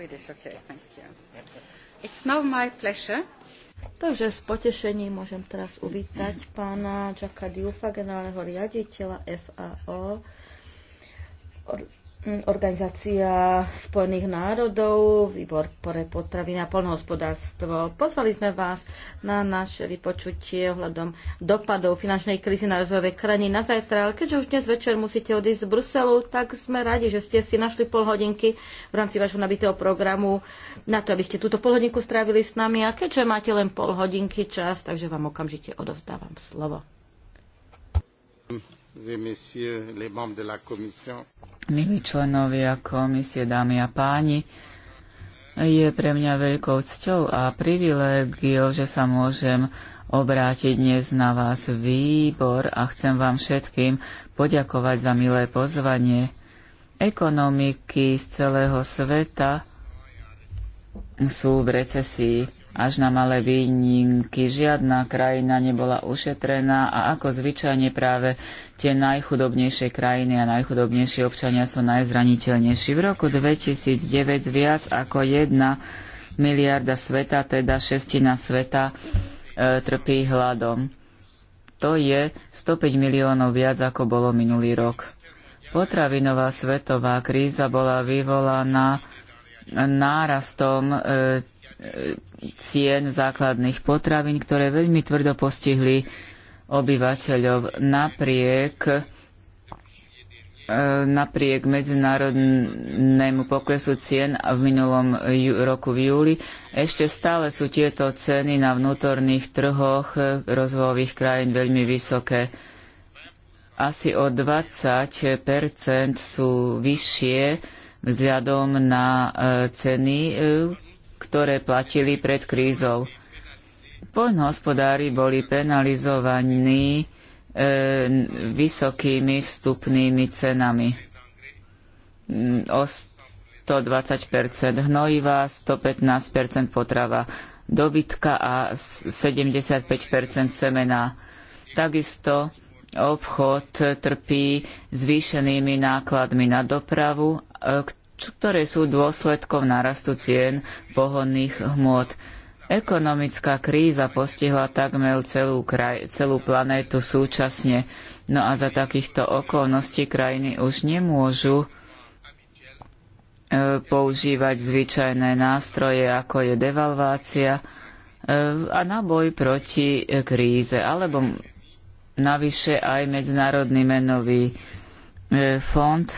Swedish, okay, thank you. It's now my pleasure. Takže s potešením môžem teraz uvítať pána Jacka Diufa, generálneho riaditeľa FAO, Hm, Organizácia Spojených národov, výbor pre potraviny a polnohospodárstvo. Pozvali sme vás na naše vypočutie ohľadom dopadov finančnej krízy na rozvojové krajiny na zajtra, ale keďže už dnes večer musíte odísť z Bruselu, tak sme radi, že ste si našli pol hodinky v rámci vašho nabitého programu na to, aby ste túto pol hodinku strávili s nami a keďže máte len pol hodinky čas, takže vám okamžite odovzdávam slovo. Milí členovia komisie, dámy a páni, je pre mňa veľkou cťou a privilégiou, že sa môžem obrátiť dnes na vás výbor a chcem vám všetkým poďakovať za milé pozvanie. Ekonomiky z celého sveta sú v recesii. Až na malé výnimky žiadna krajina nebola ušetrená a ako zvyčajne práve tie najchudobnejšie krajiny a najchudobnejšie občania sú najzraniteľnejší. V roku 2009 viac ako jedna miliarda sveta, teda šestina sveta, e, trpí hladom. To je 105 miliónov viac, ako bolo minulý rok. Potravinová svetová kríza bola vyvolaná nárastom e, e, cien základných potravín, ktoré veľmi tvrdo postihli obyvateľov napriek e, napriek medzinárodnému poklesu cien v minulom roku v júli. Ešte stále sú tieto ceny na vnútorných trhoch rozvojových krajín veľmi vysoké. Asi o 20 sú vyššie vzhľadom na e, ceny, e, ktoré platili pred krízou. Poľnohospodári boli penalizovaní e, vysokými vstupnými cenami. Mm, o 120 hnojiva, 115 potrava dobytka a 75 semena. Takisto obchod trpí zvýšenými nákladmi na dopravu E, ktoré sú dôsledkom narastu cien pohonných hmôt. Ekonomická kríza postihla takmer celú, kraj, celú planétu súčasne. No a za takýchto okolností krajiny už nemôžu e, používať zvyčajné nástroje, ako je devalvácia e, a naboj proti kríze. Alebo navyše aj Medzinárodný menový fond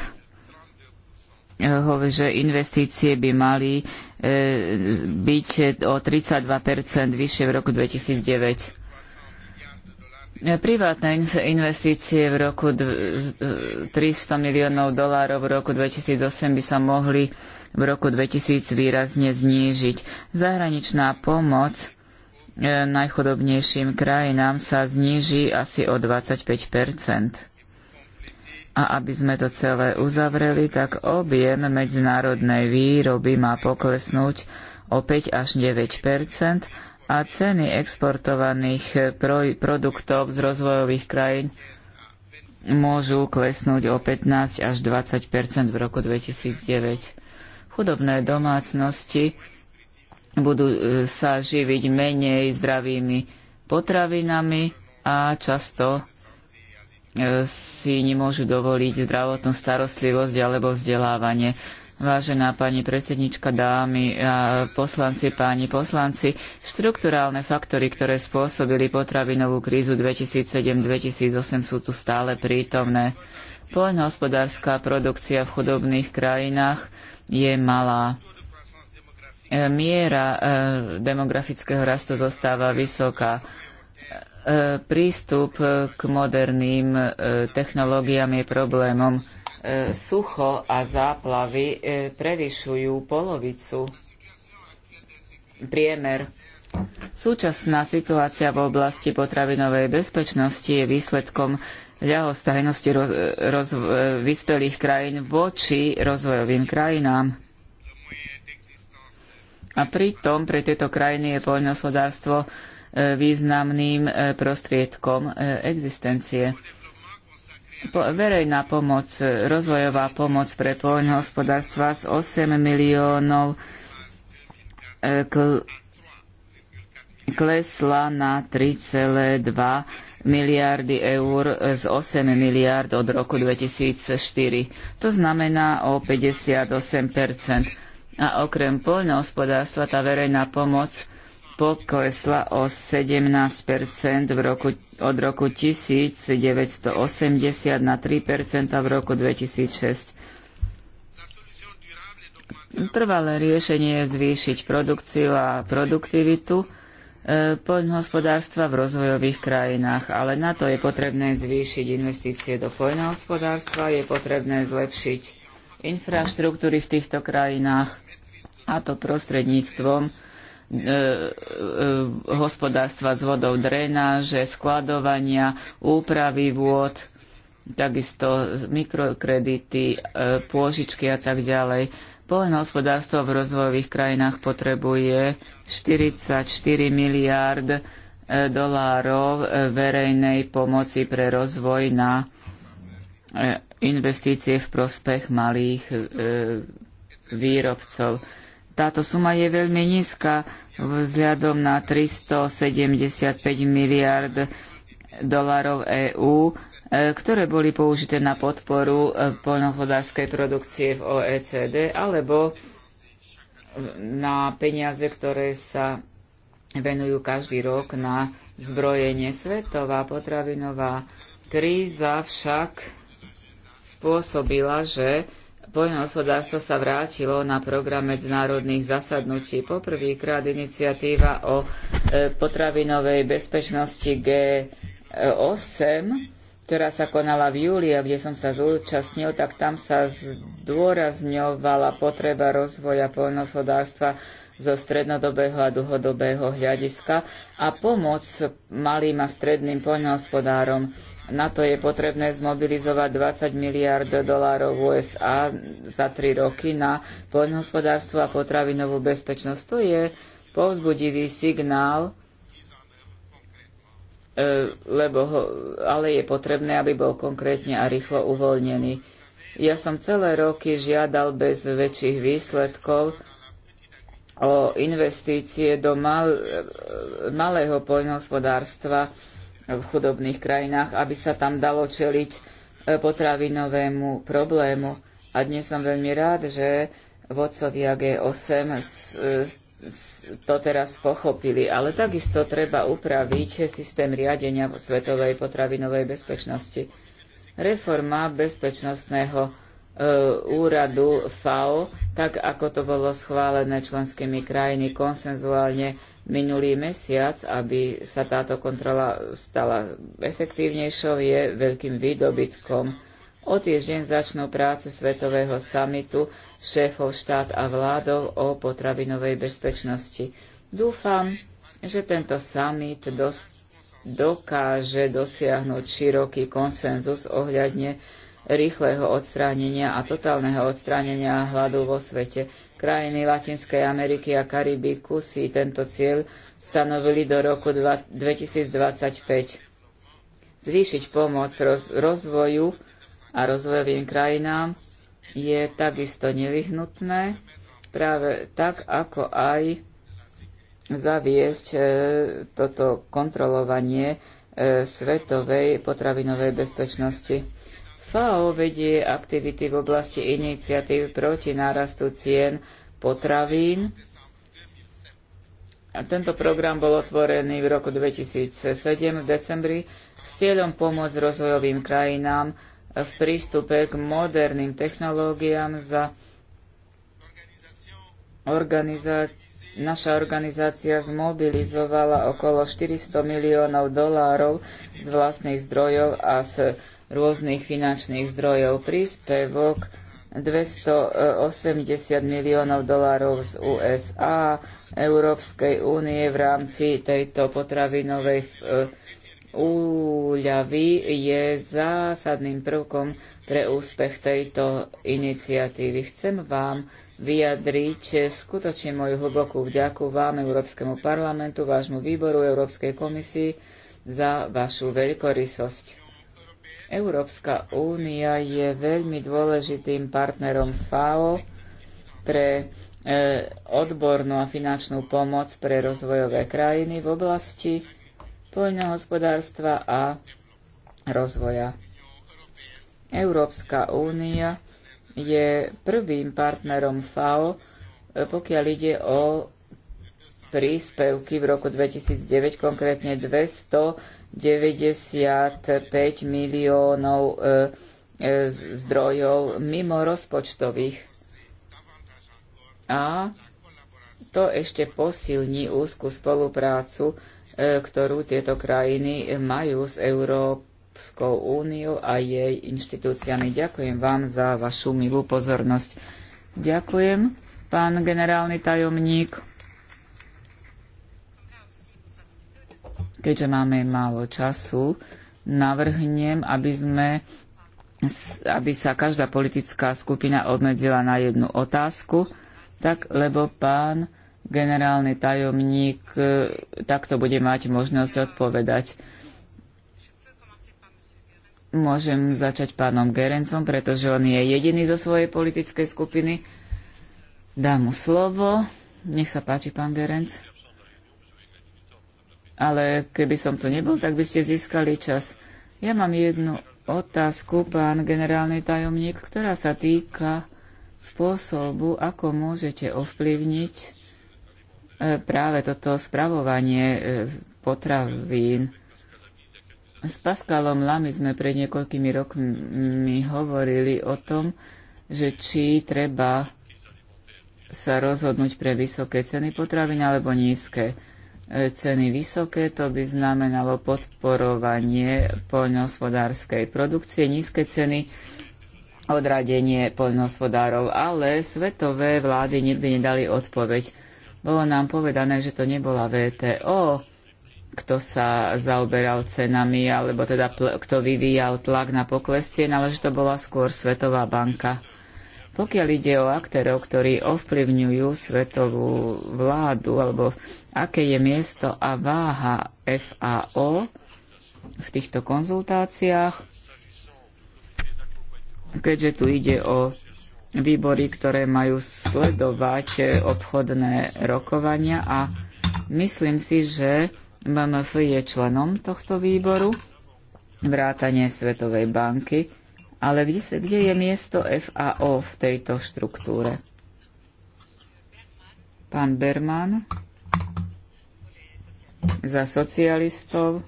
hovorí, že investície by mali e, byť o 32 vyššie v roku 2009. Privátne investície v roku 300 e, miliónov dolárov v roku 2008 by sa mohli v roku 2000 výrazne znížiť. Zahraničná pomoc e, najchudobnejším krajinám sa zníži asi o 25 a aby sme to celé uzavreli, tak objem medzinárodnej výroby má poklesnúť o 5 až 9 a ceny exportovaných produktov z rozvojových krajín môžu klesnúť o 15 až 20 v roku 2009. Chudobné domácnosti budú e, sa živiť menej zdravými potravinami a často E, si nemôžu dovoliť zdravotnú starostlivosť alebo vzdelávanie. Vážená pani predsednička, dámy a poslanci, páni poslanci, štrukturálne faktory, ktoré spôsobili potravinovú krízu 2007-2008 sú tu stále prítomné. Poľnohospodárska produkcia v chudobných krajinách je malá. E, miera e, demografického rastu zostáva vysoká E, prístup e, k moderným e, technológiám je problémom. Sucho a záplavy prevyšujú polovicu priemer. Súčasná situácia v oblasti potravinovej bezpečnosti je výsledkom ľahostajnosti roz, roz, vyspelých krajín voči rozvojovým krajinám. A pritom pre tieto krajiny je poľnohospodárstvo významným e, prostriedkom e, existencie. verejná pomoc, e, rozvojová pomoc pre poľnohospodárstva z 8 miliónov klesla na 3,2 miliardy eur z 8 miliard od roku 2004. To znamená o 58 A okrem poľnohospodárstva tá verejná pomoc poklesla o 17 v roku, od roku 1980 na 3 v roku 2006. Trvalé riešenie je zvýšiť produkciu a produktivitu e, poľnohospodárstva v rozvojových krajinách, ale na to je potrebné zvýšiť investície do poľnohospodárstva, je potrebné zlepšiť infraštruktúry v týchto krajinách, a to prostredníctvom E, e, hospodárstva s vodou drenáže, skladovania, úpravy vôd, takisto mikrokredity, e, pôžičky a tak ďalej. Poľnohospodárstvo v rozvojových krajinách potrebuje 44 miliárd dolárov verejnej pomoci pre rozvoj na investície v prospech malých výrobcov. Táto suma je veľmi nízka vzhľadom na 375 miliard dolarov EÚ, e, ktoré boli použité na podporu e, poľnohodárskej produkcie v OECD alebo e, na peniaze, ktoré sa venujú každý rok na zbrojenie. Svetová potravinová kríza však spôsobila, že Poľnohospodárstvo sa vrátilo na program medzinárodných zasadnutí. Poprvýkrát iniciatíva o e, potravinovej bezpečnosti G8, ktorá sa konala v júli a kde som sa zúčastnil, tak tam sa zdôrazňovala potreba rozvoja poľnohospodárstva zo strednodobého a dlhodobého hľadiska a pomoc malým a stredným poľnohospodárom. Na to je potrebné zmobilizovať 20 miliard dolárov USA za 3 roky na poľnohospodárstvo a potravinovú bezpečnosť. To je povzbudivý signál, e, lebo ho, ale je potrebné, aby bol konkrétne a rýchlo uvoľnený. Ja som celé roky žiadal bez väčších výsledkov o investície do mal, e, malého poľnohospodárstva v chudobných krajinách, aby sa tam dalo čeliť e, potravinovému problému. A dnes som veľmi rád, že vodcovia G8 to teraz pochopili, ale takisto treba upraviť systém riadenia svetovej potravinovej bezpečnosti. Reforma bezpečnostného e, úradu FAO, tak ako to bolo schválené členskými krajiny konsenzuálne minulý mesiac, aby sa táto kontrola stala efektívnejšou, je veľkým výdobytkom. O týždeň začnú práce Svetového samitu šéfov štát a vládov o potravinovej bezpečnosti. Dúfam, že tento summit dos- dokáže dosiahnuť široký konsenzus ohľadne rýchleho odstránenia a totálneho odstránenia hladu vo svete. Krajiny Latinskej Ameriky a Karibiku si tento cieľ stanovili do roku 2025. Zvýšiť pomoc roz, rozvoju a rozvojovým krajinám je takisto nevyhnutné, práve tak, ako aj zaviesť e, toto kontrolovanie e, svetovej potravinovej bezpečnosti. FAO vedie aktivity v oblasti iniciatív proti nárastu cien potravín. A tento program bol otvorený v roku 2007 v decembri s cieľom pomôcť rozvojovým krajinám v prístupe k moderným technológiám za organizá... Naša organizácia zmobilizovala okolo 400 miliónov dolárov z vlastných zdrojov a z rôznych finančných zdrojov. Príspevok 280 miliónov dolárov z USA, Európskej únie v rámci tejto potravinovej e, úľavy je zásadným prvkom pre úspech tejto iniciatívy. Chcem vám vyjadriť skutočne moju hlbokú vďaku vám, Európskemu parlamentu, vášmu výboru, Európskej komisii za vašu veľkorysosť. Európska únia je veľmi dôležitým partnerom FAO pre e, odbornú a finančnú pomoc pre rozvojové krajiny v oblasti poľnohospodárstva a rozvoja. Európska únia je prvým partnerom FAO, e, pokiaľ ide o príspevky v roku 2009, konkrétne 200 95 miliónov e, e, zdrojov mimo rozpočtových. A to ešte posilní úzku spoluprácu, e, ktorú tieto krajiny majú s Európskou úniou a jej inštitúciami. Ďakujem vám za vašu milú pozornosť. Ďakujem, pán generálny tajomník. keďže máme málo času, navrhnem, aby sme aby sa každá politická skupina obmedzila na jednu otázku, tak lebo pán generálny tajomník e, takto bude mať možnosť odpovedať. Môžem začať pánom Gerencom, pretože on je jediný zo svojej politickej skupiny. Dám mu slovo. Nech sa páči, pán Gerenc ale keby som tu nebol, tak by ste získali čas. Ja mám jednu otázku, pán generálny tajomník, ktorá sa týka spôsobu, ako môžete ovplyvniť e, práve toto spravovanie e, potravín. S Pascalom Lamy sme pred niekoľkými rokmi hovorili o tom, že či treba sa rozhodnúť pre vysoké ceny potravín alebo nízke. E, ceny vysoké, to by znamenalo podporovanie poľnohospodárskej produkcie, nízke ceny odradenie poľnohospodárov, ale svetové vlády nikdy nedali odpoveď. Bolo nám povedané, že to nebola VTO, kto sa zaoberal cenami, alebo teda kto vyvíjal tlak na pokles cien, ale že to bola skôr Svetová banka. Pokiaľ ide o aktérov, ktorí ovplyvňujú svetovú vládu alebo aké je miesto a váha FAO v týchto konzultáciách, keďže tu ide o výbory, ktoré majú sledovať obchodné rokovania a myslím si, že MMF je členom tohto výboru, vrátanie Svetovej banky, ale kde, kde je miesto FAO v tejto štruktúre? Pán Berman za socialistov.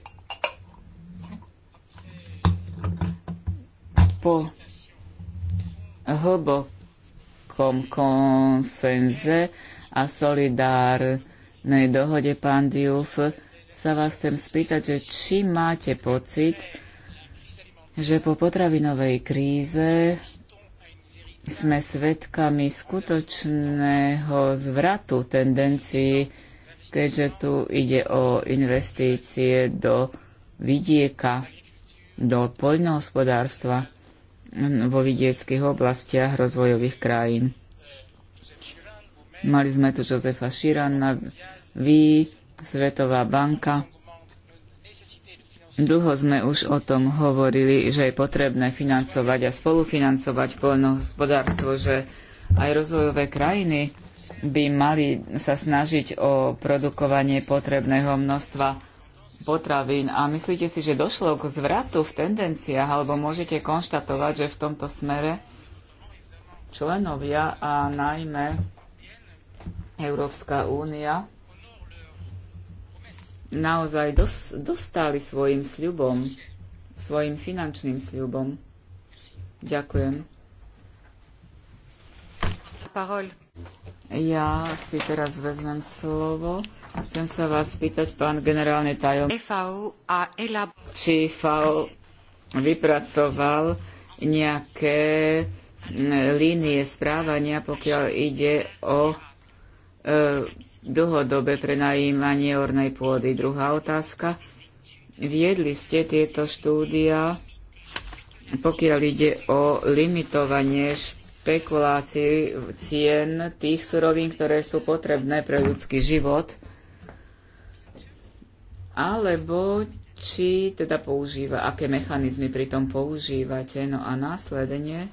Po hlbokom konsenze a solidárnej dohode, pán Diuf, sa vás chcem spýtať, že či máte pocit, že po potravinovej kríze sme svedkami skutočného zvratu tendencií keďže tu ide o investície do vidieka, do poľnohospodárstva mm, vo vidieckých oblastiach rozvojových krajín. Mali sme tu Josefa Širana, Vy, Svetová banka. Dlho sme už o tom hovorili, že je potrebné financovať a spolufinancovať poľnohospodárstvo, že aj rozvojové krajiny by mali sa snažiť o produkovanie potrebného množstva potravín. A myslíte si, že došlo k zvratu v tendenciách, alebo môžete konštatovať, že v tomto smere členovia a najmä Európska únia naozaj dos- dostali svojim sľubom, svojim finančným sľubom. Ďakujem. Parole. Ja si teraz vezmem slovo. Chcem sa vás spýtať, pán generálny tajom, či FAO vypracoval nejaké línie správania, pokiaľ ide o e, dlhodobé prenajímanie ornej pôdy. Druhá otázka. Viedli ste tieto štúdia, pokiaľ ide o limitovanie špeciálnych špekulácii cien tých surovín, ktoré sú potrebné pre ľudský život, alebo či teda používa, aké mechanizmy pri tom používate. No a následne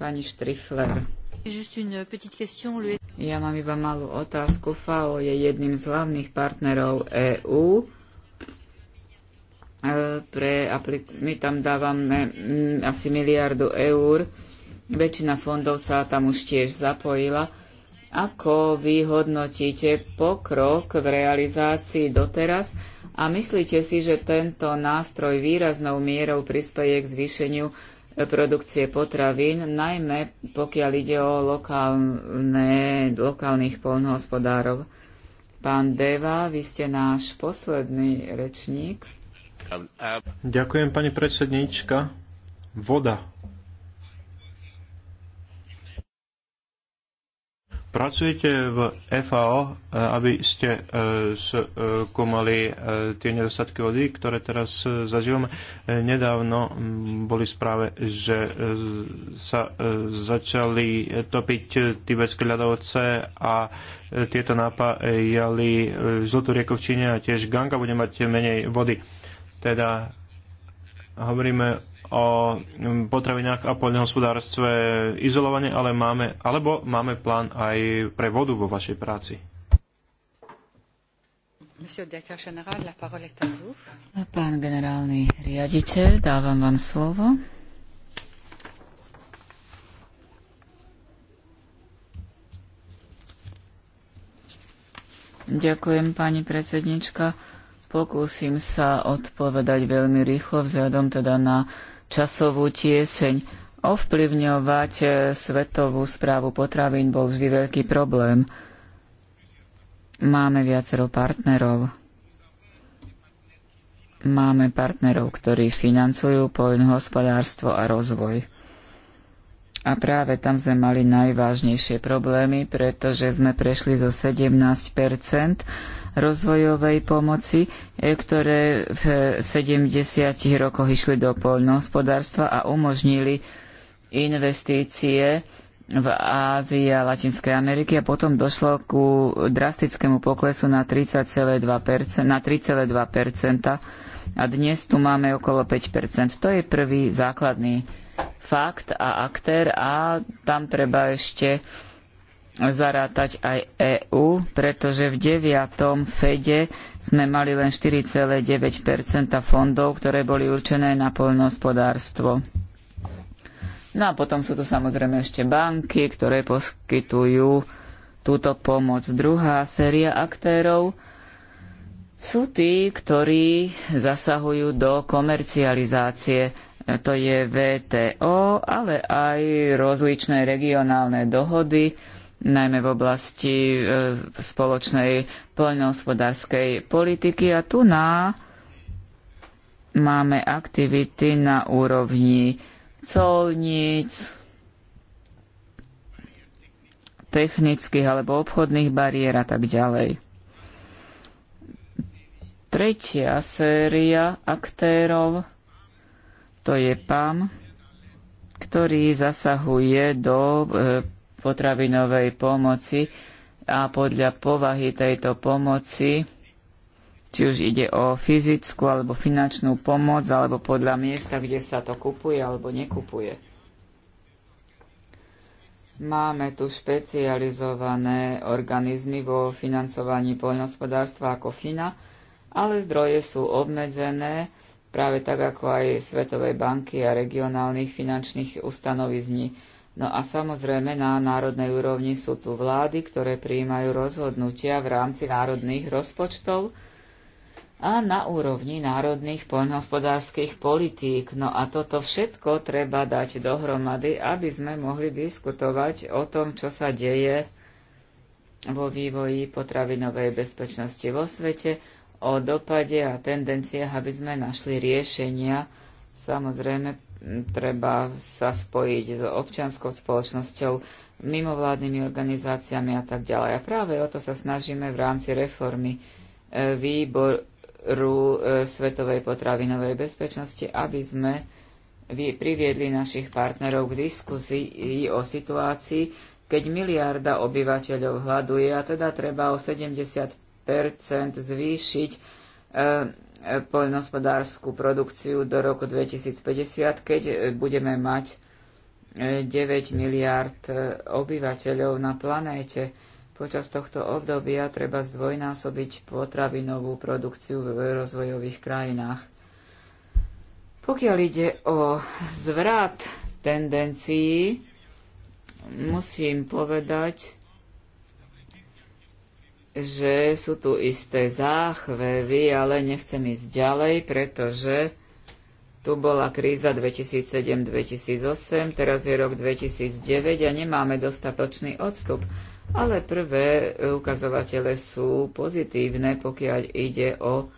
pani Štrifler. Ja mám iba malú otázku. FAO je jedným z hlavných partnerov EÚ. E, pre, my tam dávame mm, asi miliardu eur Väčšina fondov sa tam už tiež zapojila. Ako vy hodnotíte pokrok v realizácii doteraz a myslíte si, že tento nástroj výraznou mierou prispieje k zvýšeniu e, produkcie potravín, najmä pokiaľ ide o lokálne, lokálnych polnohospodárov? Pán Deva, vy ste náš posledný rečník. Ďakujem, pani predsednička. Voda Pracujete v FAO, eh, aby ste eh, skúmali eh, tie nedostatky vody, ktoré teraz zažívame. Nedávno mm, boli správe, že sa začali topiť tibetské ľadovce a tieto jali žltú rieku v Číne a tiež Ganga bude mať menej vody. Teda hovoríme o potravinách a poľnohospodárstve izolovane, ale máme, alebo máme plán aj pre vodu vo vašej práci. Pán generálny riaditeľ, dávam vám slovo. Ďakujem, pani predsednička. Pokúsim sa odpovedať veľmi rýchlo vzhľadom teda na časovú tieseň. Ovplyvňovať e, svetovú správu potravín bol vždy veľký problém. Máme viacero partnerov. Máme partnerov, ktorí financujú poľnohospodárstvo a rozvoj. A práve tam sme mali najvážnejšie problémy, pretože sme prešli zo 17 rozvojovej pomoci, e, ktoré v 70 rokoch išli do poľnohospodárstva a umožnili investície v Ázii a Latinskej Amerike a potom došlo ku drastickému poklesu na 3,2%, na 3,2% a dnes tu máme okolo 5%. To je prvý základný fakt a aktér a tam treba ešte zarátať aj EÚ, pretože v 9. Fede sme mali len 4,9 fondov, ktoré boli určené na poľnohospodárstvo. No a potom sú tu samozrejme ešte banky, ktoré poskytujú túto pomoc. Druhá séria aktérov sú tí, ktorí zasahujú do komercializácie to je VTO, ale aj rozličné regionálne dohody, najmä v oblasti e, spoločnej poľnohospodárskej politiky. A tu na máme aktivity na úrovni colníc, technických alebo obchodných bariér a tak ďalej. Tretia séria aktérov to je PAM, ktorý zasahuje do e, potravinovej pomoci a podľa povahy tejto pomoci, či už ide o fyzickú alebo finančnú pomoc, alebo podľa miesta, kde sa to kupuje alebo nekupuje. Máme tu špecializované organizmy vo financovaní poľnohospodárstva ako FINA, ale zdroje sú obmedzené práve tak ako aj Svetovej banky a regionálnych finančných ustanovizní. No a samozrejme na národnej úrovni sú tu vlády, ktoré prijímajú rozhodnutia v rámci národných rozpočtov a na úrovni národných poľnohospodárskych politík. No a toto všetko treba dať dohromady, aby sme mohli diskutovať o tom, čo sa deje vo vývoji potravinovej bezpečnosti vo svete, o dopade a tendenciách, aby sme našli riešenia. Samozrejme, treba sa spojiť s občianskou spoločnosťou, mimovládnymi organizáciami a tak ďalej. A práve o to sa snažíme v rámci reformy e, výboru e, Svetovej potravinovej bezpečnosti, aby sme priviedli našich partnerov k diskusii o situácii, keď miliarda obyvateľov hľaduje a teda treba o 75 zvýšiť eh, poľnohospodárskú produkciu do roku 2050, keď eh, budeme mať 9 eh, miliárd obyvateľov na planéte. Počas tohto obdobia treba zdvojnásobiť potravinovú produkciu v rozvojových krajinách. Pokiaľ ide o zvrat tendencií, musím povedať, že sú tu isté záchvevy, ale nechcem ísť ďalej, pretože tu bola kríza 2007-2008, teraz je rok 2009 a nemáme dostatočný odstup. Ale prvé ukazovatele sú pozitívne, pokiaľ ide o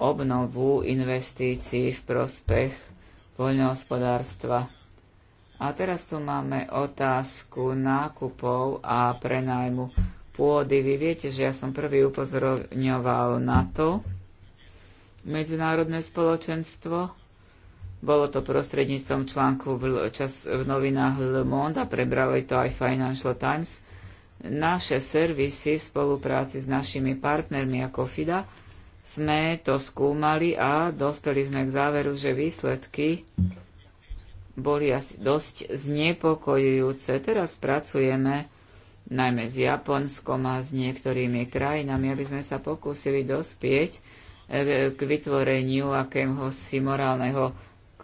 obnovu investícií v prospech poľnohospodárstva. A teraz tu máme otázku nákupov a prenajmu pôdy. Vy viete, že ja som prvý upozorňoval na to medzinárodné spoločenstvo. Bolo to prostredníctvom článku v, čas, v novinách Le Monde a prebrali to aj Financial Times. Naše servisy v spolupráci s našimi partnermi ako FIDA sme to skúmali a dospeli sme k záveru, že výsledky boli asi dosť znepokojujúce. Teraz pracujeme najmä s Japonskom a s niektorými krajinami, aby sme sa pokúsili dospieť e, k vytvoreniu si morálneho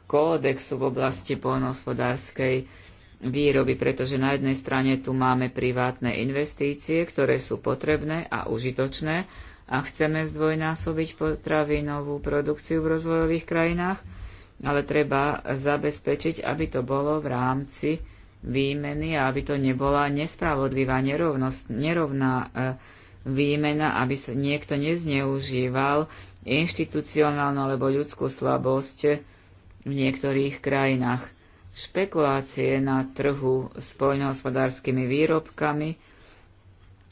kódexu v oblasti poľnohospodárskej výroby, pretože na jednej strane tu máme privátne investície, ktoré sú potrebné a užitočné a chceme zdvojnásobiť potravinovú produkciu v rozvojových krajinách, ale treba zabezpečiť, aby to bolo v rámci výmeny a aby to nebola nespravodlivá, nerovnosť, nerovná e, výmena, aby sa niekto nezneužíval inštitucionálnu alebo ľudskú slabosť v niektorých krajinách. Špekulácie na trhu s poľnohospodárskymi výrobkami –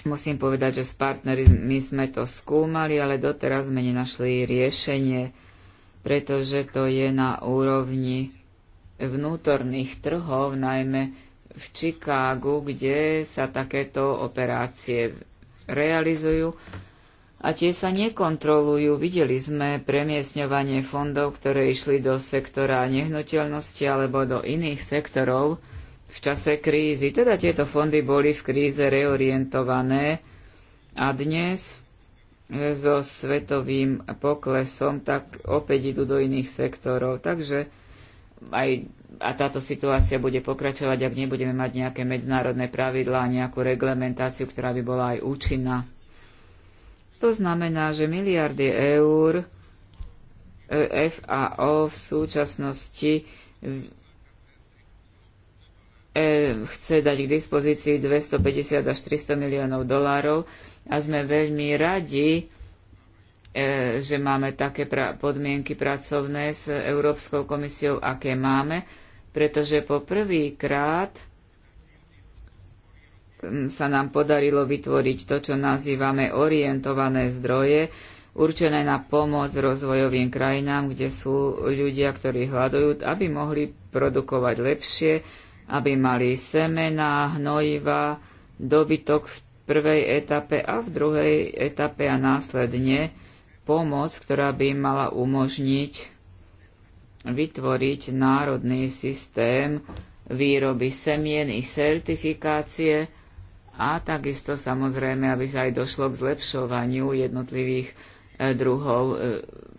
Musím povedať, že s partnermi sme to skúmali, ale doteraz sme nenašli riešenie, pretože to je na úrovni vnútorných trhov, najmä v Chicagu, kde sa takéto operácie realizujú a tie sa nekontrolujú. Videli sme premiesňovanie fondov, ktoré išli do sektora nehnuteľnosti alebo do iných sektorov v čase krízy. Teda tieto fondy boli v kríze reorientované a dnes so svetovým poklesom tak opäť idú do iných sektorov. Takže aj, a táto situácia bude pokračovať, ak nebudeme mať nejaké medzinárodné pravidlá, nejakú reglementáciu, ktorá by bola aj účinná. To znamená, že miliardy eur e, FAO v súčasnosti e, chce dať k dispozícii 250 až 300 miliónov dolárov a sme veľmi radi, E, že máme také pra- podmienky pracovné s Európskou komisiou, aké máme, pretože po prvý krát mm, sa nám podarilo vytvoriť to, čo nazývame orientované zdroje, určené na pomoc rozvojovým krajinám, kde sú ľudia, ktorí hľadujú, aby mohli produkovať lepšie, aby mali semená, hnojiva, dobytok v prvej etape a v druhej etape a následne pomoc, ktorá by im mala umožniť vytvoriť národný systém výroby semien, ich certifikácie a takisto samozrejme, aby sa aj došlo k zlepšovaniu jednotlivých e, druhov e,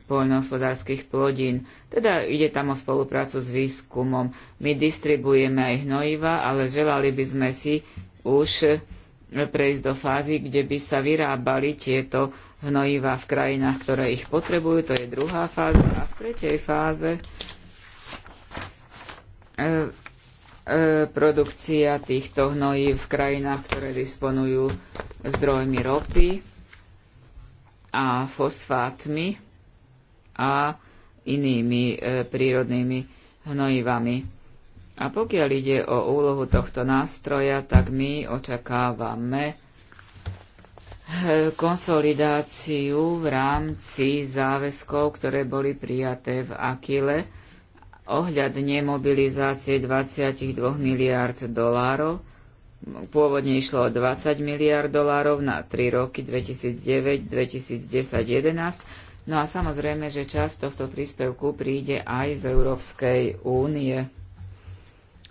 poľnohospodárskych plodín. Teda ide tam o spoluprácu s výskumom. My distribujeme aj hnojiva, ale želali by sme si už e, prejsť do fázy, kde by sa vyrábali tieto hnojiva v krajinách, ktoré ich potrebujú, to je druhá fáza. A v tretej fáze e, e produkcia týchto hnojí v krajinách, ktoré disponujú zdrojmi ropy a fosfátmi a inými e, prírodnými hnojivami. A pokiaľ ide o úlohu tohto nástroja, tak my očakávame konsolidáciu v rámci záväzkov, ktoré boli prijaté v Akile ohľadne mobilizácie 22 miliard dolárov. Pôvodne išlo o 20 miliard dolárov na 3 roky 2009, 2010, 2011. No a samozrejme, že časť tohto príspevku príde aj z Európskej únie.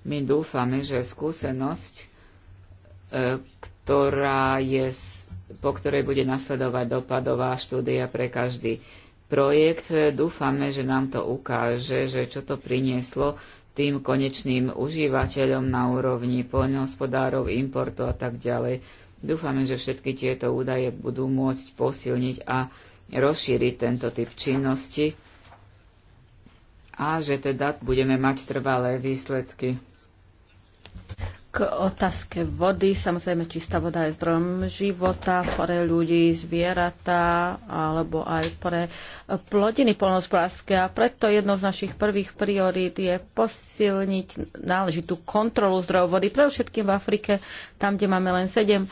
My dúfame, že skúsenosť, e, ktorá je po ktorej bude nasledovať dopadová štúdia pre každý projekt. Dúfame, že nám to ukáže, že čo to prinieslo tým konečným užívateľom na úrovni poľnohospodárov, importu a tak ďalej. Dúfame, že všetky tieto údaje budú môcť posilniť a rozšíriť tento typ činnosti a že teda budeme mať trvalé výsledky. K otázke vody, samozrejme čistá voda je zdrojom života pre ľudí, zvieratá alebo aj pre plodiny polnospodárske a preto jednou z našich prvých priorít je posilniť náležitú kontrolu zdrojov vody, pre všetkým v Afrike, tam, kde máme len 7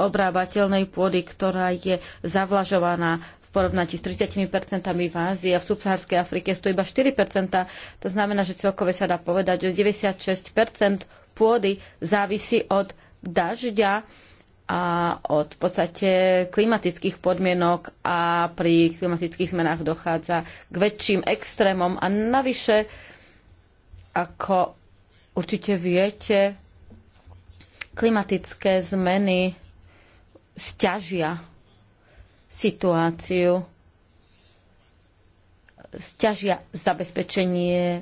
obrábateľnej pôdy, ktorá je zavlažovaná v porovnaní s 30% v Ázii a v subsahárskej Afrike sú to iba 4%. To znamená, že celkové sa dá povedať, že 96% pôdy závisí od dažďa a od v podstate klimatických podmienok a pri klimatických zmenách dochádza k väčším extrémom a navyše, ako určite viete, klimatické zmeny stiažia situáciu stiažia zabezpečenie e,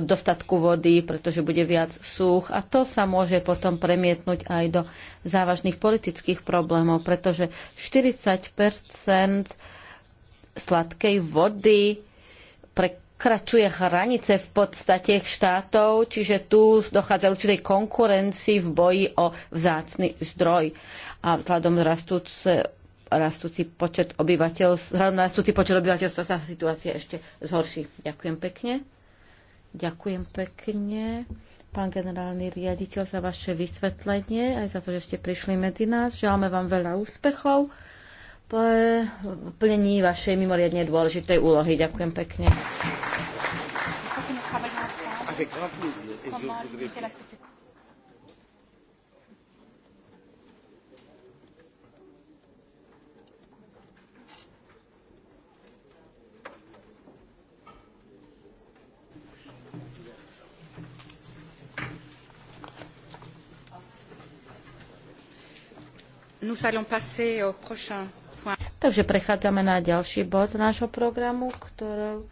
dostatku vody, pretože bude viac súch a to sa môže potom premietnúť aj do závažných politických problémov, pretože 40 sladkej vody prekračuje hranice v podstate štátov, čiže tu dochádza určitej konkurencii v boji o vzácny zdroj. A vzhľadom rastúce rastúci počet obyvateľstva, rastúci počet obyvateľstva sa situácia ešte zhorší. Ďakujem pekne. Ďakujem pekne, pán generálny riaditeľ, za vaše vysvetlenie, aj za to, že ste prišli medzi nás. Želáme vám veľa úspechov po plnení vašej mimoriadne dôležitej úlohy. Ďakujem pekne. Ďakujem. grand plaisir. Et je voudrais... Takže prechádzame na ďalší bod nášho programu, ktorou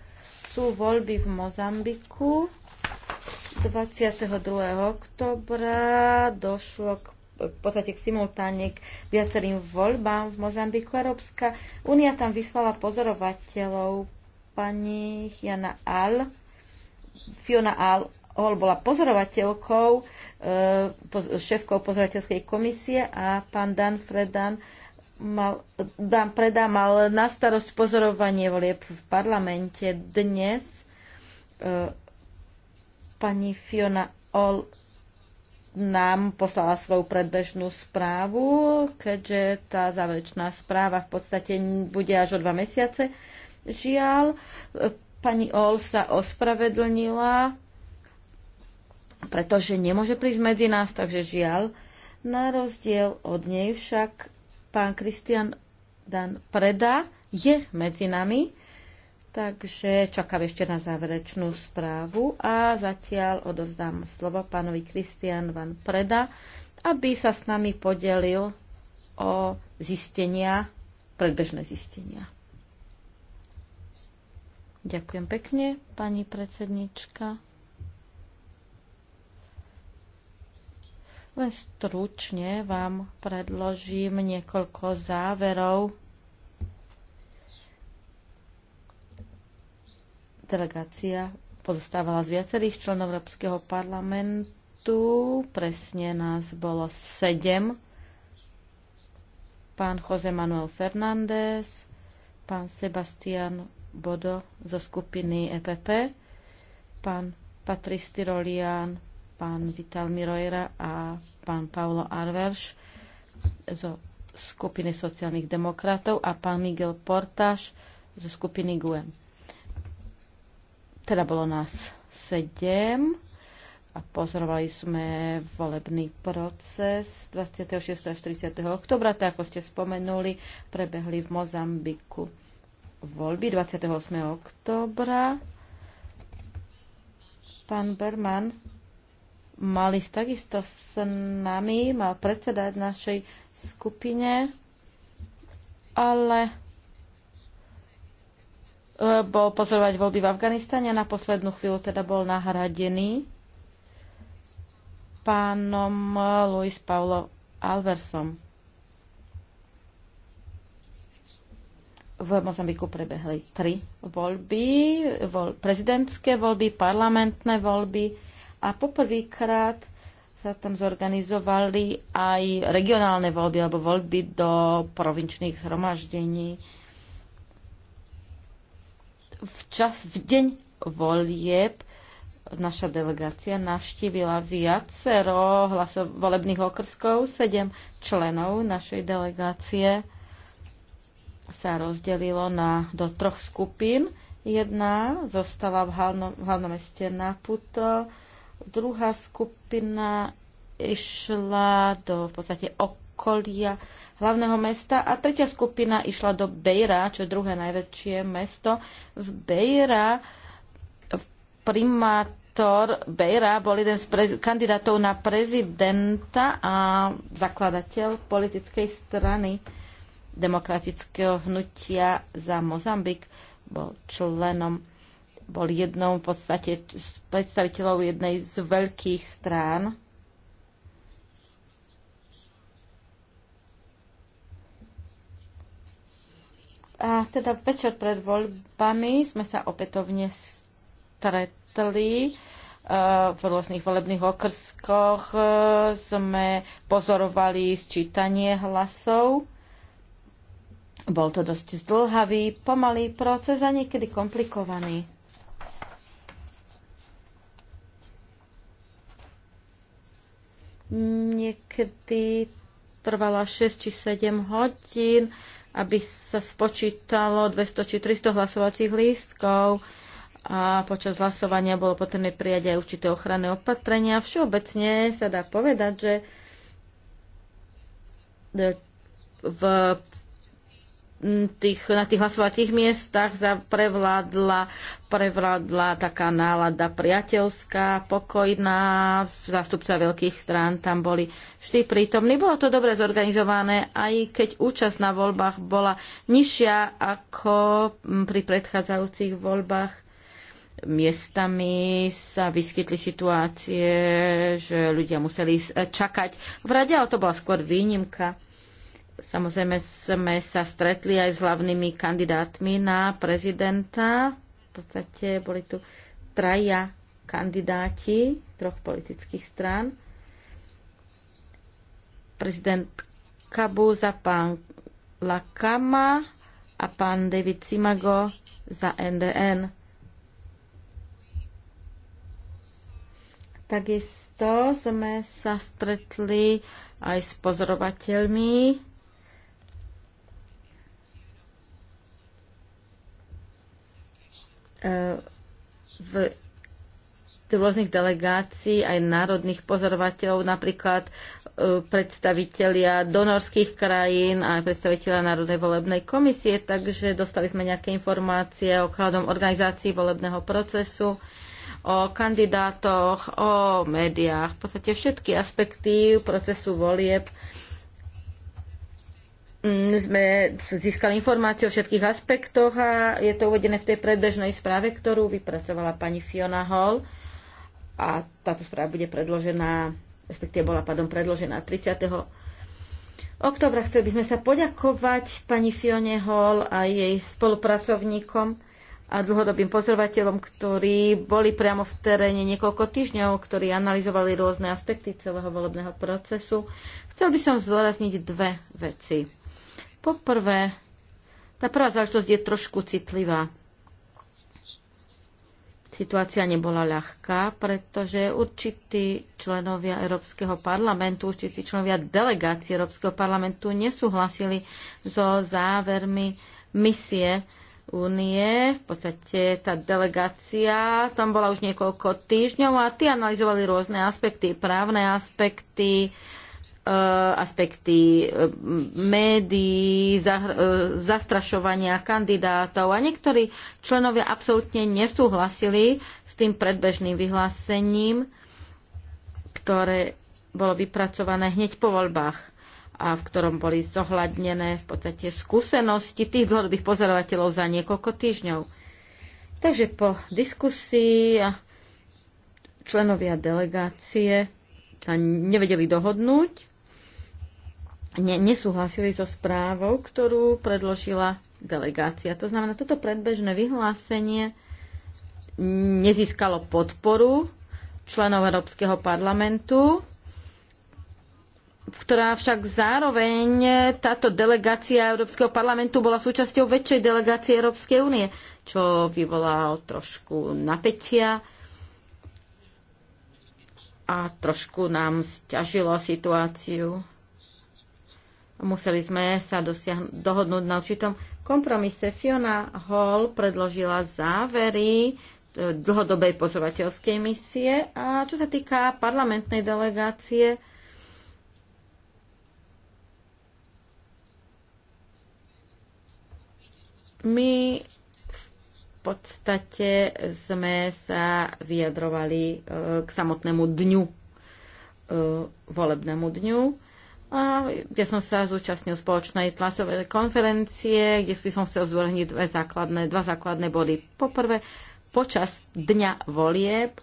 sú voľby v Mozambiku. 22. oktobra došlo k v podstate k simultáne k viacerým voľbám v Mozambiku. Európska únia tam vyslala pozorovateľov pani Jana Al. Fiona Al bola pozorovateľkou Eh, šéfkou pozerateľskej komisie a pán Dan Fredan mal, Dan Preda mal na starosť pozorovanie volieb v parlamente. Dnes eh, pani Fiona Ol nám poslala svoju predbežnú správu, keďže tá záverečná správa v podstate bude až o dva mesiace. Žiaľ, eh, pani Ol sa ospravedlnila pretože nemôže prísť medzi nás, takže žiaľ. Na rozdiel od nej však pán Kristian Dan Preda je medzi nami, takže čakám ešte na záverečnú správu a zatiaľ odovzdám slovo pánovi Kristian Van Preda, aby sa s nami podelil o zistenia, predbežné zistenia. Ďakujem pekne, pani predsednička. Len stručne vám predložím niekoľko záverov delegácia pozostávala z viacerých členov Európskeho parlamentu. Presne nás bolo sedem. Pán Jose Manuel Fernández, pán Sebastian Bodo zo skupiny EPP, pán Rolian pán Vital Mirojera a pán Paolo Arverš zo skupiny sociálnych demokratov a pán Miguel Portáš zo skupiny GUEM. Teda bolo nás sedem a pozorovali sme volebný proces 26. až 30. oktobra, tak ako ste spomenuli, prebehli v Mozambiku voľby 28. oktobra. Pán Berman mali takisto s nami, mal predsedať našej skupine, ale e, bol pozorovať voľby v Afganistane a na poslednú chvíľu teda bol nahradený pánom e, Luis Paulo Alversom. V Mozambiku prebehli tri voľby, voľ, prezidentské voľby, parlamentné voľby a poprvýkrát sa tam zorganizovali aj regionálne voľby alebo voľby do provinčných zhromaždení. V, čas, v deň volieb naša delegácia navštívila viacero hlasov, volebných okrskov, sedem členov našej delegácie sa rozdelilo na, do troch skupín. Jedna zostala v hlavnom, hlavnom meste Naputo, Druhá skupina išla do v podstate okolia hlavného mesta a tretia skupina išla do Bejra, čo je druhé najväčšie mesto. Z Bejra primátor Bejra bol jeden z kandidátov na prezidenta a zakladateľ politickej strany demokratického hnutia za Mozambik. Bol členom bol jednou v podstate z predstaviteľov jednej z veľkých strán. A teda večer pred voľbami sme sa opätovne stretli eh, v rôznych volebných okrskoch eh, sme pozorovali sčítanie hlasov. Bol to dosť zdlhavý, pomalý proces a niekedy komplikovaný. Niekedy trvala 6 či 7 hodín, aby sa spočítalo 200 či 300 hlasovacích lístkov a počas hlasovania bolo potrebné prijať aj určité ochranné opatrenia. Všeobecne sa dá povedať, že v tých, na tých hlasovacích miestach prevládla, prevládla taká nálada priateľská, pokojná, zástupca veľkých strán tam boli vždy prítomní. Bolo to dobre zorganizované, aj keď účasť na voľbách bola nižšia ako pri predchádzajúcich voľbách miestami sa vyskytli situácie, že ľudia museli čakať v rade, ale to bola skôr výnimka. Samozrejme sme sa stretli aj s hlavnými kandidátmi na prezidenta. V podstate boli tu traja kandidáti troch politických strán. Prezident Kabu za pán Lakama a pán David Simago za NDN. Takisto sme sa stretli aj s pozorovateľmi v rôznych delegácií, aj národných pozorovateľov, napríklad e, predstavitelia donorských krajín a predstavitelia Národnej volebnej komisie, takže dostali sme nejaké informácie o kladom organizácii volebného procesu, o kandidátoch, o médiách, v podstate všetky aspekty procesu volieb Mm, sme získali informácie o všetkých aspektoch a je to uvedené v tej predbežnej správe, ktorú vypracovala pani Fiona Hall. A táto správa bude predložená, respektíve bola pádom predložená 30. oktobra. Chceli by sme sa poďakovať pani Fione Hall a jej spolupracovníkom a dlhodobým pozorovateľom, ktorí boli priamo v teréne niekoľko týždňov, ktorí analyzovali rôzne aspekty celého volebného procesu. Chcel by som zdôrazniť dve veci Poprvé, tá prvá záležitosť je trošku citlivá. Situácia nebola ľahká, pretože určití členovia Európskeho parlamentu, určití členovia delegácie Európskeho parlamentu nesúhlasili so závermi misie únie. V podstate tá delegácia tam bola už niekoľko týždňov a tie analyzovali rôzne aspekty, právne aspekty, Eh, aspekty eh, médií, eh, zastrašovania kandidátov a niektorí členovia absolútne nesúhlasili s tým predbežným vyhlásením, ktoré bolo vypracované hneď po voľbách a v ktorom boli zohľadnené v podstate skúsenosti tých dlhodobých pozorovateľov za niekoľko týždňov. Takže po diskusii a členovia delegácie sa nevedeli dohodnúť ne, nesúhlasili so správou, ktorú predložila delegácia. To znamená, toto predbežné vyhlásenie nezískalo podporu členov Európskeho parlamentu, ktorá však zároveň táto delegácia Európskeho parlamentu bola súčasťou väčšej delegácie Európskej únie, čo vyvolalo trošku napätia a trošku nám stiažilo situáciu museli sme sa dohodnúť na určitom kompromise. Fiona Hall predložila závery e, dlhodobej pozorovateľskej misie a čo sa týka parlamentnej delegácie, my v podstate sme sa vyjadrovali e, k samotnému dňu, e, volebnému dňu a ja som sa zúčastnil spoločnej tlačovej konferencie, kde si som chcel zdôrazniť dve základné, dva základné body. Poprvé, počas dňa volieb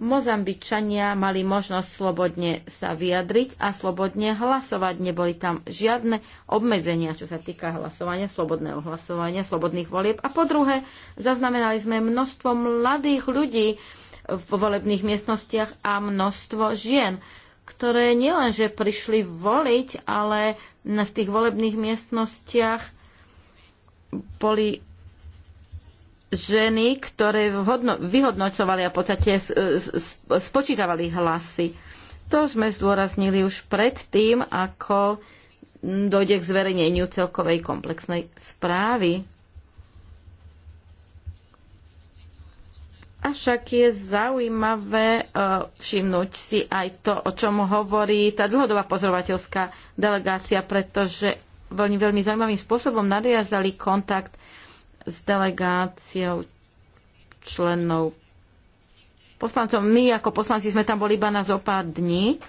Mozambičania mali možnosť slobodne sa vyjadriť a slobodne hlasovať. Neboli tam žiadne obmedzenia, čo sa týka hlasovania, slobodného hlasovania, slobodných volieb. A po druhé, zaznamenali sme množstvo mladých ľudí v volebných miestnostiach a množstvo žien ktoré nielenže prišli voliť, ale v tých volebných miestnostiach boli ženy, ktoré vyhodnocovali a v podstate spočítavali hlasy. To sme zdôraznili už predtým, ako dojde k zverejneniu celkovej komplexnej správy Avšak je zaujímavé e, všimnúť si aj to, o čom hovorí tá dlhodobá pozorovateľská delegácia, pretože veľmi, veľmi zaujímavým spôsobom nadviazali kontakt s delegáciou členov poslancov. My ako poslanci sme tam boli iba na zo pár dní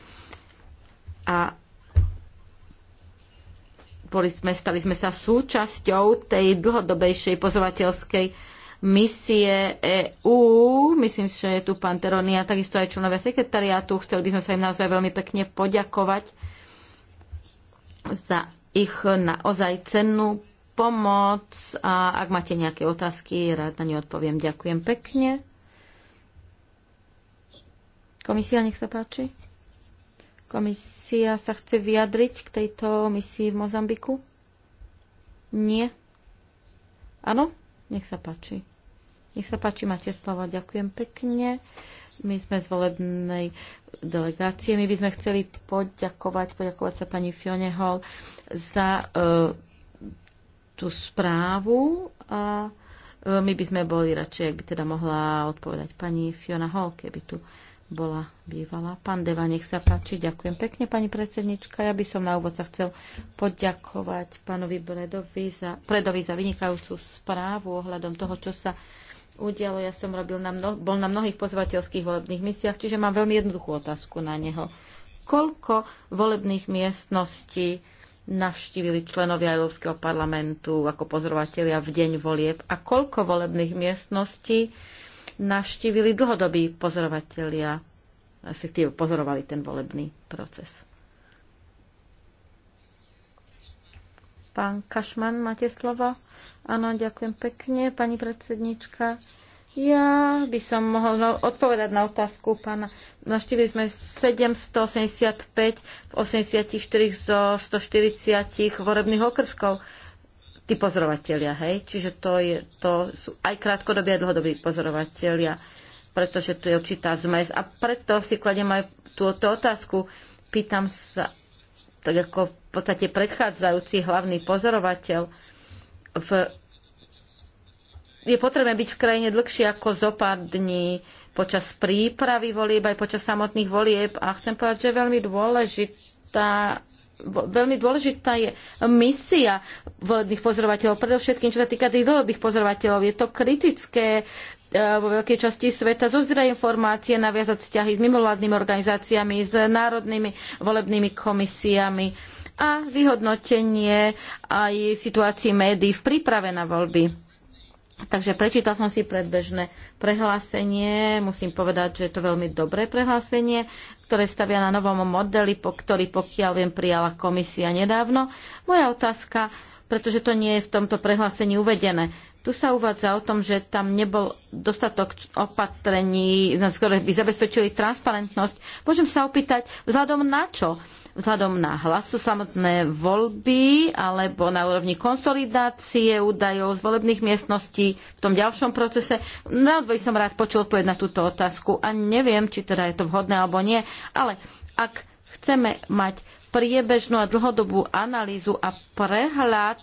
a boli sme, stali sme sa súčasťou tej dlhodobejšej pozorovateľskej misie EÚ. Myslím si, že je tu pán Teroni a takisto aj členovia sekretariátu. Chceli by sme sa im naozaj veľmi pekne poďakovať za ich naozaj cennú pomoc a ak máte nejaké otázky, rád na ne odpoviem. Ďakujem pekne. Komisia, nech sa páči. Komisia sa chce vyjadriť k tejto misii v Mozambiku? Nie? Áno? Nech sa páči. Nech sa páči, máte slovo. Ďakujem pekne. My sme z volebnej delegácie. My by sme chceli poďakovať, poďakovať sa pani Hall za uh, tú správu a uh, my by sme boli radšej, ak by teda mohla odpovedať pani Fiona Hall, keby tu bola bývalá. Pán Deva, nech sa páči. Ďakujem pekne, pani predsednička. Ja by som na úvod sa chcel poďakovať pánovi Bredovi za, Bredovi za vynikajúcu správu ohľadom toho, čo sa uh, udialo. Ja som robil na mno, bol na mnohých pozvateľských volebných misiách, čiže mám veľmi jednoduchú otázku na neho. Koľko volebných miestností navštívili členovia Európskeho parlamentu ako pozorovatelia v deň volieb a koľko volebných miestností navštívili dlhodobí pozorovatelia, respektíve pozorovali ten volebný proces? Pán Kašman, máte slovo? Áno, ďakujem pekne, pani predsednička. Ja by som mohol odpovedať na otázku pána. Naštívili sme 785 v 84 zo 140 vorebných okrskov. Tí pozorovatelia, hej? Čiže to, je, to sú aj krátkodobí, a dlhodobí pozorovatelia, pretože tu je určitá zmes. A preto si kladiem aj túto otázku. Pýtam sa, tak ako podstate predchádzajúci hlavný pozorovateľ v je potrebné byť v krajine dlhšie ako zo pár dní počas prípravy volieb aj počas samotných volieb a chcem povedať, že je veľmi dôležitá veľmi dôležitá je misia volebných pozorovateľov, predovšetkým čo sa týka tých volebných pozorovateľov. Je to kritické eh, vo veľkej časti sveta zozbierať informácie, naviazať vzťahy s mimovládnymi organizáciami, s národnými volebnými komisiami a vyhodnotenie aj situácii médií v príprave na voľby. Takže prečítal som si predbežné prehlásenie. Musím povedať, že je to veľmi dobré prehlásenie, ktoré stavia na novom modeli, po ktorý pokiaľ viem prijala komisia nedávno. Moja otázka, pretože to nie je v tomto prehlásení uvedené. Tu sa uvádza o tom, že tam nebol dostatok opatrení, ktoré by zabezpečili transparentnosť. Môžem sa opýtať, vzhľadom na čo? Vzhľadom na hlasu samotné voľby alebo na úrovni konsolidácie údajov z volebných miestností v tom ďalšom procese. Na by som rád počul odpovedť na túto otázku a neviem, či teda je to vhodné alebo nie, ale ak chceme mať priebežnú a dlhodobú analýzu a prehľad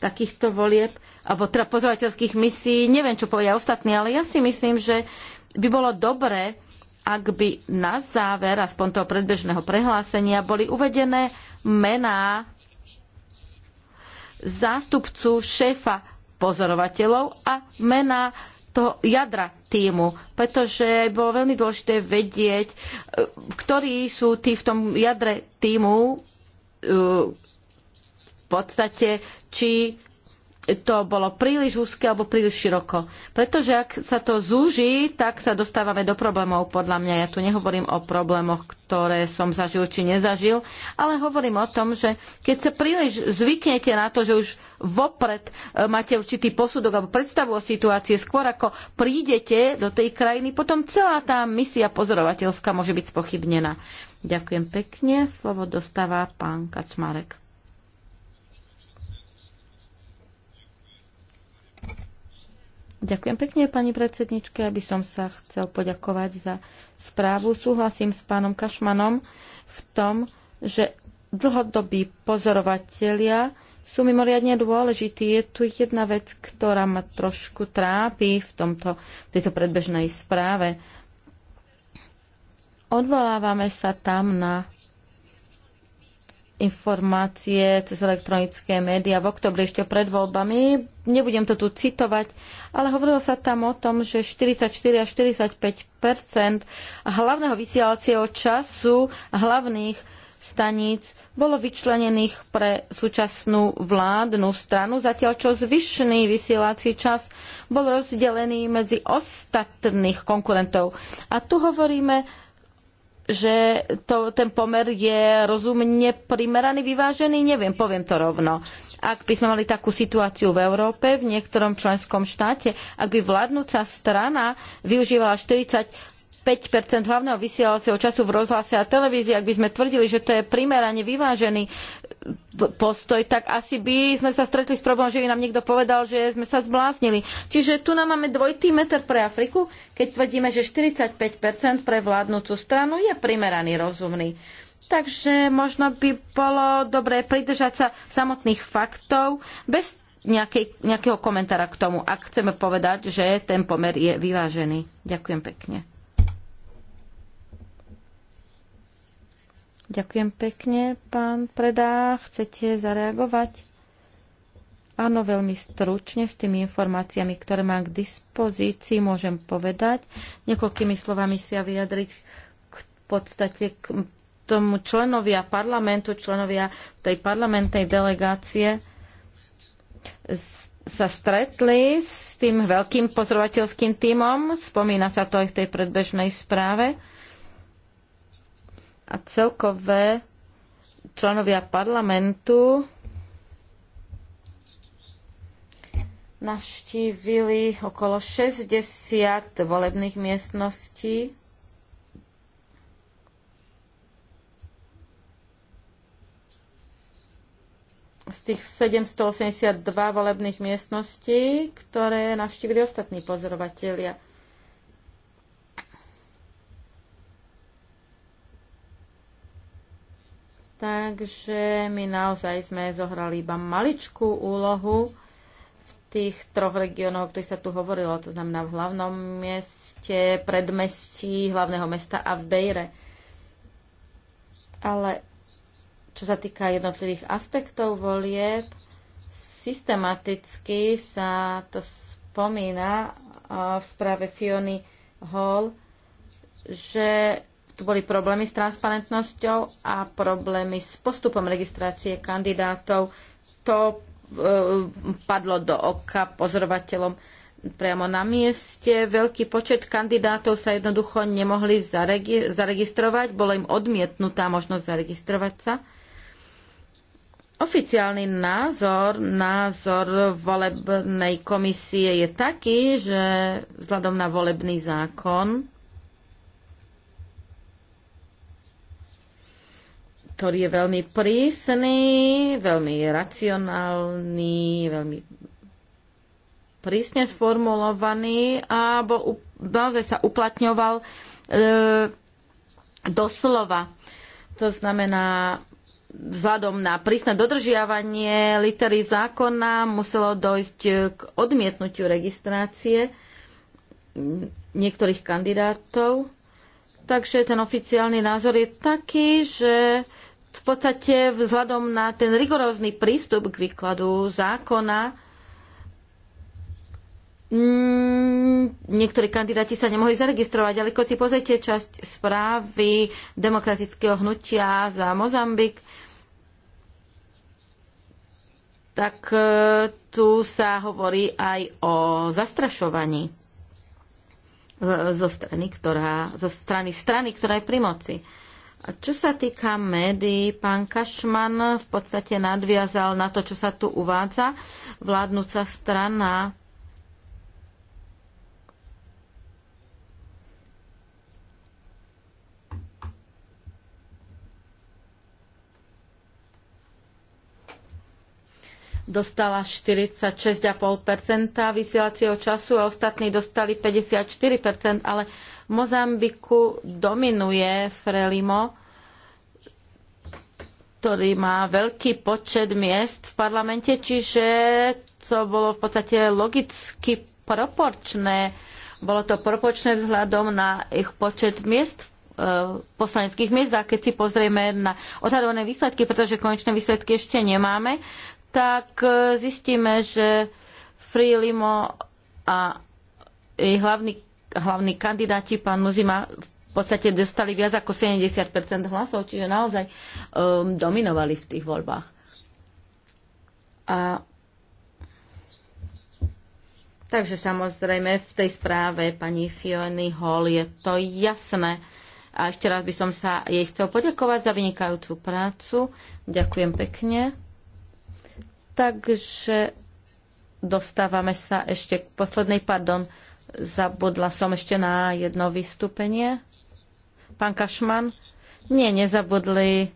takýchto volieb, alebo teda pozorovateľských misií. Neviem, čo povedia ostatní, ale ja si myslím, že by bolo dobré, ak by na záver, aspoň toho predbežného prehlásenia, boli uvedené mená zástupcu šéfa pozorovateľov a mená toho jadra týmu, pretože bolo veľmi dôležité vedieť, e, ktorí sú tí v tom jadre týmu, e, podstate, či to bolo príliš úzke alebo príliš široko. Pretože ak sa to zúži, tak sa dostávame do problémov, podľa mňa. Ja tu nehovorím o problémoch, ktoré som zažil či nezažil, ale hovorím o tom, že keď sa príliš zvyknete na to, že už vopred e, máte určitý posudok alebo predstavu o situácie, skôr ako prídete do tej krajiny, potom celá tá misia pozorovateľská môže byť spochybnená. Ďakujem pekne. Slovo dostáva pán Kačmarek. Ďakujem pekne, pani predsedničke, aby som sa chcel poďakovať za správu. Súhlasím s pánom Kašmanom v tom, že dlhodobí pozorovatelia sú mimoriadne dôležití. Je tu jedna vec, ktorá ma trošku trápi v, tomto, v tejto predbežnej správe. Odvolávame sa tam na informácie cez elektronické médiá v oktobri ešte pred voľbami. Nebudem to tu citovať, ale hovorilo sa tam o tom, že 44 až 45 hlavného vysielacieho času hlavných staníc bolo vyčlenených pre súčasnú vládnu stranu, zatiaľ čo zvyšný vysielací čas bol rozdelený medzi ostatných konkurentov. A tu hovoríme že to, ten pomer je rozumne primeraný, vyvážený? Neviem, poviem to rovno. Ak by sme mali takú situáciu v Európe, v niektorom členskom štáte, ak by vládnúca strana využívala 40 5 hlavného vysielacieho času v rozhlase a televízii, ak by sme tvrdili, že to je primerane vyvážený postoj, tak asi by sme sa stretli s problémom, že by nám niekto povedal, že sme sa zbláznili. Čiže tu nám máme dvojitý meter pre Afriku, keď tvrdíme, že 45% pre vládnúcu stranu je primeraný, rozumný. Takže možno by bolo dobré pridržať sa samotných faktov bez nejakej, nejakého komentára k tomu, ak chceme povedať, že ten pomer je vyvážený. Ďakujem pekne. Ďakujem pekne, pán Predá. Chcete zareagovať? Áno, veľmi stručne s tými informáciami, ktoré mám k dispozícii, môžem povedať. Niekoľkými slovami si ja vyjadriť k podstate k tomu členovia parlamentu, členovia tej parlamentnej delegácie sa stretli s tým veľkým pozorovateľským týmom. Spomína sa to aj v tej predbežnej správe a celkové členovia parlamentu navštívili okolo 60 volebných miestností. Z tých 782 volebných miestností, ktoré navštívili ostatní pozorovatelia. Takže my naozaj sme zohrali iba maličkú úlohu v tých troch regiónoch, o ktorých sa tu hovorilo, to znamená v hlavnom mieste, predmestí hlavného mesta a v Bejre. Ale čo sa týka jednotlivých aspektov volieb, systematicky sa to spomína v správe Fiony Hall, že tu boli problémy s transparentnosťou a problémy s postupom registrácie kandidátov. To e, padlo do oka pozorovateľom priamo na mieste. Veľký počet kandidátov sa jednoducho nemohli zaregi- zaregistrovať, bola im odmietnutá možnosť zaregistrovať sa. Oficiálny názor, názor volebnej komisie je taký, že vzhľadom na volebný zákon ktorý je veľmi prísny, veľmi racionálny, veľmi prísne sformulovaný a naozaj sa uplatňoval e, doslova. To znamená, vzhľadom na prísne dodržiavanie litery zákona muselo dojsť k odmietnutiu registrácie niektorých kandidátov. Takže ten oficiálny názor je taký, že v podstate vzhľadom na ten rigorózny prístup k výkladu zákona mm, niektorí kandidáti sa nemohli zaregistrovať, ale keď si pozrite časť správy demokratického hnutia za Mozambik, tak e, tu sa hovorí aj o zastrašovaní e, zo strany, ktorá, zo strany strany, ktorá je pri moci. A čo sa týka médií, pán Kašman v podstate nadviazal na to, čo sa tu uvádza. Vládnúca strana dostala 46,5 vysielacieho času a ostatní dostali 54 ale Mozambiku dominuje Frelimo, ktorý má veľký počet miest v parlamente, čiže to bolo v podstate logicky proporčné. Bolo to proporčné vzhľadom na ich počet miest v e, poslaneckých miest a keď si pozrieme na odhadované výsledky, pretože konečné výsledky ešte nemáme, tak e, zistíme, že Free Limo a jej hlavný hlavní kandidáti, pán Muzima, v podstate dostali viac ako 70 hlasov, čiže naozaj um, dominovali v tých voľbách. A Takže samozrejme v tej správe pani Fiony Hall je to jasné. A ešte raz by som sa jej chcel poďakovať za vynikajúcu prácu. Ďakujem pekne. Takže dostávame sa ešte k poslednej, pardon, Zabudla som ešte na jedno vystúpenie. Pán Kašman? Nie, nezabudli.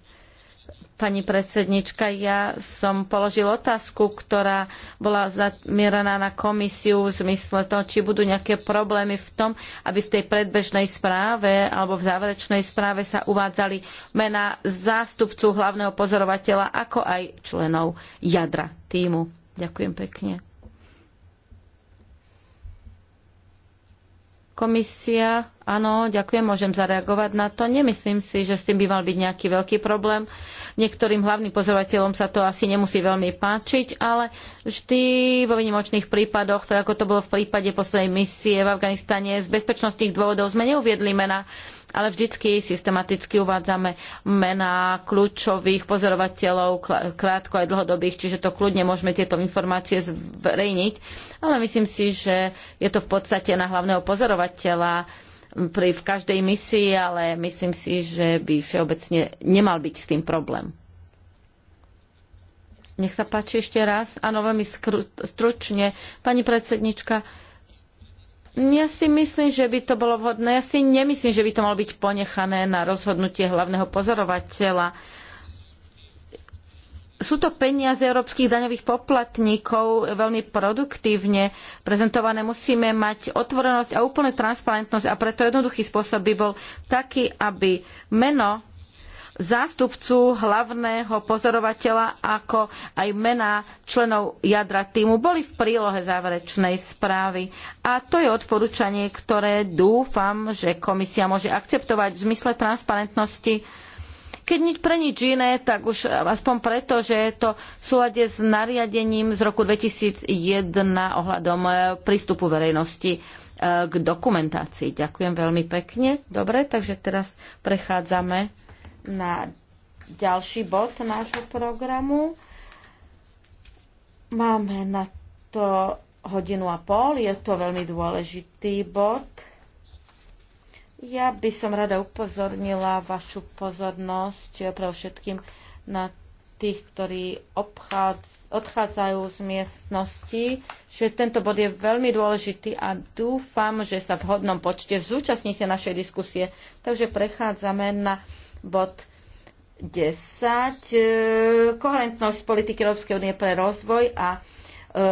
Pani predsednička, ja som položil otázku, ktorá bola zamieraná na komisiu v zmysle toho, či budú nejaké problémy v tom, aby v tej predbežnej správe alebo v záverečnej správe sa uvádzali mená zástupcu hlavného pozorovateľa, ako aj členov jadra týmu. Ďakujem pekne. Komisia, áno, ďakujem, môžem zareagovať na to. Nemyslím si, že s tým by mal byť nejaký veľký problém. Niektorým hlavným pozorovateľom sa to asi nemusí veľmi páčiť, ale vždy vo vynimočných prípadoch, tak ako to bolo v prípade poslednej misie v Afganistane, z bezpečnostných dôvodov sme neuviedli mena ale vždycky systematicky uvádzame mená kľúčových pozorovateľov, krátko aj dlhodobých, čiže to kľudne môžeme tieto informácie zverejniť, ale myslím si, že je to v podstate na hlavného pozorovateľa pri, v každej misii, ale myslím si, že by všeobecne nemal byť s tým problém. Nech sa páči ešte raz. Áno, veľmi stručne. Pani predsednička, ja si myslím, že by to bolo vhodné. Ja si nemyslím, že by to malo byť ponechané na rozhodnutie hlavného pozorovateľa. Sú to peniaze európskych daňových poplatníkov veľmi produktívne prezentované. Musíme mať otvorenosť a úplne transparentnosť a preto jednoduchý spôsob by bol taký, aby meno zástupcu hlavného pozorovateľa, ako aj mená členov jadra týmu boli v prílohe záverečnej správy. A to je odporúčanie, ktoré dúfam, že komisia môže akceptovať v zmysle transparentnosti. Keď nič pre nič iné, tak už aspoň preto, že je to v súlade s nariadením z roku 2001 ohľadom e, prístupu verejnosti e, k dokumentácii. Ďakujem veľmi pekne. Dobre, takže teraz prechádzame na ďalší bod nášho programu. Máme na to hodinu a pol, je to veľmi dôležitý bod. Ja by som rada upozornila vašu pozornosť pre všetkým na tých, ktorí odchádzajú z miestnosti, že tento bod je veľmi dôležitý a dúfam, že sa v hodnom počte zúčastníte našej diskusie. Takže prechádzame na Bod 10. E, koherentnosť politiky Európskej únie pre rozvoj a e, e,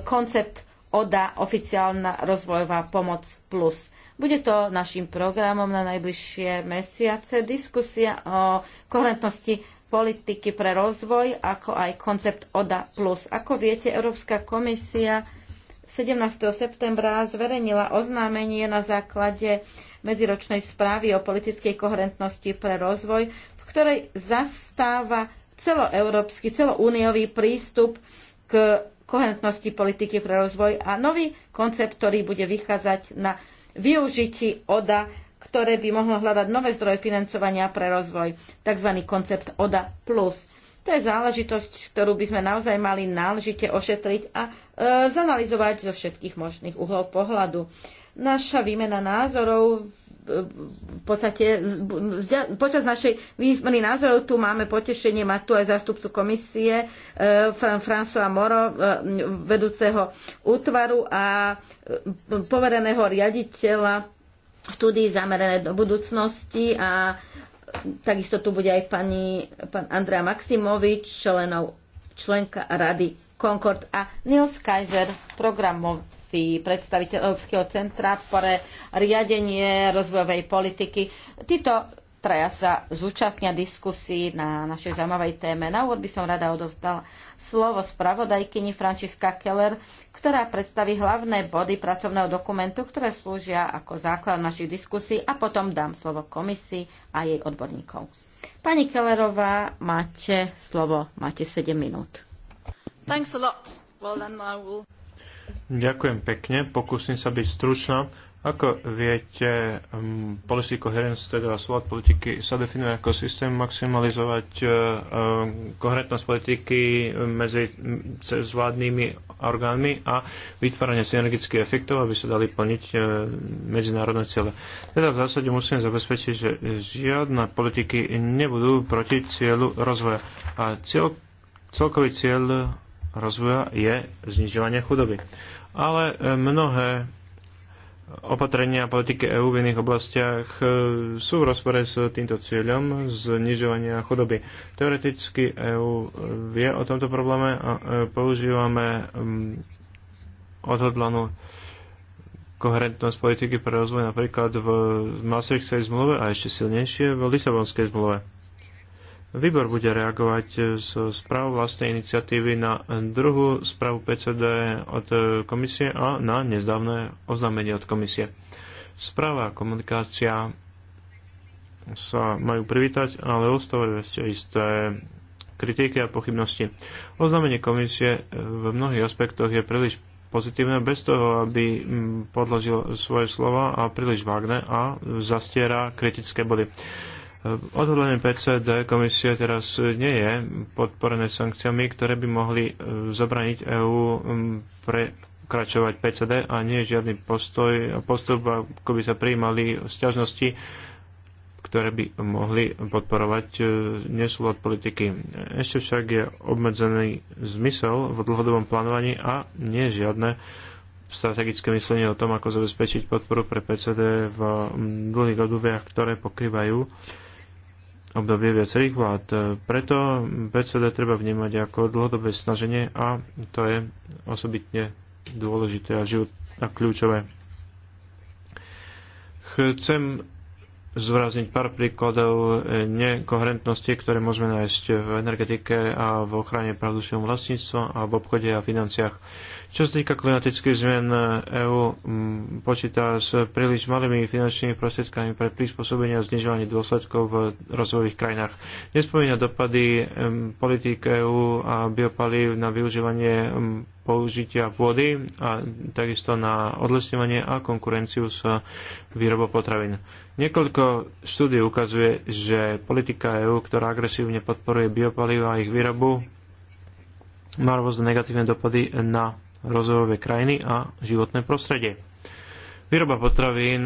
koncept ODA, oficiálna rozvojová pomoc plus. Bude to našim programom na najbližšie mesiace diskusia o koherentnosti politiky pre rozvoj, ako aj koncept ODA+. Ako viete, Európska komisia 17. septembra zverejnila oznámenie na základe medziročnej správy o politickej koherentnosti pre rozvoj, v ktorej zastáva celoeurópsky, celoúniový prístup k koherentnosti politiky pre rozvoj a nový koncept, ktorý bude vychádzať na využití ODA ktoré by mohlo hľadať nové zdroje financovania pre rozvoj, tzv. koncept ODA+. To je záležitosť, ktorú by sme naozaj mali náležite ošetriť a e, zanalizovať zo všetkých možných uhlov pohľadu. Naša výmena názorov v podstate počas našej výmeny názorov tu máme potešenie mať tu aj zástupcu komisie eh, François Moro, eh, vedúceho útvaru a eh, povereného riaditeľa štúdií zamerané do budúcnosti a takisto tu bude aj pani, pán Andrea Maximovič, členov, členka rady Concord a Nils Kaiser, programov Murphy, predstaviteľ Európskeho centra pre riadenie rozvojovej politiky. Títo traja sa zúčastnia diskusí na našej zaujímavej téme. Na úvod by som rada odovzdala slovo spravodajkyni Frančiska Keller, ktorá predstaví hlavné body pracovného dokumentu, ktoré slúžia ako základ našich diskusí a potom dám slovo komisii a jej odborníkov. Pani Kellerová, máte slovo, máte 7 minút. Thanks a lot. Well, then I will... Ďakujem pekne, pokúsim sa byť stručná. Ako viete, policy coherence, teda súlad politiky, sa definuje ako systém maximalizovať e, e, koherentnosť politiky medzi vládnymi orgánmi a vytváranie synergických efektov, aby sa dali plniť e, medzinárodné ciele. Teda v zásade musíme zabezpečiť, že žiadne politiky nebudú proti cieľu rozvoja. A cieľ, celkový cieľ rozvoja je znižovanie chudoby. Ale e, mnohé opatrenia a politiky EÚ v iných oblastiach e, sú v rozpore s týmto cieľom znižovania chudoby. Teoreticky EÚ e, vie o tomto probléme a používame odhodlanú koherentnosť politiky pre rozvoj napríklad v Maastrichtskej zmluve a ešte silnejšie v Lisabonskej zmluve. Výbor bude reagovať s správou vlastnej iniciatívy na druhú správu PCD od komisie a na nezdávne oznámenie od komisie. Správa a komunikácia sa majú privítať, ale ostavujú ešte isté kritiky a pochybnosti. Oznámenie komisie v mnohých aspektoch je príliš pozitívne bez toho, aby podložil svoje slova a príliš vágne a zastiera kritické body. Odhodlanie PCD komisie teraz nie je podporené sankciami, ktoré by mohli e, zabraniť EÚ prekračovať PCD a nie je žiadny postoj, postup, ako by sa prijímali sťažnosti ktoré by mohli podporovať e, nesúlad politiky. Ešte však je obmedzený zmysel v dlhodobom plánovaní a nie žiadne strategické myslenie o tom, ako zabezpečiť podporu pre PCD v dlhých obdobiach, ktoré pokrývajú obdobie viacerých vlád. Preto PCD treba vnímať ako dlhodobé snaženie a to je osobitne dôležité a, život, a kľúčové. Chcem zvrazniť pár príkladov e, nekoherentnosti, ktoré môžeme nájsť v energetike a v ochrane pravdušieho vlastníctva a v obchode a financiách. Čo sa týka klimatických zmien, EÚ e počíta s príliš malými finančnými prostriedkami pre prispôsobenie a znižovanie dôsledkov v rozvojových krajinách. Nespomína dopady politik EÚ a biopalív na využívanie použitia pôdy a takisto na odlesňovanie a konkurenciu s výrobou potravín. Niekoľko štúdí ukazuje, že politika EÚ, ktorá agresívne podporuje biopalivu a ich výrobu, má rôzne negatívne dopady na rozvojové krajiny a životné prostredie. Výroba potravín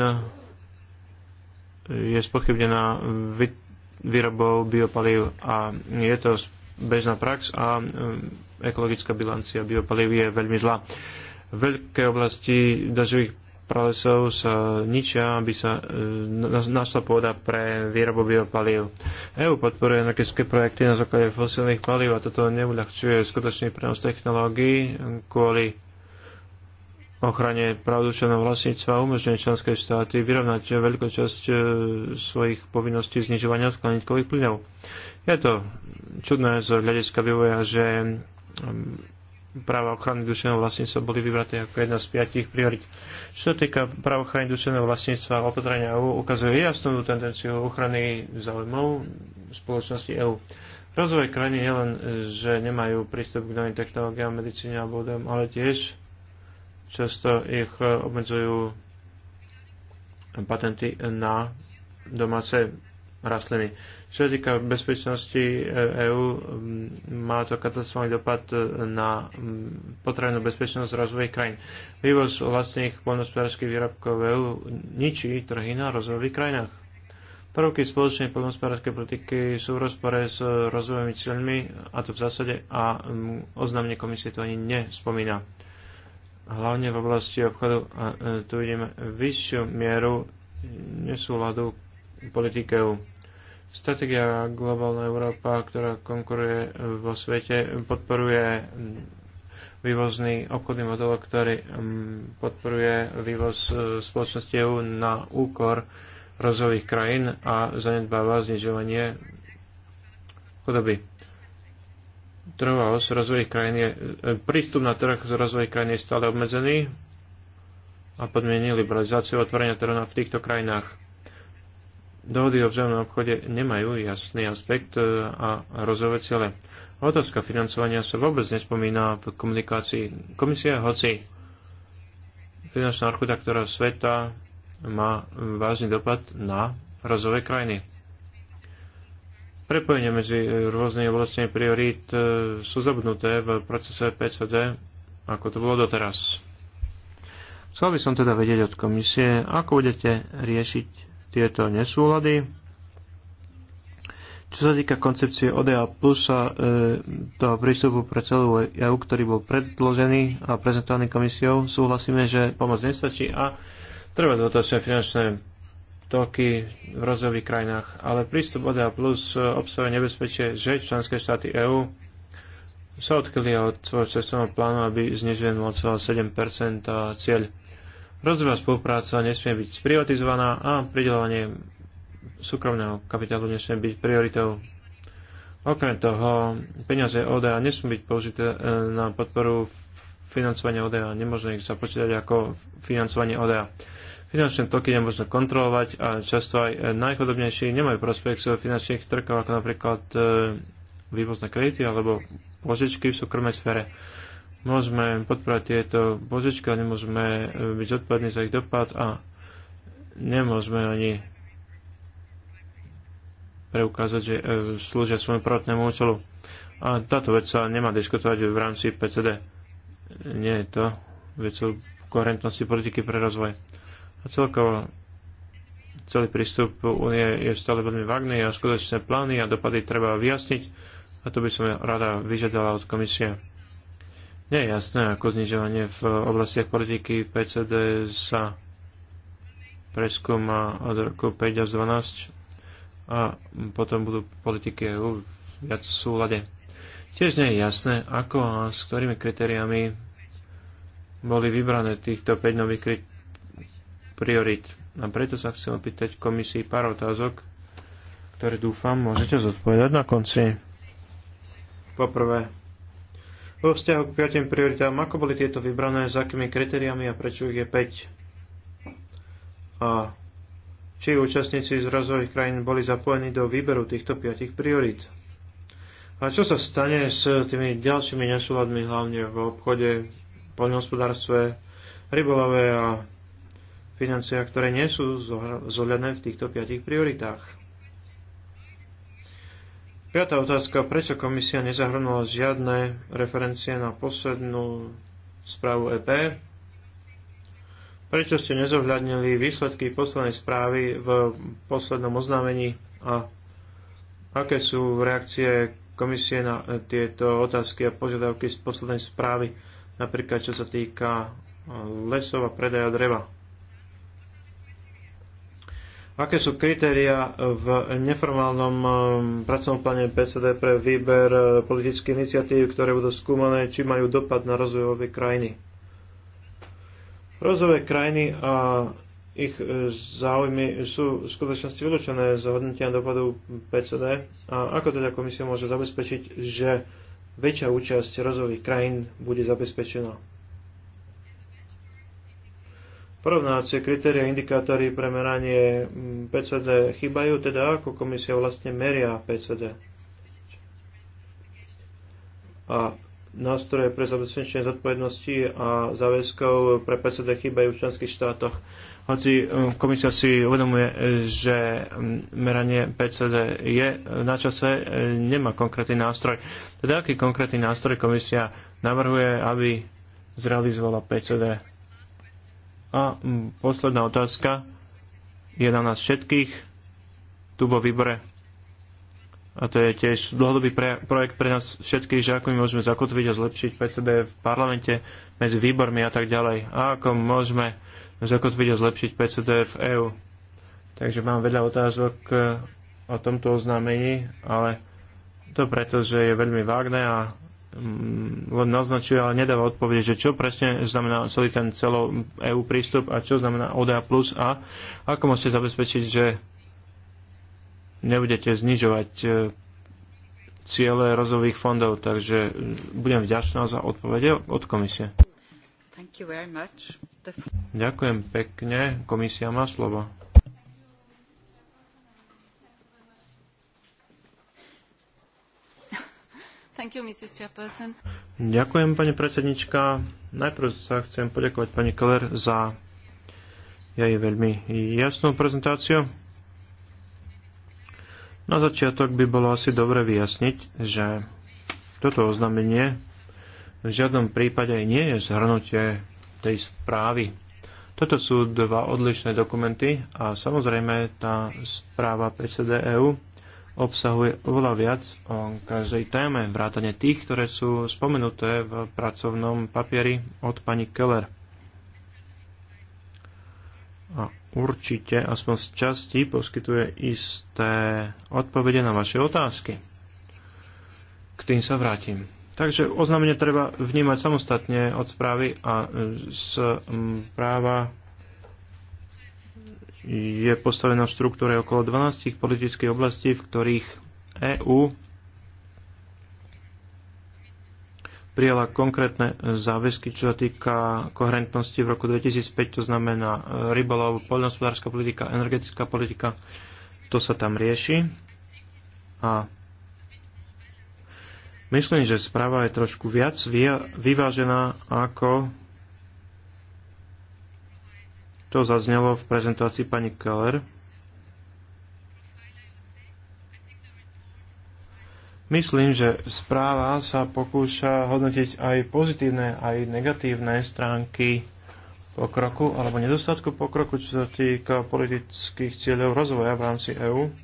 je spochybnená výrobou biopalív a je to bežná prax a ekologická bilancia biopaliv je veľmi zlá. Veľké oblasti dažových pralesov sa ničia, aby sa e, našla pôda pre výrobu biopalív. EU podporuje energetické projekty na základe fosílnych palív a toto neuľahčuje skutočný prenos technológií kvôli ochrane pravdušeného vlastníctva umožňuje členské štáty vyrovnať veľkú časť e, svojich povinností znižovania skleníkových plynov. Je to čudné z hľadiska vývoja, že Ehm, práva ochrany duševného vlastníctva boli vybraté ako jedna z piatich priorit. Čo sa týka práva ochrany duševného vlastníctva, opatrenia EU ukazuje jasnú tendenciu ochrany záujmov spoločnosti EU. Rozvoj krajiny je len, že nemajú prístup k novým technológiám, medicíne a bodom, ale tiež často ich obmedzujú patenty na domáce rastliny. Čo sa týka bezpečnosti EÚ, e má to katastrofálny dopad e, na potrebnú bezpečnosť rozvojových krajín. Vývoz vlastných poľnohospodárských výrobkov EÚ ničí trhy na rozvojových krajinách. Prvky spoločnej poľnohospodárskej politiky sú v rozpore s rozvojovými cieľmi, a to v zásade, a oznámenie komisie to ani nespomína hlavne v oblasti obchodu, a e, tu vidíme vyššiu mieru nesúladu politikou. Stratégia Globálna Európa, ktorá konkuruje vo svete, podporuje vývozný obchodný model, ktorý mm, podporuje vývoz e, spoločnosti EU na úkor rozvojových krajín a zanedbáva znižovanie chudoby. Trvalosť rozvojových krajín je, e, prístup na trh z rozvojových krajín je stále obmedzený a podmienili liberalizáciu otvorenia trhu v týchto krajinách dohody o vzájomnom obchode nemajú jasný aspekt e, a rozvojové ciele. Otázka financovania sa vôbec nespomína v komunikácii. Komisie hoci finančná architektúra sveta má vážny dopad na rozové krajiny. Prepojenie medzi rôznymi oblastiami priorít e, sú zabudnuté v procese PCD, ako to bolo doteraz. Chcel by som teda vedieť od komisie, ako budete riešiť tieto nesúlady. Čo sa týka koncepcie ODA plus a e, toho prístupu pre celú EU, ktorý bol predložený a prezentovaný komisiou, súhlasíme, že pomoc nestačí a treba dotačné finančné toky v rozvojových krajinách. Ale prístup ODA plus obsahuje nebezpečie, že členské štáty EÚ sa odkryli od svojho cestovného plánu, aby znižili 0,7% cieľ Rozvojová spolupráca nesmie byť sprivatizovaná a pridelovanie súkromného kapitálu nesmie byť prioritou. Okrem toho, peniaze ODA nesmú byť použité e, na podporu financovania ODA. Nemôžno ich započítať ako financovanie ODA. Finančné toky nemôžno kontrolovať a často aj e, najchodobnejší nemajú prospekt z finančných trkov, ako napríklad e, vývozné kredity alebo požičky v súkromnej sfére môžeme podporať tieto božičky, ale nemôžeme eh, byť zodpovední za ich dopad a nemôžeme ani preukázať, že eh, slúžia svojmu prvotnému účelu. A táto vec sa nemá diskutovať v rámci PCD. Nie je to vec o koherentnosti politiky pre rozvoj. A celkovo celý prístup únie je stále veľmi vágný a skutočné plány a dopady treba vyjasniť a to by som rada vyžiadala od komisie. Nie je jasné, ako znižovanie v oblastiach politiky v PCD sa preskúma od roku 5 až 12 a potom budú politiky EU viac v súlade. Tiež nie je jasné, ako a s ktorými kritériami boli vybrané týchto 5 nových priorit. A preto sa chcem opýtať komisii pár otázok, ktoré dúfam môžete zodpovedať na konci. Poprvé, vo vzťahu k piatim prioritám, ako boli tieto vybrané, s akými kritériami a prečo ich je 5? A či účastníci z rozvojových krajín boli zapojení do výberu týchto piatich priorít? A čo sa stane s tými ďalšími nesúladmi, hlavne v obchode, poľnohospodárstve, rybolove a financiách, ktoré nie sú zohľadné v týchto piatich prioritách? Piatá otázka, prečo komisia nezahrnula žiadne referencie na poslednú správu EP? Prečo ste nezohľadnili výsledky poslednej správy v poslednom oznámení a aké sú reakcie komisie na tieto otázky a požiadavky z poslednej správy, napríklad čo sa týka lesov a predaja dreva? Aké sú kritéria v neformálnom um, pracovnom pláne PCD pre výber uh, politických iniciatív, ktoré budú skúmané, či majú dopad na rozvojové krajiny? Rozvojové krajiny a ich uh, záujmy sú v skutočnosti vylúčené z hodnotenia dopadu PCD a ako teda komisia môže zabezpečiť, že väčšia účasť rozvojových krajín bude zabezpečená? porovnávacie kritéria, indikátory pre meranie mm, PCD chýbajú, teda ako komisia vlastne meria PCD. A nástroje pre zabezpečenie zodpovednosti a záväzkov pre PCD chýbajú v členských štátoch. Hoci e, komisia si uvedomuje, že mm, meranie PCD je na čase, e, nemá konkrétny nástroj. Teda aký konkrétny nástroj komisia navrhuje, aby zrealizovala PCD? A mm, posledná otázka je na nás všetkých tu vo výbore. A to je tiež dlhodobý pre, projekt pre nás všetkých, že ako my môžeme zakotviť a zlepšiť PCB v parlamente medzi výbormi a tak ďalej. A ako môžeme zakotviť a zlepšiť PCB v EÚ. Takže mám veľa otázok eh, o tomto oznámení, ale to preto, že je veľmi vágne a Mm, len naznačuje, ale nedáva odpovede, že čo presne znamená celý ten celo EU prístup a čo znamená ODA plus a ako môžete zabezpečiť, že nebudete znižovať e, ciele rozvojových fondov. Takže e, budem vďačná za odpovede od komisie. Ďakujem pekne. Komisia má slovo. Thank you, Mrs. Chairperson. Ďakujem, pani predsednička. Najprv sa chcem poďakovať pani Keller za jej veľmi jasnú prezentáciu. Na začiatok by bolo asi dobre vyjasniť, že toto oznámenie v žiadnom prípade nie je zhrnutie tej správy. Toto sú dva odlišné dokumenty a samozrejme tá správa PCDEU obsahuje oveľa viac o každej téme, vrátane tých, ktoré sú spomenuté v pracovnom papieri od pani Keller. A určite aspoň z časti poskytuje isté odpovede na vaše otázky. K tým sa vrátim. Takže oznámenie treba vnímať samostatne od správy a práva je postavená v štruktúre okolo 12 politických oblastí, v ktorých EÚ prijala konkrétne záväzky, čo sa týka koherentnosti v roku 2005, to znamená rybolov, poľnohospodárska politika, energetická politika, to sa tam rieši. A myslím, že správa je trošku viac vyvážená ako to zaznelo v prezentácii pani Keller. Myslím, že správa sa pokúša hodnotiť aj pozitívne, aj negatívne stránky pokroku alebo nedostatku pokroku, čo sa týka politických cieľov rozvoja v rámci EÚ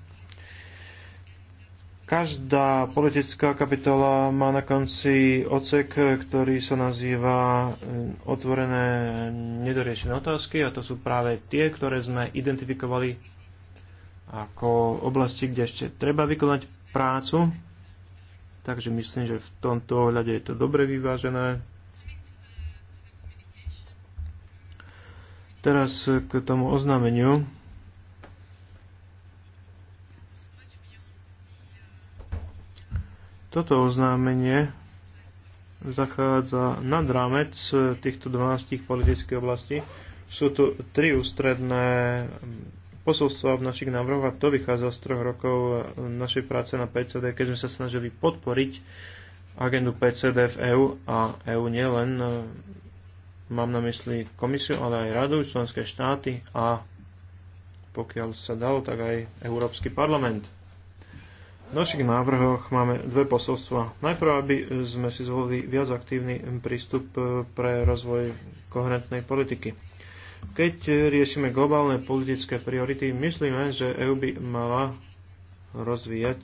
Každá politická kapitola má na konci ocek, ktorý sa nazýva eh, otvorené nedoriešené otázky a to sú práve tie, ktoré sme identifikovali ako oblasti, kde ešte treba vykonať prácu. Takže myslím, že v tomto ohľade je to dobre vyvážené. Teraz k tomu oznámeniu. Toto oznámenie zachádza nad rámec týchto 12 politických oblastí. Sú tu tri ústredné posolstva v našich návrhoch a to vychádza z troch rokov našej práce na PCD, keď sme sa snažili podporiť agendu PCD v EÚ a EÚ nielen e, mám na mysli komisiu, ale aj radu, členské štáty a pokiaľ sa dalo, tak aj Európsky parlament. V našich návrhoch máme dve posolstva. Najprv, aby sme si zvolili viac aktívny prístup e, pre rozvoj koherentnej politiky. Keď riešime globálne politické priority, myslíme, že EU by mala rozvíjať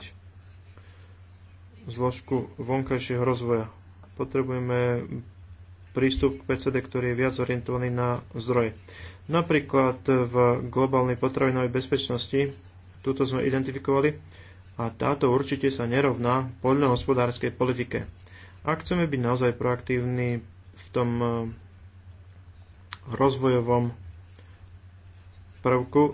zložku vonkajšieho rozvoja. Potrebujeme prístup k PCD, ktorý je viac orientovaný na zdroje. Napríklad v globálnej potravinovej bezpečnosti, túto sme identifikovali, a táto určite sa nerovná poľnohospodárskej politike. Ak chceme byť naozaj proaktívni v tom eh, rozvojovom prvku eh,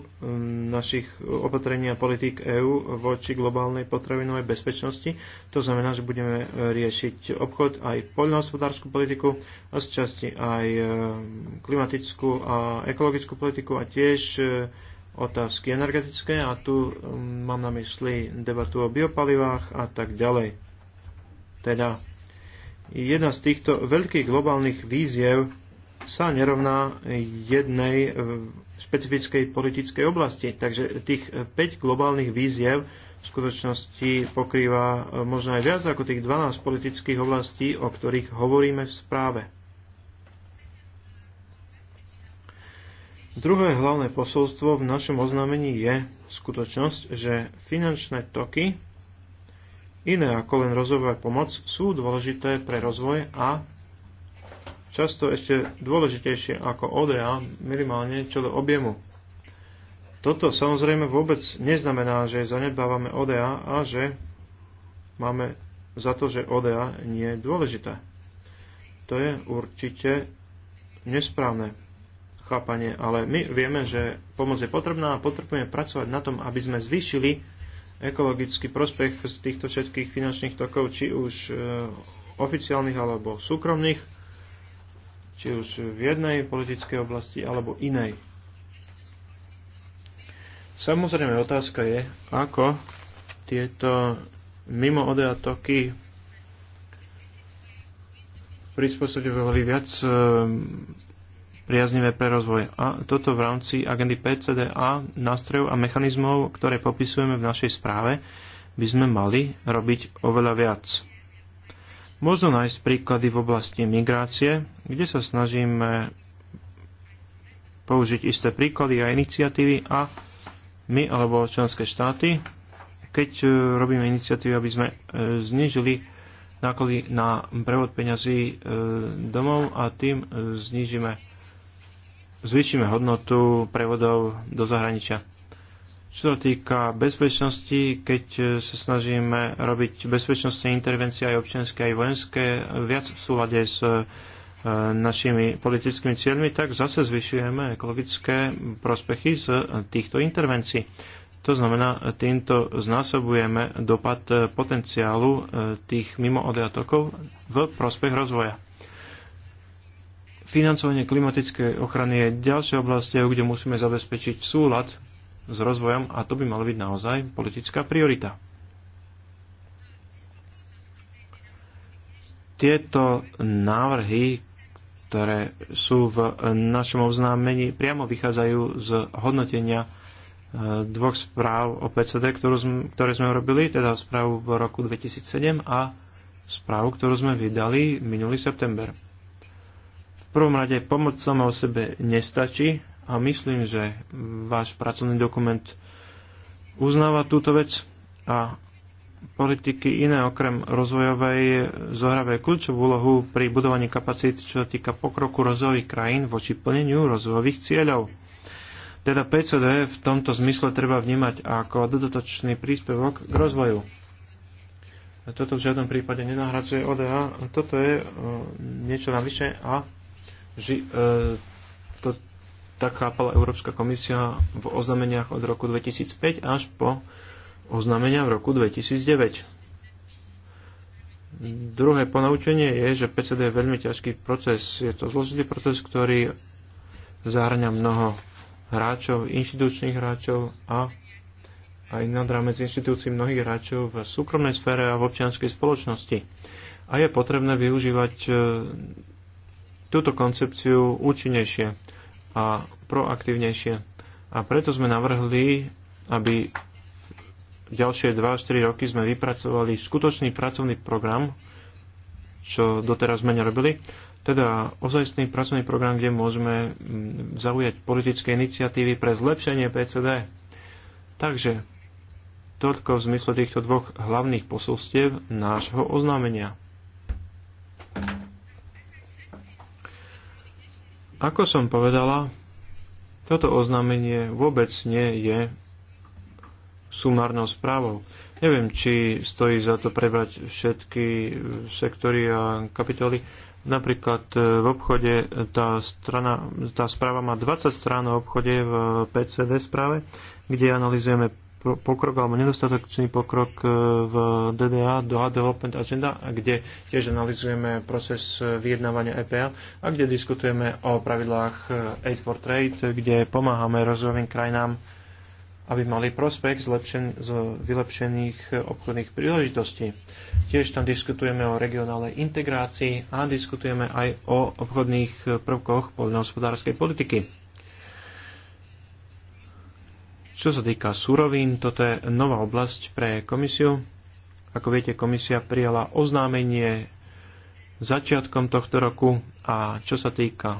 našich opatrení a politík EÚ voči globálnej potravinovej bezpečnosti. To znamená, že budeme eh, riešiť obchod aj poľnohospodárskú politiku a z časti aj klimatickú a ekologickú politiku a tiež otázky energetické a tu um, mám na mysli debatu o biopalivách a tak ďalej. Teda jedna z týchto veľkých globálnych víziev sa nerovná jednej eh, špecifickej politickej oblasti. Takže tých 5 eh, globálnych víziev v skutočnosti pokrýva eh, možno aj viac ako tých 12 politických oblastí, o ktorých hovoríme v správe. Druhé hlavné posolstvo v našom oznámení je skutočnosť, že finančné toky, iné ako len rozvojová pomoc, sú dôležité pre rozvoj a často ešte dôležitejšie ako ODA, minimálne čo do objemu. Toto samozrejme vôbec neznamená, že zanedbávame ODA a že máme za to, že ODA nie je dôležité. To je určite nesprávne chápanie, ale my vieme, že pomoc je potrebná a potrebujeme pracovať na tom, aby sme zvýšili ekologický prospech z týchto všetkých finančných tokov, či už e, oficiálnych alebo súkromných, či už v jednej politickej oblasti alebo inej. Samozrejme otázka je, ako tieto mimo ODA toky prispôsobovali viac e, priaznivé pre rozvoj. A toto v rámci agendy PCDA, nástrojov a mechanizmov, ktoré popisujeme v našej správe, by sme mali robiť oveľa viac. Možno nájsť príklady v oblasti migrácie, kde sa snažíme použiť isté príklady a iniciatívy a my alebo členské štáty, keď e, robíme iniciatívy, aby sme e, znižili náklady na prevod peňazí e, domov a tým znižíme zvýšime hodnotu prevodov do zahraničia. Čo sa týka bezpečnosti, keď sa snažíme robiť bezpečnostné intervencie aj občianske, aj vojenské, viac v súlade s e, našimi politickými cieľmi, tak zase zvyšujeme ekologické prospechy z týchto intervencií. To znamená, týmto znásobujeme dopad e, potenciálu e, tých mimo odliatokov v prospech rozvoja. Financovanie klimatickej ochrany je ďalšia oblasť, eh, kde musíme zabezpečiť súlad s rozvojom a to by malo byť naozaj politická priorita. Tieto návrhy, ktoré sú v našom oznámení, priamo vychádzajú z hodnotenia eh, dvoch správ o PCD, ktoré sme urobili, teda správu v roku 2007 a správu, ktorú sme vydali minulý september prvom rade pomoc sama o sebe nestačí a myslím, že váš pracovný dokument uznáva túto vec a politiky iné okrem rozvojovej zohrávajú kľúčovú úlohu pri budovaní kapacít, čo týka pokroku rozvojových krajín voči plneniu rozvojových cieľov. Teda PCD v tomto zmysle treba vnímať ako dodatočný príspevok k rozvoju. Toto v žiadnom prípade nenahradzuje ODA. Toto je e, niečo navyše a ži, e, to tak chápala Európska komisia v oznameniach od roku 2005 až po oznamenia v roku 2009. Druhé ponaučenie je, že PCD je veľmi ťažký proces. Je to zložitý proces, ktorý zahrňa mnoho hráčov, inštitúčných hráčov a aj nad rámec inštitúcií mnohých hráčov v súkromnej sfére a v občianskej spoločnosti. A je potrebné využívať e, túto koncepciu účinnejšie a proaktívnejšie. A preto sme navrhli, aby ďalšie 2-4 roky sme vypracovali skutočný pracovný program, čo doteraz sme nerobili, teda ozajstný pracovný program, kde môžeme mm, zaujať politické iniciatívy pre zlepšenie PCD. Takže toľko v zmysle týchto dvoch hlavných posolstiev nášho oznámenia. Ako som povedala, toto oznámenie vôbec nie je sumárnou správou. Neviem, či stojí za to prebrať všetky e, sektory a kapitoly. Napríklad e, v obchode tá, strana, tá správa má 20 strán o obchode v PCD správe, kde analizujeme pokrok alebo nedostatočný pokrok e, v DDA, Doha Development Agenda, kde tiež analizujeme proces vyjednávania EPA a kde diskutujeme o pravidlách e, Aid for Trade, kde pomáhame rozvojovým krajinám, aby mali prospekt z vylepšených obchodných príležitostí. Tiež tam diskutujeme o regionálnej integrácii a diskutujeme aj o obchodných e, prvkoch poľnohospodárskej politiky čo sa týka surovín, toto je nová oblasť pre komisiu. Ako viete, komisia prijala oznámenie začiatkom tohto roku a čo sa týka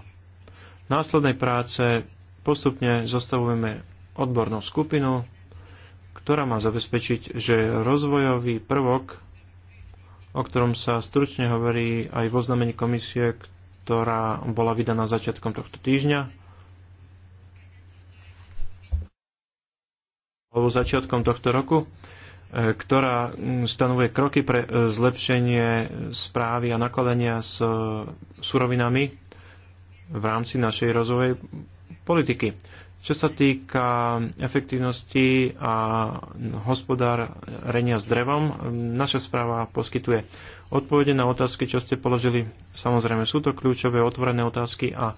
následnej práce, postupne zostavujeme odbornú skupinu, ktorá má zabezpečiť, že rozvojový prvok, o ktorom sa stručne hovorí aj v oznámení komisie, ktorá bola vydaná začiatkom tohto týždňa, alebo začiatkom tohto roku, e, ktorá stanovuje kroky pre e, zlepšenie správy a nakladania s e, surovinami v rámci našej rozvojovej politiky. Čo sa týka efektívnosti a hospodárenia s drevom, naša správa poskytuje odpovede na otázky, čo ste položili. Samozrejme, sú to kľúčové otvorené otázky a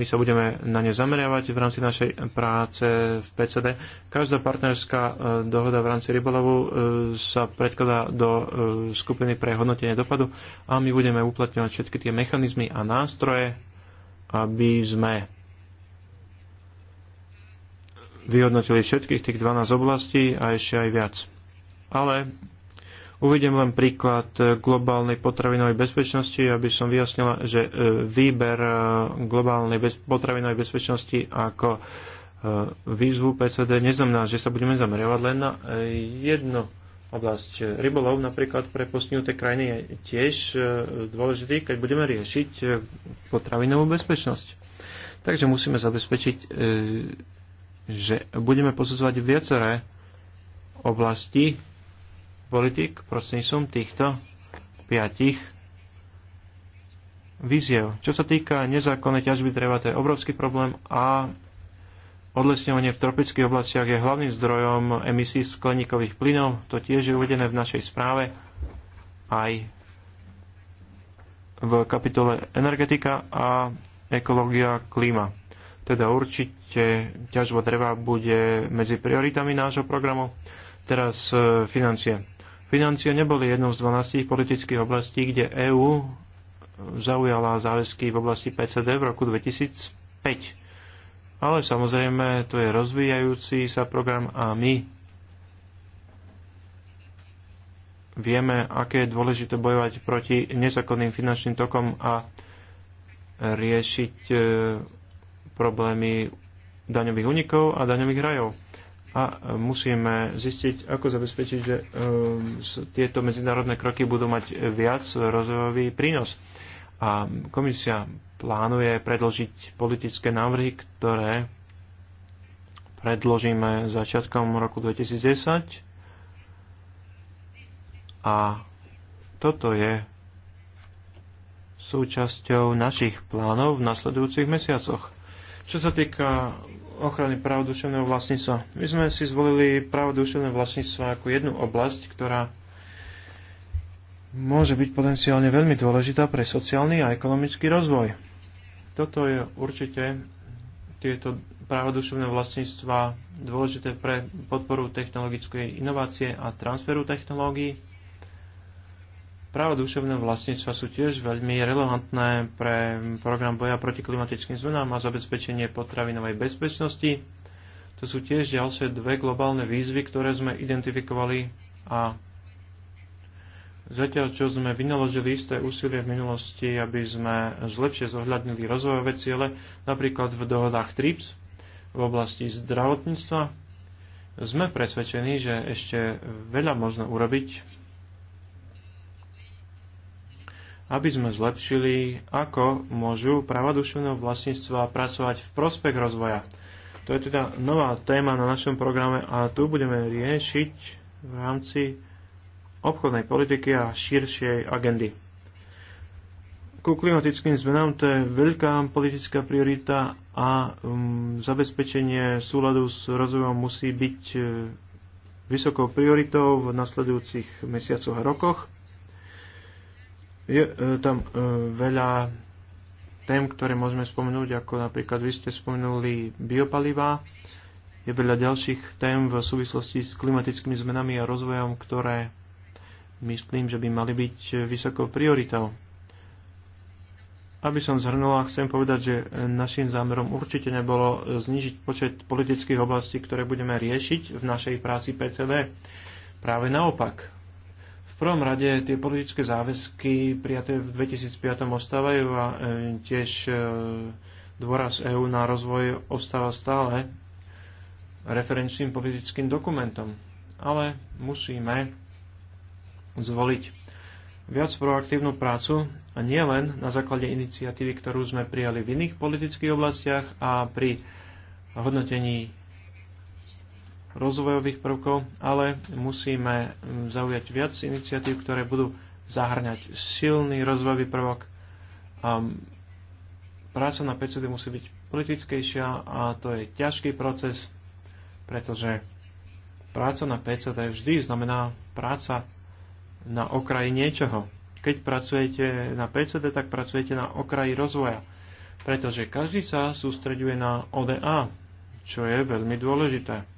my sa budeme na ne zameriavať v rámci našej práce v PCD. Každá partnerská e, dohoda v rámci rybolovu e, sa predkladá do e, skupiny pre hodnotenie dopadu a my budeme uplatňovať všetky tie mechanizmy a nástroje, aby sme vyhodnotili všetkých tých 12 oblastí a ešte aj viac. Ale uvidím len príklad globálnej potravinovej bezpečnosti, aby som vyjasnila, že e, výber e, globálnej bez- potravinovej bezpečnosti ako e, výzvu PCD neznamená, že sa budeme zameriavať len na jednu oblasť. Rybolov napríklad pre postihnuté krajiny je tiež dôležitý, keď budeme riešiť potravinovú bezpečnosť. Takže musíme zabezpečiť že budeme posudzovať viaceré oblasti politik prostredníctvom týchto piatich víziev. Čo sa týka nezákonnej ťažby dreva, to je obrovský problém a odlesňovanie v tropických oblastiach je hlavným zdrojom emisí skleníkových plynov. To tiež je uvedené v našej správe aj v kapitole energetika a ekológia klíma. Teda určite ťažba dreva bude medzi prioritami nášho programu. Teraz e, financie. Financie neboli jednou z 12 politických oblastí, kde EÚ zaujala záväzky v oblasti PCD v roku 2005. Ale samozrejme, to je rozvíjajúci sa program a my vieme, aké je dôležité bojovať proti nezákonným finančným tokom a riešiť e, problémy daňových unikov a daňových rajov. A e, musíme zistiť, ako zabezpečiť, že e, tieto medzinárodné kroky budú mať viac rozvojový prínos. A komisia plánuje predložiť politické návrhy, ktoré predložíme začiatkom roku 2010. A toto je súčasťou našich plánov v nasledujúcich mesiacoch. Čo sa týka ochrany práv duševného vlastníctva, my sme si zvolili právo duševného vlastníctva ako jednu oblasť, ktorá môže byť potenciálne veľmi dôležitá pre sociálny a ekonomický rozvoj. Toto je určite tieto práva duševného vlastníctva dôležité pre podporu technologickej inovácie a transferu technológií práva duševného vlastníctva sú tiež veľmi relevantné pre program boja proti klimatickým zmenám a zabezpečenie potravinovej bezpečnosti. To sú tiež ďalšie dve globálne výzvy, ktoré sme identifikovali a Zatiaľ, čo sme vynaložili isté úsilie v minulosti, aby sme zlepšie zohľadnili rozvojové ciele, napríklad v dohodách TRIPS v oblasti zdravotníctva, sme presvedčení, že ešte veľa možno urobiť aby sme zlepšili, ako môžu práva duševného vlastníctva pracovať v prospech rozvoja. To je teda nová téma na našom programe a tu budeme riešiť v rámci obchodnej politiky a širšej agendy. Ku klimatickým zmenám to je veľká politická priorita a um, zabezpečenie súladu s rozvojom musí byť uh, vysokou prioritou v nasledujúcich mesiacoch a rokoch je e, tam e, veľa tém, ktoré môžeme spomenúť, ako napríklad vy ste spomenuli biopalivá. Je veľa ďalších tém v súvislosti s klimatickými zmenami a rozvojom, ktoré myslím, že by mali byť vysokou prioritou. Aby som zhrnula, chcem povedať, že našim zámerom určite nebolo znižiť počet politických oblastí, ktoré budeme riešiť v našej práci PCV. Práve naopak, v prvom rade tie politické záväzky prijaté v 2005 ostávajú a e, tiež e, dôraz EÚ na rozvoj ostáva stále referenčným politickým dokumentom. Ale musíme zvoliť viac proaktívnu prácu a nie len na základe iniciatívy, ktorú sme prijali v iných politických oblastiach a pri hodnotení rozvojových prvkov, ale musíme mm, zaujať viac iniciatív, ktoré budú zahrňať silný rozvojový prvok. A práca na PCD musí byť politickejšia a to je ťažký proces, pretože práca na PCD vždy znamená práca na okraji niečoho. Keď pracujete na PCD, tak pracujete na okraji rozvoja, pretože každý sa sústreďuje na ODA, čo je veľmi dôležité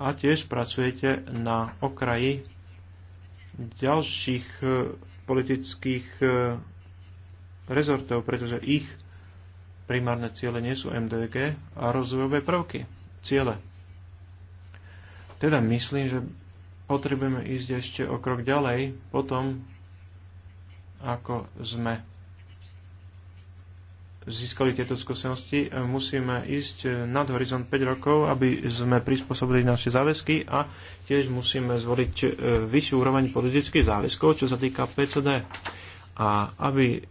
a tiež pracujete na okraji ďalších e, politických e, rezortov, pretože ich primárne ciele nie sú MDG a rozvojové prvky, ciele. Teda myslím, že potrebujeme ísť ešte o krok ďalej potom, ako sme získali tieto skúsenosti, e, musíme ísť e, nad horizont 5 rokov, aby sme prispôsobili naše záväzky a tiež musíme zvoliť e, vyššiu úroveň politických záväzkov, čo sa týka PCD. A aby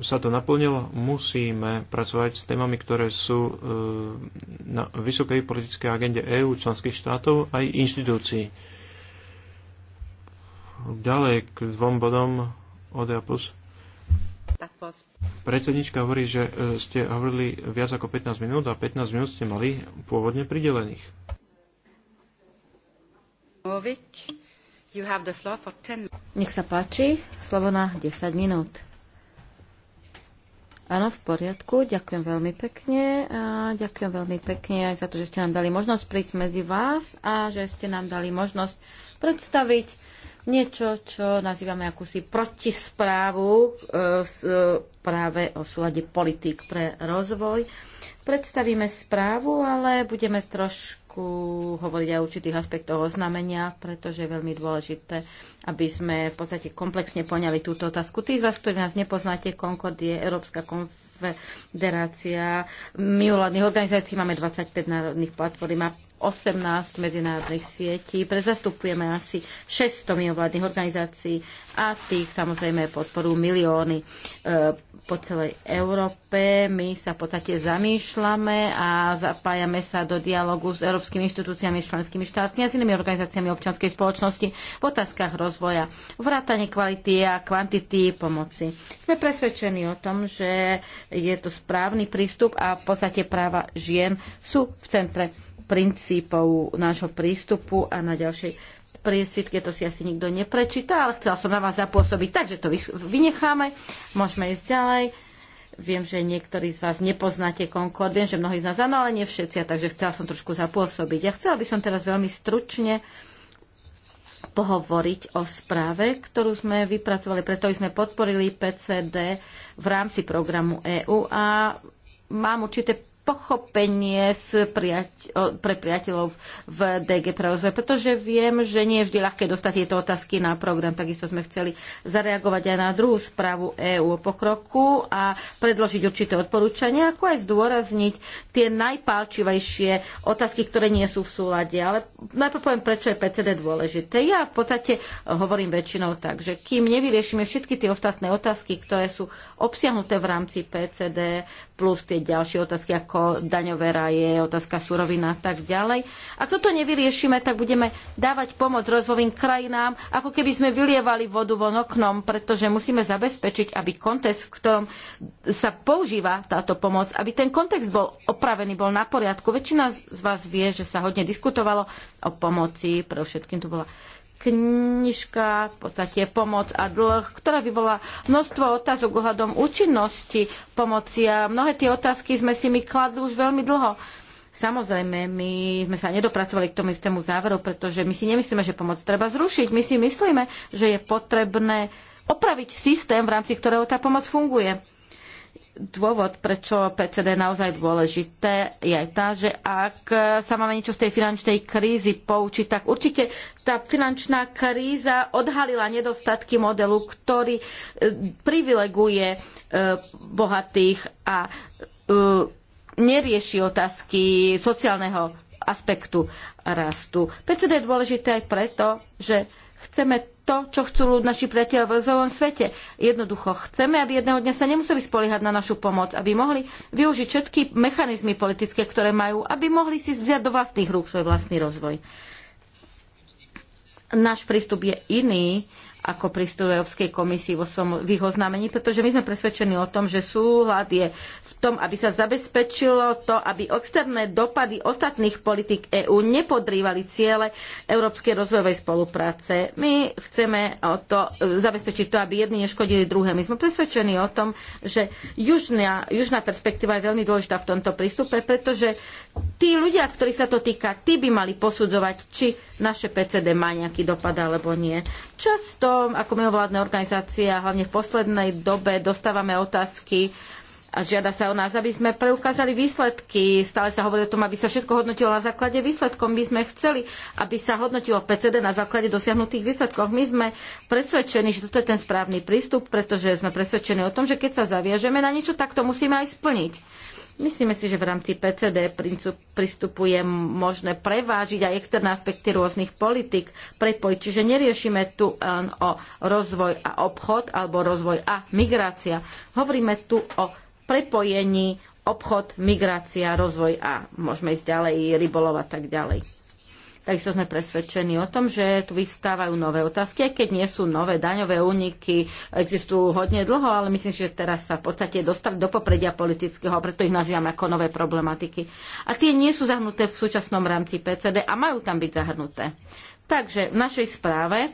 sa to naplnilo, musíme pracovať s témami, ktoré sú na vysokej politickej agende EÚ, členských štátov aj inštitúcií. Ďalej k dvom bodom ODA+. Predsednička hovorí, že e, ste hovorili viac ako 15 minút a 15 minút ste mali pôvodne pridelených. Nech sa páči, slovo na 10 minút. Áno, v poriadku, ďakujem veľmi pekne a ďakujem veľmi pekne aj za to, že ste nám dali možnosť prísť medzi vás a že ste nám dali možnosť predstaviť niečo, čo nazývame akúsi protisprávu e, e, práve o súlade politik pre rozvoj. Predstavíme správu, ale budeme trošku hovoriť aj o určitých aspektoch oznámenia, pretože je veľmi dôležité, aby sme v podstate komplexne poňali túto otázku. Tí z vás, ktorí nás nepoznáte, Concord je Európska konferencia federácia mimovládnych organizácií, máme 25 národných platform a 18 medzinárodných sietí. Prezastupujeme asi 600 mimovládnych organizácií a tých samozrejme podporujú milióny e, po celej Európe. My sa v podstate zamýšľame a zapájame sa do dialogu s európskymi inštitúciami, členskými štátmi a s inými organizáciami občianskej spoločnosti v otázkach rozvoja, vrátanie kvality a kvantity pomoci. Sme presvedčení o tom, že je to správny prístup a v podstate práva žien sú v centre princípov nášho prístupu a na ďalšej priesvitke, to si asi nikto neprečíta, ale chcela som na vás zapôsobiť, takže to vynecháme, môžeme ísť ďalej. Viem, že niektorí z vás nepoznáte Concord, viem, že mnohí z nás áno, ale nie všetci, takže chcela som trošku zapôsobiť. Ja chcela by som teraz veľmi stručne pohovoriť o správe, ktorú sme vypracovali, preto sme podporili PCD v rámci programu EU a mám určité pochopenie priať, pre priateľov v DG pre pretože viem, že nie je vždy ľahké dostať tieto otázky na program. Takisto sme chceli zareagovať aj na druhú správu EÚ o pokroku a predložiť určité odporúčania, ako aj zdôrazniť tie najpálčivejšie otázky, ktoré nie sú v súlade. Ale najprv poviem, prečo je PCD dôležité. Ja v podstate hovorím väčšinou tak, že kým nevyriešime všetky tie ostatné otázky, ktoré sú obsiahnuté v rámci PCD, plus tie ďalšie otázky, ako ako daňové raje, otázka surovina a tak ďalej. Ak toto nevyriešime, tak budeme dávať pomoc rozvojovým krajinám, ako keby sme vylievali vodu von oknom, pretože musíme zabezpečiť, aby kontext, v ktorom sa používa táto pomoc, aby ten kontext bol opravený, bol na poriadku. Väčšina z vás vie, že sa hodne diskutovalo o pomoci, pre všetkým to bola knižka, v podstate pomoc a dlh, ktorá vyvolá množstvo otázok ohľadom účinnosti pomoci a mnohé tie otázky sme si my kladli už veľmi dlho. Samozrejme, my sme sa nedopracovali k tomu istému záveru, pretože my si nemyslíme, že pomoc treba zrušiť. My si myslíme, že je potrebné opraviť systém, v rámci ktorého tá pomoc funguje dôvod, prečo PCD je naozaj dôležité, je aj tá, že ak sa máme niečo z tej finančnej krízy poučiť, tak určite tá finančná kríza odhalila nedostatky modelu, ktorý e, privileguje e, bohatých a e, nerieši otázky sociálneho aspektu rastu. PCD je dôležité aj preto, že Chceme to, čo chcú naši priatelia v rozvojovom svete. Jednoducho chceme, aby jedného dňa sa nemuseli spoliehať na našu pomoc, aby mohli využiť všetky mechanizmy politické, ktoré majú, aby mohli si vziať do vlastných rúk svoj vlastný rozvoj. Náš prístup je iný ako prístup Európskej komisii vo svojom vyhoznámení, pretože my sme presvedčení o tom, že súhľad je v tom, aby sa zabezpečilo to, aby externé dopady ostatných politik EÚ nepodrývali ciele Európskej rozvojovej spolupráce. My chceme o to, e, zabezpečiť to, aby jedni neškodili druhé. My sme presvedčení o tom, že južná, južná perspektíva je veľmi dôležitá v tomto prístupe, pretože tí ľudia, ktorých sa to týka, tí by mali posudzovať, či naše PCD má nejaký dopad alebo nie. Často, ako mimovládne organizácia, hlavne v poslednej dobe, dostávame otázky a žiada sa o nás, aby sme preukázali výsledky. Stále sa hovorí o tom, aby sa všetko hodnotilo na základe výsledkov. My sme chceli, aby sa hodnotilo PCD na základe dosiahnutých výsledkov. My sme presvedčení, že toto je ten správny prístup, pretože sme presvedčení o tom, že keď sa zaviažeme na niečo, tak to musíme aj splniť Myslíme si, že v rámci PCD pristupuje možné prevážiť aj externé aspekty rôznych politik, prepojiť. Čiže neriešime tu len o rozvoj a obchod alebo rozvoj a migrácia. Hovoríme tu o prepojení obchod, migrácia, rozvoj a môžeme ísť ďalej, rybolov a tak ďalej. Takisto sme presvedčení o tom, že tu vystávajú nové otázky, aj keď nie sú nové daňové úniky, existujú hodne dlho, ale myslím, že teraz sa v podstate dostali do popredia politického, preto ich nazývame ako nové problematiky. A tie nie sú zahrnuté v súčasnom rámci PCD a majú tam byť zahrnuté. Takže v našej správe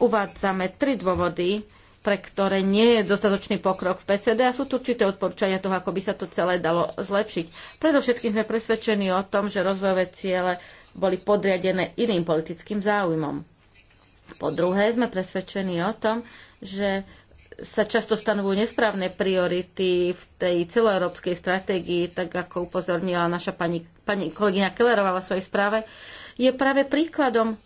uvádzame tri dôvody, pre ktoré nie je dostatočný pokrok v PCD a sú tu určité odporúčania toho, ako by sa to celé dalo zlepšiť. Predovšetkým sme presvedčení o tom, že rozvojové ciele boli podriadené iným politickým záujmom. Po druhé, sme presvedčení o tom, že sa často stanovujú nesprávne priority v tej celoeurópskej stratégii, tak ako upozornila naša pani, pani kolegyňa Kellerová vo svojej správe, je práve príkladom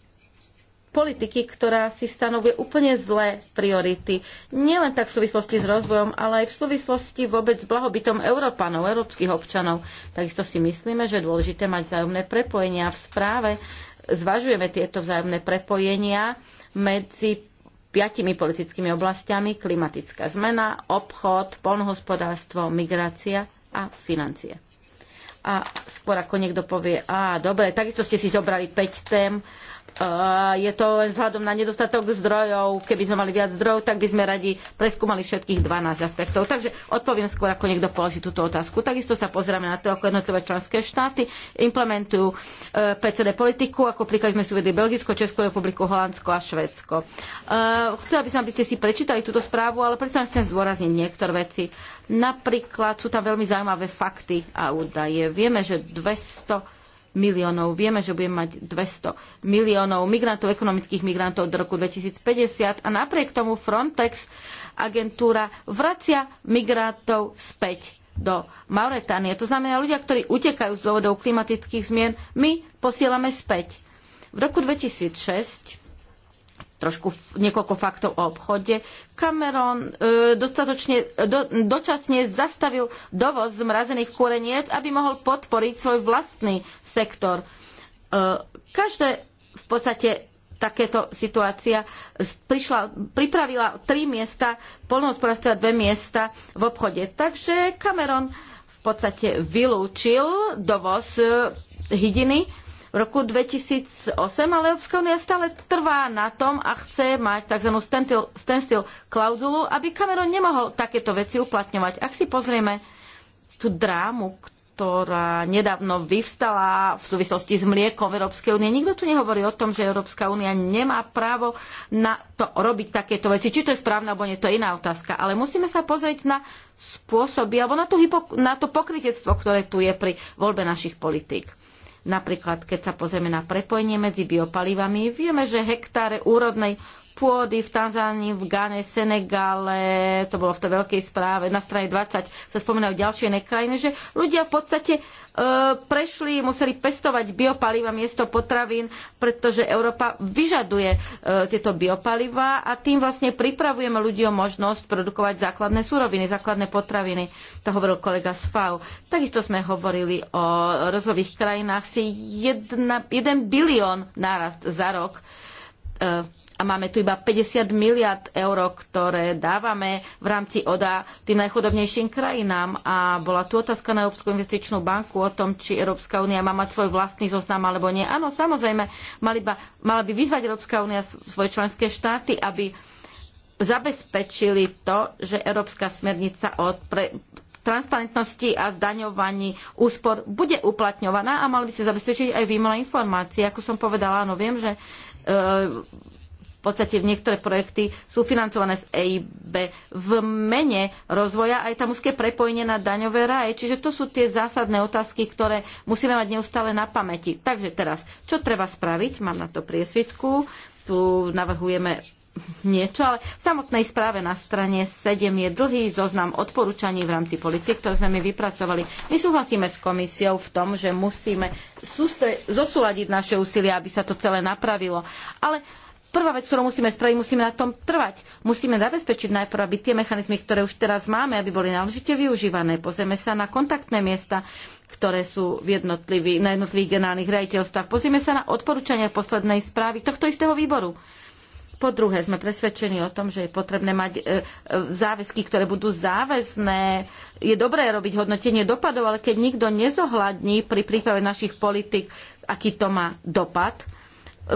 politiky, ktorá si stanovuje úplne zlé priority. Nielen tak v súvislosti s rozvojom, ale aj v súvislosti vôbec s blahobytom Európanov, európskych občanov. Takisto si myslíme, že je dôležité mať vzájomné prepojenia. V správe zvažujeme tieto vzájomné prepojenia medzi piatimi politickými oblastiami klimatická zmena, obchod, polnohospodárstvo, migrácia a financie. A skôr ako niekto povie, a dobre, takisto ste si zobrali 5 tém, je to len vzhľadom na nedostatok zdrojov. Keby sme mali viac zdrojov, tak by sme radi preskúmali všetkých 12 aspektov. Takže odpoviem skôr, ako niekto položí túto otázku. Takisto sa pozrieme na to, ako jednotlivé členské štáty implementujú e, PCD politiku. Ako príklad sme si uvedli Belgicko, Českú republiku, Holandsko a Švedsko. E, chcela by som, aby ste si prečítali túto správu, ale predsa chcem zdôrazniť niektoré veci. Napríklad sú tam veľmi zaujímavé fakty a údaje. Vieme, že 200 miliónov. Vieme, že budeme mať 200 miliónov migrantov, ekonomických migrantov do roku 2050 a napriek tomu Frontex agentúra vracia migrantov späť do Mauretánie. To znamená, ľudia, ktorí utekajú z dôvodov klimatických zmien, my posielame späť. V roku 2006 trošku niekoľko faktov o obchode. Cameron e, dostatočne, do, dočasne zastavil dovoz zmrazených kúreniec, aby mohol podporiť svoj vlastný sektor. E, každé v podstate takéto situácia prišla, pripravila tri miesta polnohospodárstva a dve miesta v obchode. Takže Cameron v podstate vylúčil dovoz e, hydiny v roku 2008, ale Európska únia stále trvá na tom a chce mať tzv. standstill klauzulu, aby Cameron nemohol takéto veci uplatňovať. Ak si pozrieme tú drámu, ktorá nedávno vyvstala v súvislosti s mliekom v Európskej únie. Nikto tu nehovorí o tom, že Európska únia nemá právo na to robiť takéto veci. Či to je správne, alebo nie, to je iná otázka. Ale musíme sa pozrieť na spôsoby, alebo na, tú na to pokritectvo, ktoré tu je pri voľbe našich politík. Napríklad, keď sa pozrieme na prepojenie medzi biopalivami, vieme, že hektáre úrodnej pôdy v Tanzánii, v Gane, Senegale, to bolo v tej veľkej správe, na strane 20 sa spomínajú ďalšie krajiny, že ľudia v podstate e, prešli, museli pestovať biopaliva miesto potravín, pretože Európa vyžaduje e, tieto biopaliva a tým vlastne pripravujeme ľudí o možnosť produkovať základné suroviny, základné potraviny. To hovoril kolega z FAU. Takisto sme hovorili o rozvojových krajinách si jeden bilión nárast za rok. E, a máme tu iba 50 miliard eur, ktoré dávame v rámci ODA tým najchudobnejším krajinám. A bola tu otázka na Európsku investičnú banku o tom, či Európska únia má mať svoj vlastný zoznam alebo nie. Áno, samozrejme, mali ba, mala by vyzvať Európska únia svoje členské štáty, aby zabezpečili to, že Európska smernica o pre, transparentnosti a zdaňovaní úspor bude uplatňovaná a mali by si zabezpečiť aj výmena informácií. Ako som povedala, áno, viem, že e, podstate niektoré projekty sú financované z EIB v mene rozvoja a je tam úzke prepojenie na daňové raje. Čiže to sú tie zásadné otázky, ktoré musíme mať neustále na pamäti. Takže teraz, čo treba spraviť? Mám na to priesvitku. Tu navrhujeme niečo, ale v samotnej správe na strane 7 je dlhý zoznam odporúčaní v rámci politiek, ktoré sme my vypracovali. My súhlasíme s komisiou v tom, že musíme zosúľadiť naše úsilie, aby sa to celé napravilo. Ale prvá vec, ktorú musíme spraviť, musíme na tom trvať. Musíme zabezpečiť najprv, aby tie mechanizmy, ktoré už teraz máme, aby boli náležite využívané. Pozrieme sa na kontaktné miesta, ktoré sú v jednotlivých, na jednotlivých generálnych rejiteľstvách. Pozrieme sa na odporúčania poslednej správy tohto istého výboru. Po druhé, sme presvedčení o tom, že je potrebné mať e, e, záväzky, ktoré budú záväzné. Je dobré robiť hodnotenie dopadov, ale keď nikto nezohľadní pri príprave našich politik, aký to má dopad,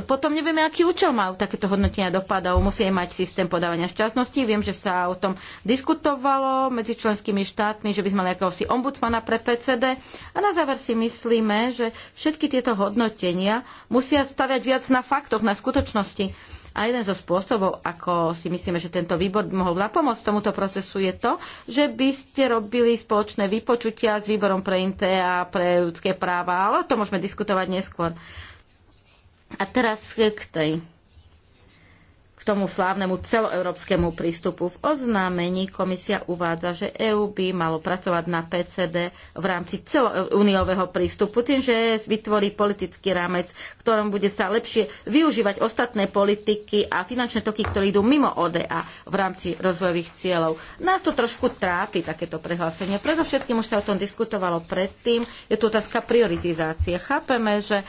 potom nevieme, aký účel majú takéto hodnotenia dopadov. aj mať systém podávania šťastností. Viem, že sa o tom diskutovalo medzi členskými štátmi, že by sme mali akéhosi ombudsmana pre PCD. A na záver si myslíme, že všetky tieto hodnotenia musia staviať viac na faktoch, na skutočnosti. A jeden zo spôsobov, ako si myslíme, že tento výbor by mohol napomôcť tomuto procesu, je to, že by ste robili spoločné vypočutia s výborom pre INTE a pre ľudské práva, ale o tom môžeme diskutovať neskôr. A teraz k tej k tomu slávnemu celoeurópskemu prístupu. V oznámení komisia uvádza, že EÚ by malo pracovať na PCD v rámci celouniového prístupu, tým, že vytvorí politický rámec, v ktorom bude sa lepšie využívať ostatné politiky a finančné toky, ktoré idú mimo ODA v rámci rozvojových cieľov. Nás to trošku trápi, takéto prehlásenie. Predovšetkým už sa o tom diskutovalo predtým. Je tu otázka prioritizácie. Chápeme, že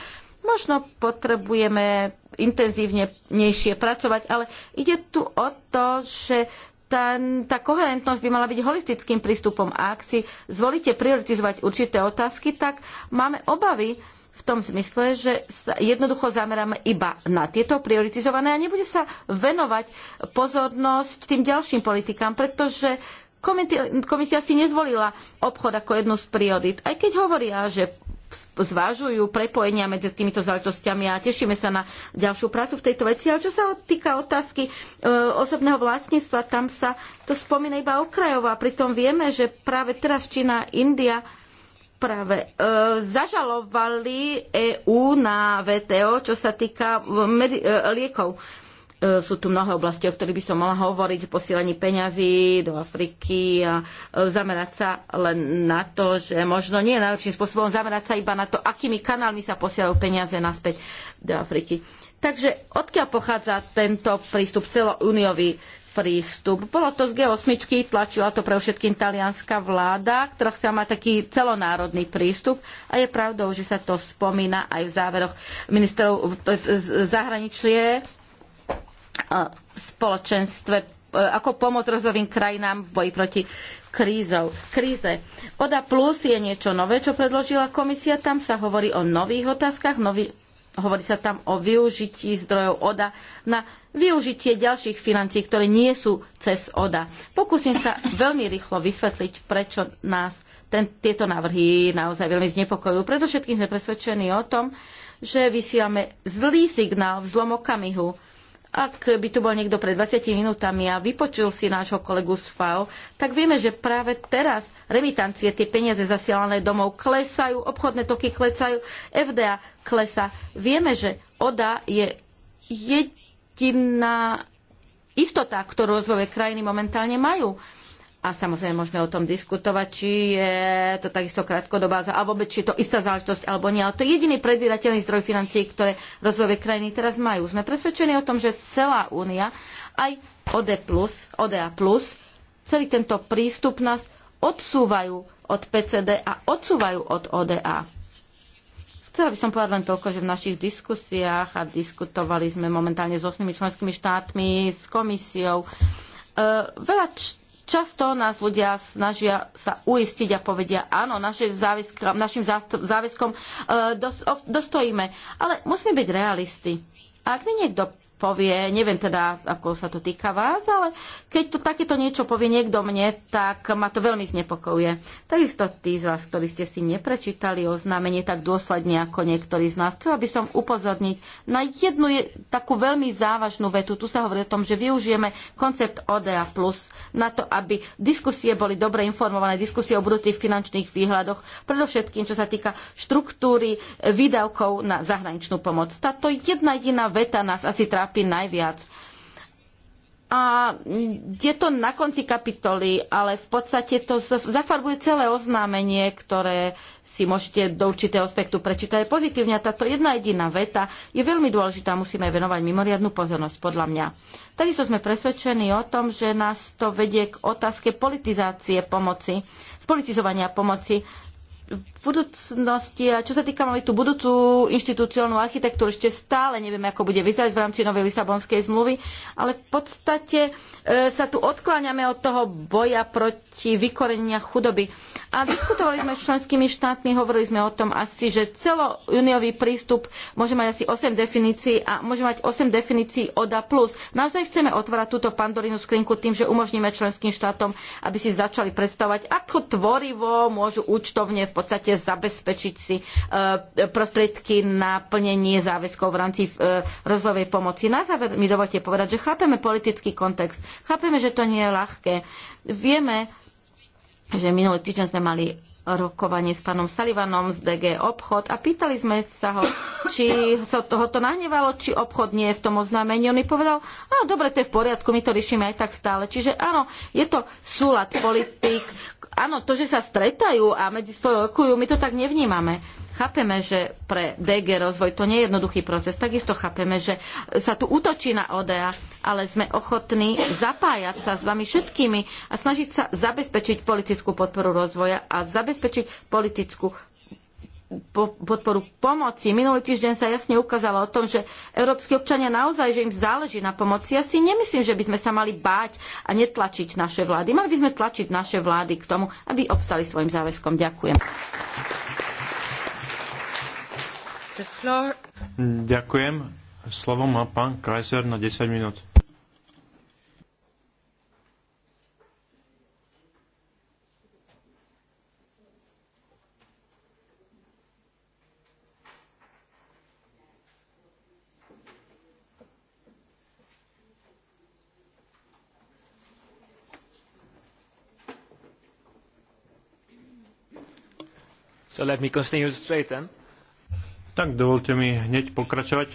Možno potrebujeme intenzívnejšie pracovať, ale ide tu o to, že tá, tá koherentnosť by mala byť holistickým prístupom. A ak si zvolíte prioritizovať určité otázky, tak máme obavy v tom zmysle, že sa jednoducho zameráme iba na tieto prioritizované a nebude sa venovať pozornosť tým ďalším politikám, pretože komisia si nezvolila obchod ako jednu z priorit. Aj keď hovoria, že zvážujú prepojenia medzi týmito záležitostiami a tešíme sa na ďalšiu prácu v tejto veci. Ale čo sa týka otázky e, osobného vlastníctva, tam sa to spomína iba okrajovo a pritom vieme, že práve teraz Čína, India práve e, zažalovali EÚ na VTO, čo sa týka medzi, e, liekov. E, E, sú tu mnohé oblasti, o ktorých by som mala hovoriť, posielanie peňazí do Afriky a e, zamerať sa len na to, že možno nie je najlepším spôsobom zamerať sa iba na to, akými kanálmi sa posielajú peniaze naspäť do Afriky. Takže odkiaľ pochádza tento prístup celouniový? prístup. Bolo to z G8, tlačila to pre všetkým talianská vláda, ktorá sa má taký celonárodný prístup a je pravdou, že sa to spomína aj v záveroch ministrov zahraničie spoločenstve e, ako pomoc rozovým krajinám v boji proti krízov, kríze. ODA plus je niečo nové, čo predložila komisia. Tam sa hovorí o nových otázkach, nový, hovorí sa tam o využití zdrojov ODA na využitie ďalších financií, ktoré nie sú cez ODA. Pokúsim sa veľmi rýchlo vysvetliť, prečo nás ten, tieto návrhy naozaj veľmi znepokojujú. Predovšetkým sme presvedčení o tom, že vysielame zlý signál v zlom okamihu ak by tu bol niekto pred 20 minútami a vypočul si nášho kolegu z FAO, tak vieme, že práve teraz remitancie, tie peniaze zasielané domov klesajú, obchodné toky klesajú, FDA klesa. Vieme, že ODA je jediná istota, ktorú rozvojové krajiny momentálne majú. A samozrejme môžeme o tom diskutovať, či je to takisto krátkodobá, alebo vôbec či je to istá záležitosť alebo nie. Ale to je jediný predvídateľný zdroj financií, ktoré rozvojové krajiny teraz majú. Sme presvedčení o tom, že celá únia, aj OD+, ODA+, celý tento prístup nás odsúvajú od PCD a odsúvajú od ODA. Chcela by som povedať len toľko, že v našich diskusiách a diskutovali sme momentálne s osmými členskými štátmi, s komisiou, e, veľa Často nás ľudia snažia sa uistiť a povedia, áno, naše záväzka, našim záväzkom e, dostojíme. Ale musíme byť realisti. Ak mi niekto povie, neviem teda, ako sa to týka vás, ale keď to takéto niečo povie niekto mne, tak ma to veľmi znepokojuje. Takisto tí z vás, ktorí ste si neprečítali oznámenie tak dôsledne ako niektorí z nás, chcela by som upozorniť na jednu je, takú veľmi závažnú vetu. Tu sa hovorí o tom, že využijeme koncept ODA+, na to, aby diskusie boli dobre informované, diskusie o budúcich finančných výhľadoch, predovšetkým, čo sa týka štruktúry výdavkov na zahraničnú pomoc. Táto jedna jediná veta nás asi trápi trápi najviac. A je to na konci kapitoly, ale v podstate to zafarbuje celé oznámenie, ktoré si môžete do určitého aspektu prečítať pozitívne. A táto jedna jediná veta je veľmi dôležitá, musíme aj venovať mimoriadnú pozornosť, podľa mňa. Takisto sme presvedčení o tom, že nás to vedie k otázke politizácie pomoci, spolitizovania pomoci, v budúcnosti, a čo sa týka mali tú budúcu inštitúciálnu architektúru, ešte stále nevieme, ako bude vyzerať v rámci novej Lisabonskej zmluvy, ale v podstate e, sa tu odkláňame od toho boja proti vykorenia chudoby. A diskutovali sme s členskými štátmi, hovorili sme o tom asi, že celouniový prístup môže mať asi 8 definícií a môže mať 8 definícií od plus. Naozaj chceme otvárať túto pandorínu skrinku tým, že umožníme členským štátom, aby si začali predstavovať, ako tvorivo môžu účtovne v podstate podstate zabezpečiť si e, prostriedky na plnenie záväzkov v rámci e, rozvojovej pomoci. Na záver mi dovolte povedať, že chápeme politický kontext, chápeme, že to nie je ľahké. Vieme, že minulý týždeň sme mali rokovanie s pánom Salivanom z DG Obchod a pýtali sme sa ho, či sa toho to nahnevalo, či obchod nie je v tom oznámení. On mi povedal, áno, dobre, to je v poriadku, my to riešime aj tak stále. Čiže áno, je to súlad politik, áno, to, že sa stretajú a medzi spolu rokujú, my to tak nevnímame. Chápeme, že pre DG rozvoj to nie je jednoduchý proces. Takisto chápeme, že sa tu útočí na ODA, ale sme ochotní zapájať sa s vami všetkými a snažiť sa zabezpečiť politickú podporu rozvoja a zabezpečiť politickú podporu pomoci. Minulý týždeň sa jasne ukázalo o tom, že európsky občania naozaj, že im záleží na pomoci. Ja si nemyslím, že by sme sa mali báť a netlačiť naše vlády. Mali by sme tlačiť naše vlády k tomu, aby obstali svojim záväzkom. Ďakujem. Ďakujem. Slovo má pán Kajser na 10 minút. So let me continue straight then. Tak dovolte mi hneď pokračovať.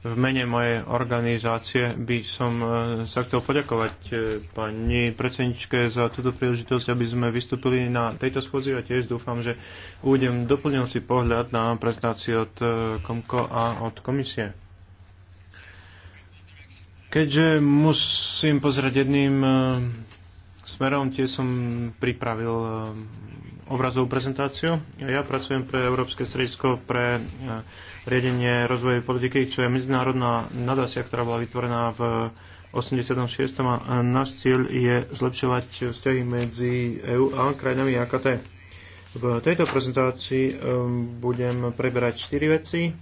V mene mojej organizácie by som e, sa chcel poďakovať e, pani predsedničke za túto príležitosť, aby sme vystúpili na tejto schôdzi a tiež dúfam, že ujdem doplňujúci pohľad na prezentáciu od e, Komko a od komisie. Keďže musím pozrieť jedným smerom, tie som pripravil obrazovú prezentáciu. Ja pracujem pre Európske stredisko pre e, riadenie rozvojovej politiky, čo je medzinárodná nadácia, ktorá bola vytvorená v 86. a e, náš cieľ je zlepšovať vzťahy medzi EÚ a krajinami AKT. V tejto prezentácii e, budem preberať 4 veci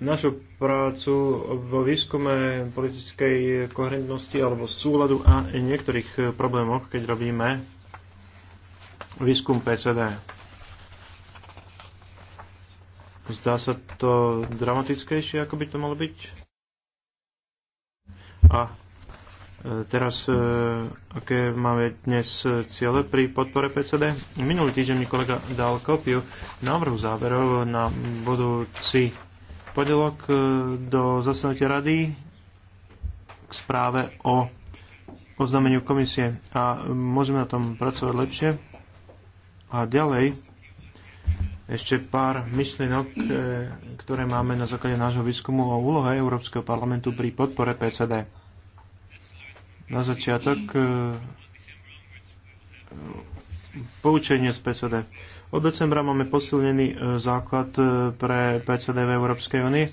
našu prácu vo výskume politickej koherentnosti alebo súladu a niektorých problémoch, keď robíme výskum PCD. Zdá sa to dramatickejšie, ako by to malo byť? A e, teraz, e, aké máme dnes ciele pri podpore PCD? Minulý týždeň mi kolega dal kopiu návrhu záverov na budúci Podelok e, do zasadnutia rady k správe o oznámeniu komisie a môžeme na tom pracovať lepšie. A ďalej ešte pár myšlienok, e, ktoré máme na základe nášho výskumu o úlohe Európskeho parlamentu pri podpore PCD. Na začiatok e, poučenie z PCD od decembra máme posilnený e, základ e, pre PCD v Európskej únie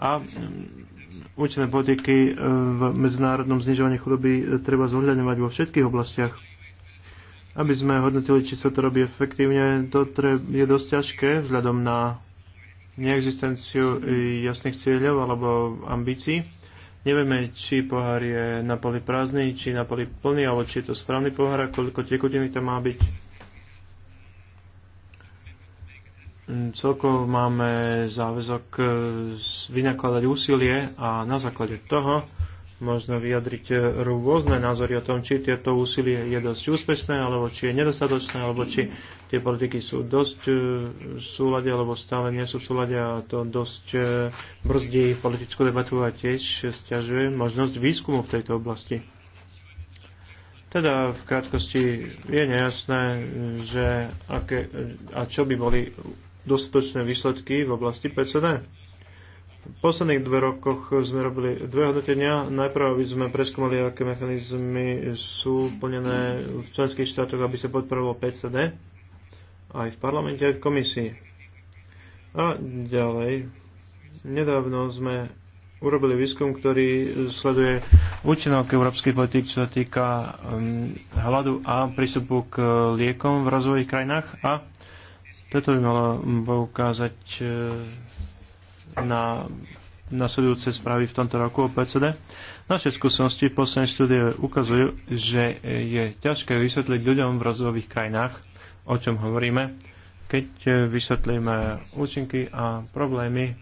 a mm, účinné politiky e, v medzinárodnom znižovaní chudoby treba zohľadňovať vo všetkých oblastiach. Aby sme hodnotili, či sa to robí efektívne, to je dosť ťažké vzhľadom na neexistenciu jasných cieľov alebo ambícií. Nevieme, či pohár je na poli prázdny, či na poli plný, alebo či je to správny pohár a koľko tekutiny tam má byť Mm, celkovo máme záväzok e, vynakladať úsilie a na základe toho možno vyjadriť e, rôzne názory o tom, či tieto úsilie je dosť úspešné, alebo či je nedostatočné, alebo či tie politiky sú dosť e, v súlade, alebo stále nie sú v súlade a to dosť brzdí politickú debatu a tiež stiažuje možnosť výskumu v tejto oblasti. Teda v krátkosti je nejasné, že aké, a čo by boli dostatočné výsledky v oblasti PCD. V posledných dve rokoch sme robili dve hodnotenia. Najprv, aby sme preskúmali, aké mechanizmy sú plnené v členských štátoch, aby sa podporovalo PCD aj v parlamente, aj v komisii. A ďalej, nedávno sme urobili výskum, ktorý sleduje účinok európskych politik, čo sa týka um, hladu a prístupu k liekom v rozvojových krajinách a toto by malo poukázať e, na nasledujúce správy v tomto roku o PCD. Naše skúsenosti posledné štúdie ukazujú, že je ťažké vysvetliť ľuďom v rozvojových krajinách, o čom hovoríme, keď e, vysvetlíme účinky a problémy,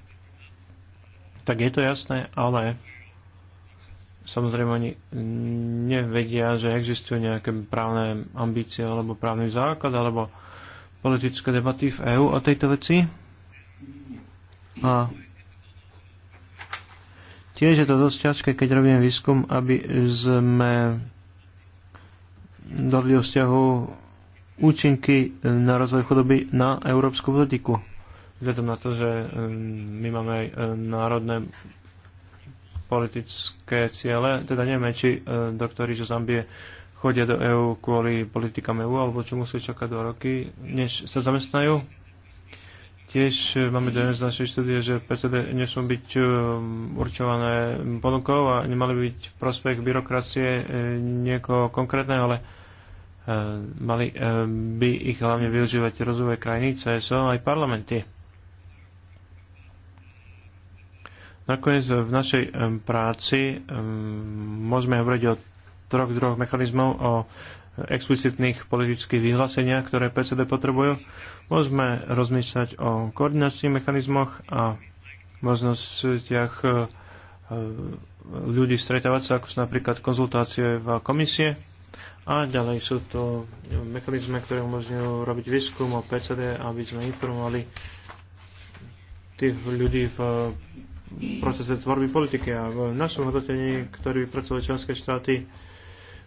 tak je to jasné, ale samozrejme oni nevedia, že existujú nejaké právne ambície alebo právny základ alebo politické debaty v EÚ o tejto veci. A tiež je to dosť ťažké, keď robím výskum, aby sme dali vzťahu účinky na rozvoj chudoby na európsku politiku. Vzhľadom na to, že my máme aj národné politické ciele, teda nevieme, či doktori zo Zambie chodia do EÚ kvôli politikám EÚ alebo čo musí čakať 2 roky, než sa zamestnajú. Tiež máme dojem z našej štúdie, že PCD nesmú byť um, určované ponukou a nemali byť v prospech byrokracie e, niekoho konkrétneho, ale e, mali e, by ich hlavne využívať rozvoje krajiny, CSO aj parlamenty. Nakoniec v našej práci môžeme hovoriť o troch druhoch mechanizmov o explicitných politických vyhláseniach, ktoré PCD potrebujú. Môžeme rozmýšľať o koordinačných mechanizmoch a možnostiach e, e, ľudí stretávať sa, ako sú napríklad konzultácie v komisie. A ďalej sú to mechanizmy, ktoré umožňujú robiť výskum o PCD, aby sme informovali tých ľudí v procese tvorby politiky. A v našom hodnotení, ktorý pracovali členské štáty,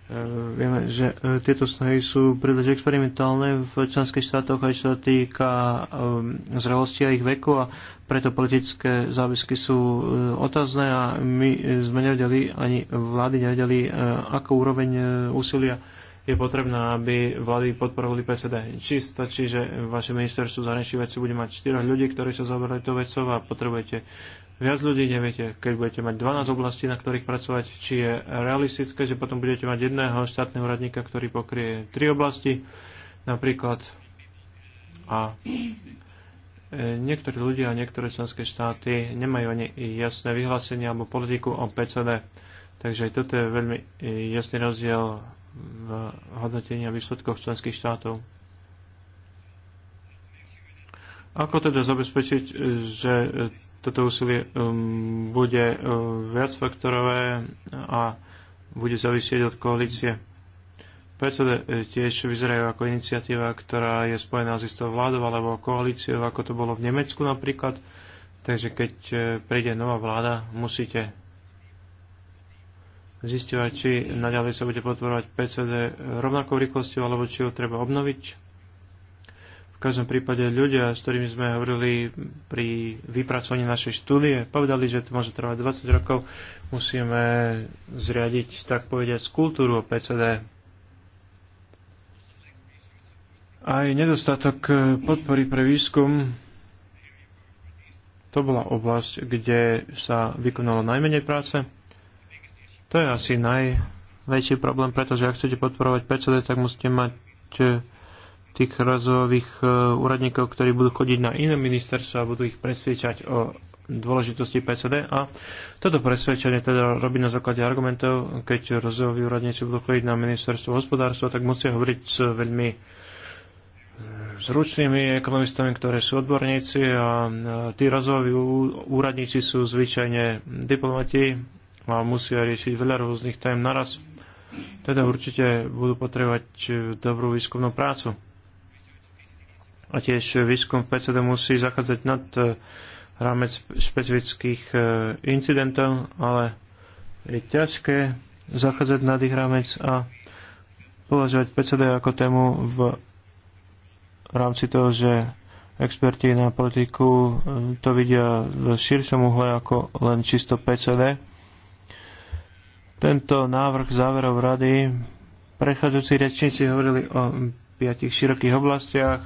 E, vieme, že e, tieto snahy sú príliš experimentálne v členských štátoch, aj čo sa týka e, zrelosti a ich veku a preto politické záväzky sú otázne a my sme nevedeli, ani vlády nevedeli, ako úroveň úsilia je potrebná, aby vlády podporovali PCD. Či stačí, že vaše ministerstvo zahraničných vecí bude mať 4 ľudí, ktorí sa zaoberajú to vecou a potrebujete viac ľudí, neviete, keď budete mať 12 oblastí, na ktorých pracovať, či je realistické, že potom budete mať jedného štátneho úradníka, ktorý pokrie tri oblasti, napríklad. A e, niektorí ľudia a niektoré členské štáty nemajú ani jasné vyhlásenie alebo politiku o PCD. Takže aj toto je veľmi e, jasný rozdiel v hodnotení a výsledkoch členských štátov. Ako teda zabezpečiť, e, že toto úsilie um, bude um, viacfaktorové a bude závisieť od koalície. Preto eh, tiež vyzerajú ako iniciatíva, ktorá je spojená s istou vládou alebo koalíciou, ako to bolo v Nemecku napríklad. Takže keď eh, príde nová vláda, musíte zistovať, či naďalej sa bude podporovať PCD rovnakou rýchlosťou, alebo či ho treba obnoviť každom prípade ľudia, s ktorými sme hovorili pri vypracovaní našej štúdie, povedali, že to môže trvať 20 rokov. Musíme zriadiť, tak povediať, kultúru o PCD. Aj nedostatok podpory pre výskum to bola oblasť, kde sa vykonalo najmenej práce. To je asi najväčší problém, pretože ak chcete podporovať PCD, tak musíte mať eh, tých rozvojových e, úradníkov, ktorí budú chodiť na iné ministerstvo a budú ich presviečať o dôležitosti PCD a toto presvedčenie teda robí na základe argumentov, keď rozvojoví úradníci budú chodiť na ministerstvo hospodárstva, tak musia hovoriť s veľmi e, zručnými ekonomistami, ktoré sú odborníci a e, tí rozvojoví úradníci sú zvyčajne diplomati a musia riešiť veľa rôznych tém naraz. Teda určite budú potrebovať dobrú výskumnú prácu. A tiež výskum v PCD musí zachádzať nad e, rámec špecifických e, incidentov, ale je ťažké zachádzať nad ich rámec a považovať PCD ako tému v rámci toho, že experti na politiku e, to vidia v širšom uhle ako len čisto PCD. Tento návrh záverov rady, prechádzajúci rečníci hovorili o piatich širokých oblastiach,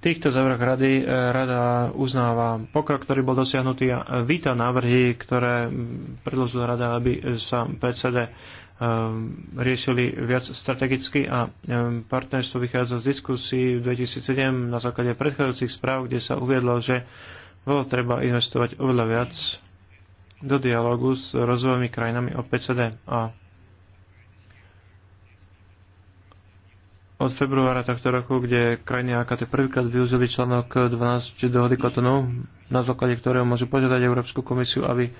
týchto závrh rady e, rada uznáva pokrok, ktorý bol dosiahnutý a víta návrhy, ktoré predložila rada, aby sa PCD e, riešili viac strategicky a e, partnerstvo vychádza z diskusí v 2007 na základe predchádzajúcich správ, kde sa uviedlo, že bolo treba investovať oveľa viac do dialogu s rozvojovými krajinami o PCD a od februára tohto roku, kde krajiny AKT prvýkrát využili článok 12 dohody Kotonu, na základe ktorého môžu požiadať Európsku komisiu, aby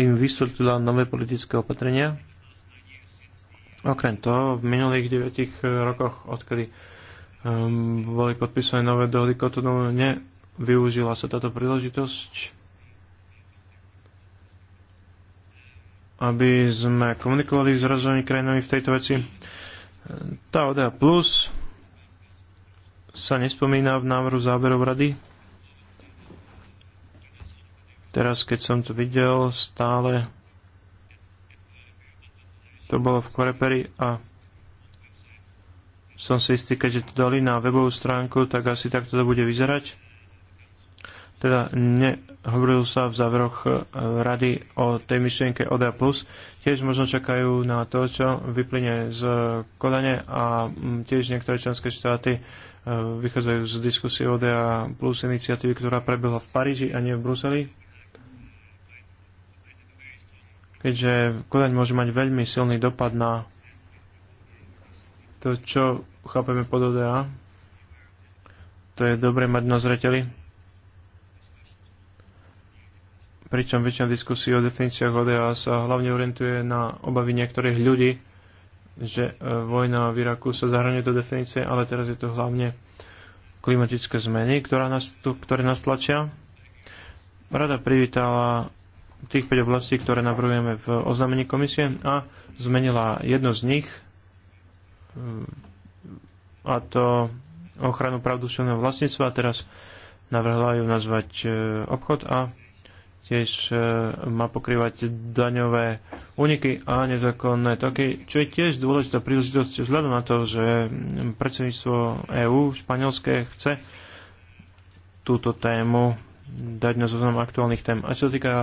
im vysvetlila nové politické opatrenia. Okrem toho, v minulých 9 rokoch, odkedy um, boli podpísané nové dohody Kotonu, nevyužila sa táto príležitosť. aby sme komunikovali s rozvojnými krajinami v tejto veci. Tá ODA plus sa nespomína v návrhu záberov rady. Teraz, keď som to videl, stále to bolo v Koreperi a som si istý, keďže to dali na webovú stránku, tak asi takto to bude vyzerať. Teda ne, hovoril sa v záveroch e, rady o tej myšlienke ODA+. Tiež možno čakajú na to, čo vyplyne z Kodane a tiež niektoré členské štáty e, vychádzajú z diskusie ODA plus iniciatívy, ktorá prebehla v Paríži a nie v Bruseli. Keďže Kodaň môže mať veľmi silný dopad na to, čo chápeme pod ODA, to je dobre mať na zreteli pričom väčšina diskusí o definíciách ODA sa hlavne orientuje na obavy niektorých ľudí, že e, vojna v Iraku sa zahrania do definície, ale teraz je to hlavne klimatické zmeny, ktorá nás ktoré nás tlačia. Rada privítala tých 5 oblastí, ktoré navrhujeme v oznámení komisie a zmenila jednu z nich, a to ochranu práv duševného vlastníctva teraz navrhla ju nazvať e, obchod a tiež e, má pokrývať daňové úniky a nezákonné toky, čo je tiež dôležitá príležitosť vzhľadom na to, že predsedníctvo EÚ španielské chce túto tému dať na zoznam aktuálnych tém. A čo sa týka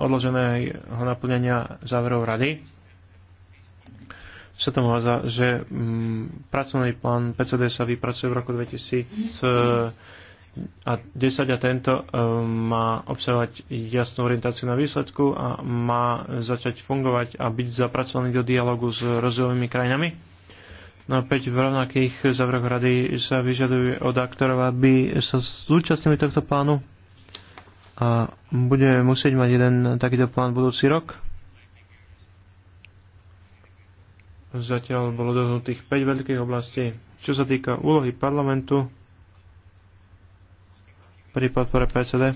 odloženého naplnenia záverov rady, sa tomu hľadá, že mm, pracovný plán PCD sa vypracuje v roku 2000 a 10 a tento eh, má obsahovať jasnú orientáciu na výsledku a má začať fungovať a byť zapracovaný do dialogu s rozvojovými krajinami. No opäť v rovnakých závrhoch rady sa vyžaduje od aktorov, aby sa zúčastnili tohto plánu a bude musieť mať jeden takýto plán budúci rok. Zatiaľ bolo dohnutých 5 veľkých oblastí. Čo sa týka úlohy parlamentu, pri podpore PCD.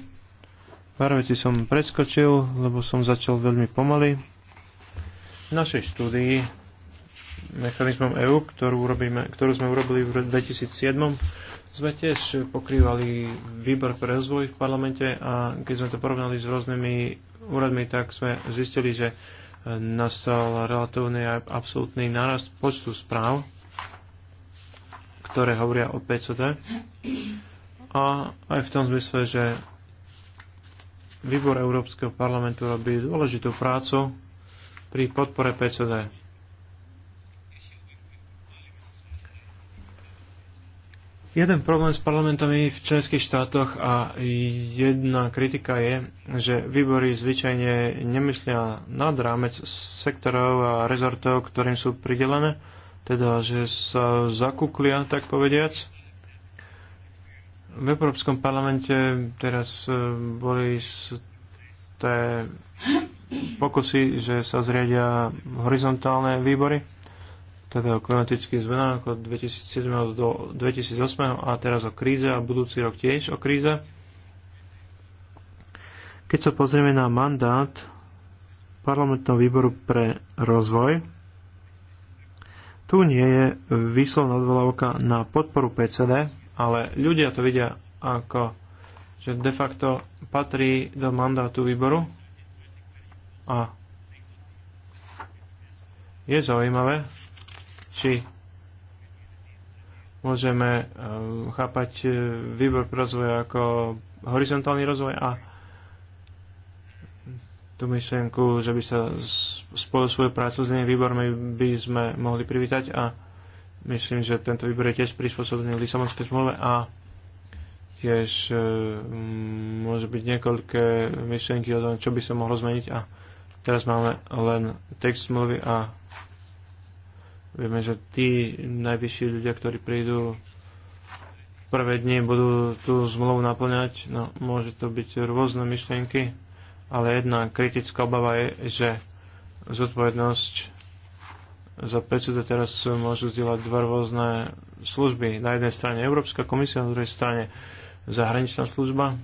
Pár veci som preskočil, lebo som začal veľmi pomaly. V našej štúdii mechanizmom EU, ktorú, urobíme, ktorú sme urobili v 2007, sme tiež pokrývali výbor pre rozvoj v parlamente a keď sme to porovnali s rôznymi úradmi, tak sme zistili, že nastal relatívny a absolútny nárast počtu správ, ktoré hovoria o PCD a aj v tom zmysle, že výbor Európskeho parlamentu robí dôležitú prácu pri podpore PCD. Jeden problém s parlamentami v členských štátoch a jedna kritika je, že výbory zvyčajne nemyslia nad rámec sektorov a rezortov, ktorým sú pridelené, teda že sa zakúklia, tak povediac v Európskom parlamente teraz e, boli tie pokusy, že sa zriadia horizontálne výbory, teda o klimatických zmenách od 2007. do 2008 a teraz o kríze a budúci rok tiež o kríze. Keď sa pozrieme na mandát parlamentného výboru pre rozvoj, tu nie je výslovná odvolávka na podporu PCD, ale ľudia to vidia ako, že de facto patrí do mandátu výboru a je zaujímavé, či môžeme eh, chápať eh, výbor pre rozvoj ako horizontálny rozvoj a tú myšlienku, že by sa spolu svoju prácu s nimi výbormi by sme mohli privítať a Myslím, že tento výbor je tiež prispôsobený Lisabonskej zmluve a tiež e, môže byť niekoľké myšlienky o tom, čo by sa mohlo zmeniť a teraz máme len text zmluvy a vieme, že tí najvyšší ľudia, ktorí prídu v prvé dni, budú tú zmluvu naplňať. No, môže to byť rôzne myšlienky, ale jedna kritická obava je, že zodpovednosť za predseda teraz môžu zdieľať dva rôzne služby. Na jednej strane Európska komisia, na druhej strane zahraničná služba.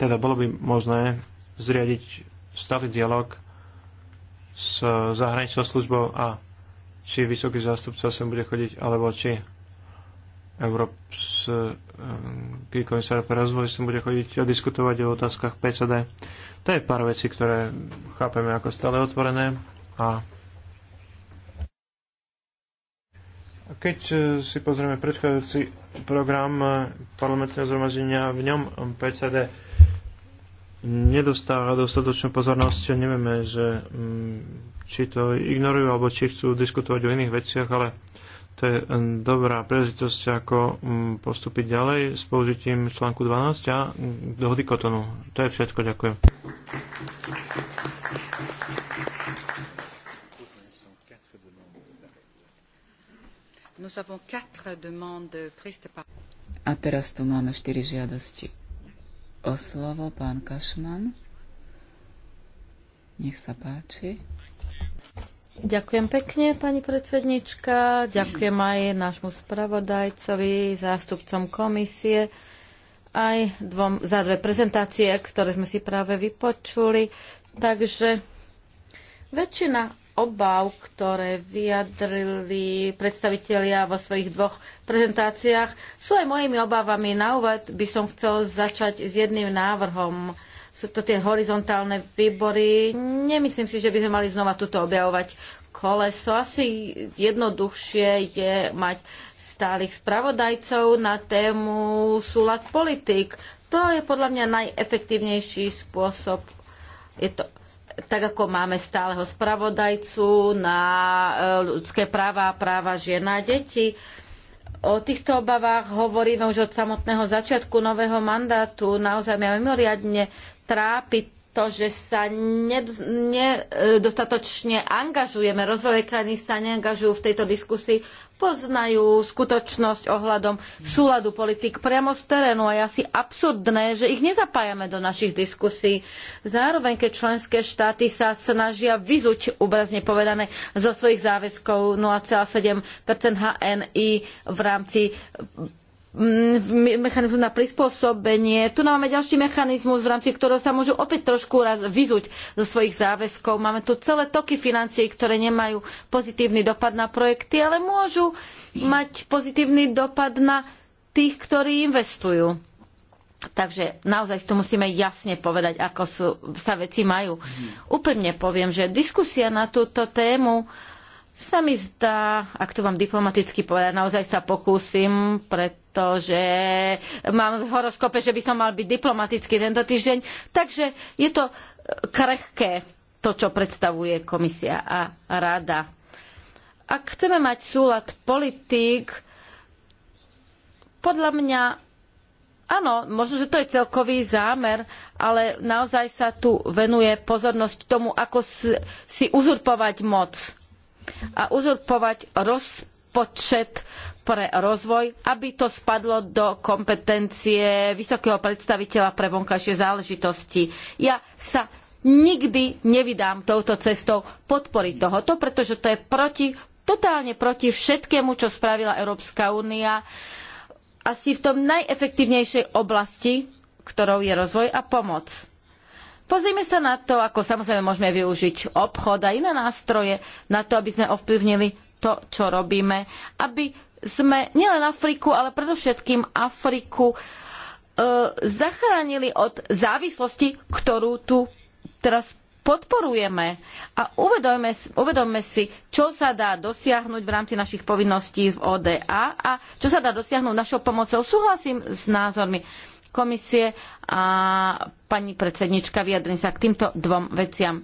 Teda bolo by možné zriadiť stály dialog s zahraničnou službou a či vysoký zástupca sem bude chodiť, alebo či Európsky komisár pre rozvoj som bude chodiť a diskutovať o otázkach PCD. To je pár vecí, ktoré chápeme ako stále otvorené. A keď eh, si pozrieme predchádzajúci program eh, parlamentného zhromaždenia, v ňom PCD nedostáva dostatočnú pozornosť. Nevieme, že, mm, či to ignorujú, alebo či chcú diskutovať o iných veciach, ale to je eh, dobrá príležitosť, ako mm, postúpiť ďalej s použitím článku 12 a mm, dohody Kotonu. To je všetko, ďakujem. A teraz tu máme štyri žiadosti o slovo. Pán Kašman, nech sa páči. Ďakujem pekne, pani predsednička. Ďakujem aj nášmu spravodajcovi, zástupcom komisie, aj dvom, za dve prezentácie, ktoré sme si práve vypočuli. Takže väčšina obav, ktoré vyjadrili predstavitelia vo svojich dvoch prezentáciách, sú aj mojimi obavami Na úvod by som chcel začať s jedným návrhom. Sú to tie horizontálne výbory. Nemyslím si, že by sme mali znova tuto objavovať koleso. Asi jednoduchšie je mať stálych spravodajcov na tému súlad politik. To je podľa mňa najefektívnejší spôsob. Je to tak ako máme stáleho spravodajcu na e, ľudské práva a práva žien a deti. O týchto obavách hovoríme už od samotného začiatku nového mandátu. Naozaj mňa mimoriadne trápi to, že sa nedostatočne e, angažujeme, rozvojové krajiny sa neangažujú v tejto diskusii, poznajú skutočnosť ohľadom súladu politik priamo z terénu a je asi absurdné, že ich nezapájame do našich diskusí. Zároveň, keď členské štáty sa snažia vyzuť, obrazne povedané, zo svojich záväzkov 0,7 no HNI v rámci Mm, mechanizmus na prispôsobenie. Tu máme ďalší mechanizmus, v rámci ktorého sa môžu opäť trošku raz vyzuť zo svojich záväzkov. Máme tu celé toky financií, ktoré nemajú pozitívny dopad na projekty, ale môžu mať pozitívny dopad na tých, ktorí investujú. Takže naozaj tu musíme jasne povedať, ako sú, sa veci majú. Mhm. Úprimne poviem, že diskusia na túto tému uh, sa mi zdá, ak to vám diplomaticky povedať, naozaj sa pokúsim, pretože mám v horoskope, že by som mal byť diplomatický tento týždeň. Takže je to eh, krehké, to, čo predstavuje komisia a rada. Ak chceme mať súlad politík, podľa mňa Áno, možno, že to je celkový zámer, ale naozaj sa tu venuje pozornosť tomu, ako si uzurpovať moc a uzurpovať rozpočet pre rozvoj, aby to spadlo do kompetencie vysokého predstaviteľa pre vonkajšie záležitosti. Ja sa nikdy nevydám touto cestou podporiť tohoto, pretože to je proti, totálne proti všetkému, čo spravila Európska únia asi v tom najefektívnejšej oblasti, ktorou je rozvoj a pomoc Pozrime sa na to, ako samozrejme môžeme využiť obchod a iné nástroje na to, aby sme ovplyvnili to, čo robíme, aby sme nielen Afriku, ale predovšetkým Afriku e, zachránili od závislosti, ktorú tu teraz podporujeme a uvedome uvedomme, si, čo sa dá dosiahnuť v rámci našich povinností v ODA a čo sa dá dosiahnuť našou pomocou. Súhlasím s názormi komisie a pani predsednička, vyjadrím sa k týmto dvom veciam.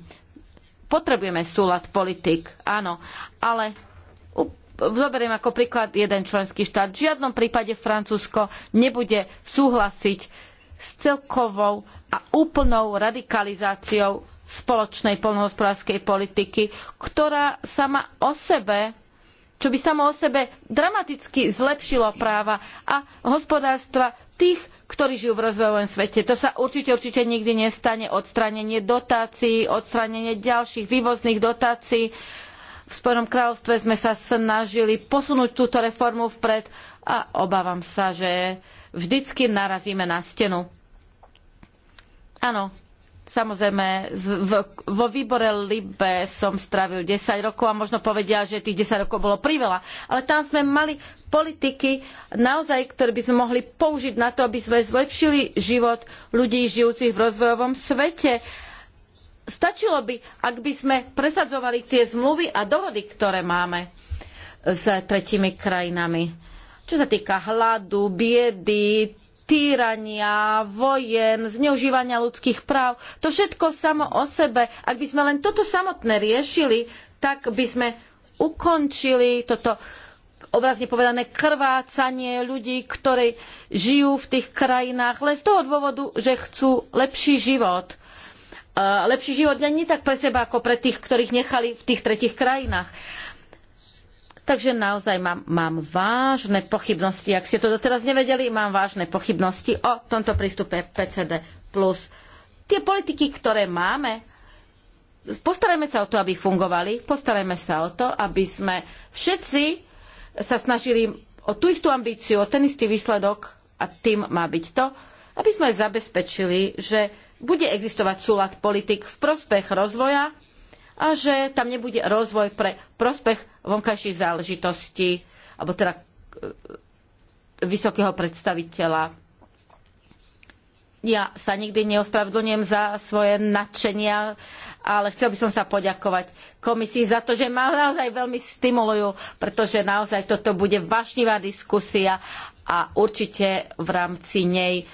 Potrebujeme súlad politik, áno, ale zoberiem ako príklad jeden členský štát. V žiadnom prípade Francúzsko nebude súhlasiť s celkovou a úplnou radikalizáciou spoločnej poľnohospodárskej politiky, ktorá sama o sebe čo by samo o sebe dramaticky zlepšilo práva a hospodárstva tých ktorí žijú v rozvojovom svete. To sa určite, určite nikdy nestane. Odstránenie dotácií, odstránenie ďalších vývozných dotácií. V Spojenom kráľovstve sme sa snažili posunúť túto reformu vpred a obávam sa, že vždycky narazíme na stenu. Áno, Samozrejme, vo výbore Libe som strávil 10 rokov a možno povedia, že tých 10 rokov bolo priveľa. Ale tam sme mali politiky naozaj, ktoré by sme mohli použiť na to, aby sme zlepšili život ľudí žijúcich v rozvojovom svete. Stačilo by, ak by sme presadzovali tie zmluvy a dohody, ktoré máme s tretími krajinami. Čo sa týka hladu, biedy, týrania, vojen, zneužívania ľudských práv. To všetko samo o sebe. Ak by sme len toto samotné riešili, tak by sme ukončili toto obrazne povedané krvácanie ľudí, ktorí žijú v tých krajinách len z toho dôvodu, že chcú lepší život. Lepší život nie tak pre seba, ako pre tých, ktorých nechali v tých tretich krajinách. Takže naozaj mám, mám vážne pochybnosti, ak ste to doteraz nevedeli, mám vážne pochybnosti o tomto prístupe PCD+. Tie politiky, ktoré máme, postarajme sa o to, aby fungovali, postarajme sa o to, aby sme všetci sa snažili o tú istú ambíciu, o ten istý výsledok a tým má byť to, aby sme zabezpečili, že bude existovať súlad politik v prospech rozvoja a že tam nebude rozvoj pre prospech vonkajších záležitostí, alebo teda e, vysokého predstaviteľa. Ja sa nikdy neospravedlňujem za svoje nadšenia, ale chcel by som sa poďakovať komisii za to, že ma naozaj veľmi stimulujú, pretože naozaj toto bude vášnivá diskusia a určite v rámci nej e,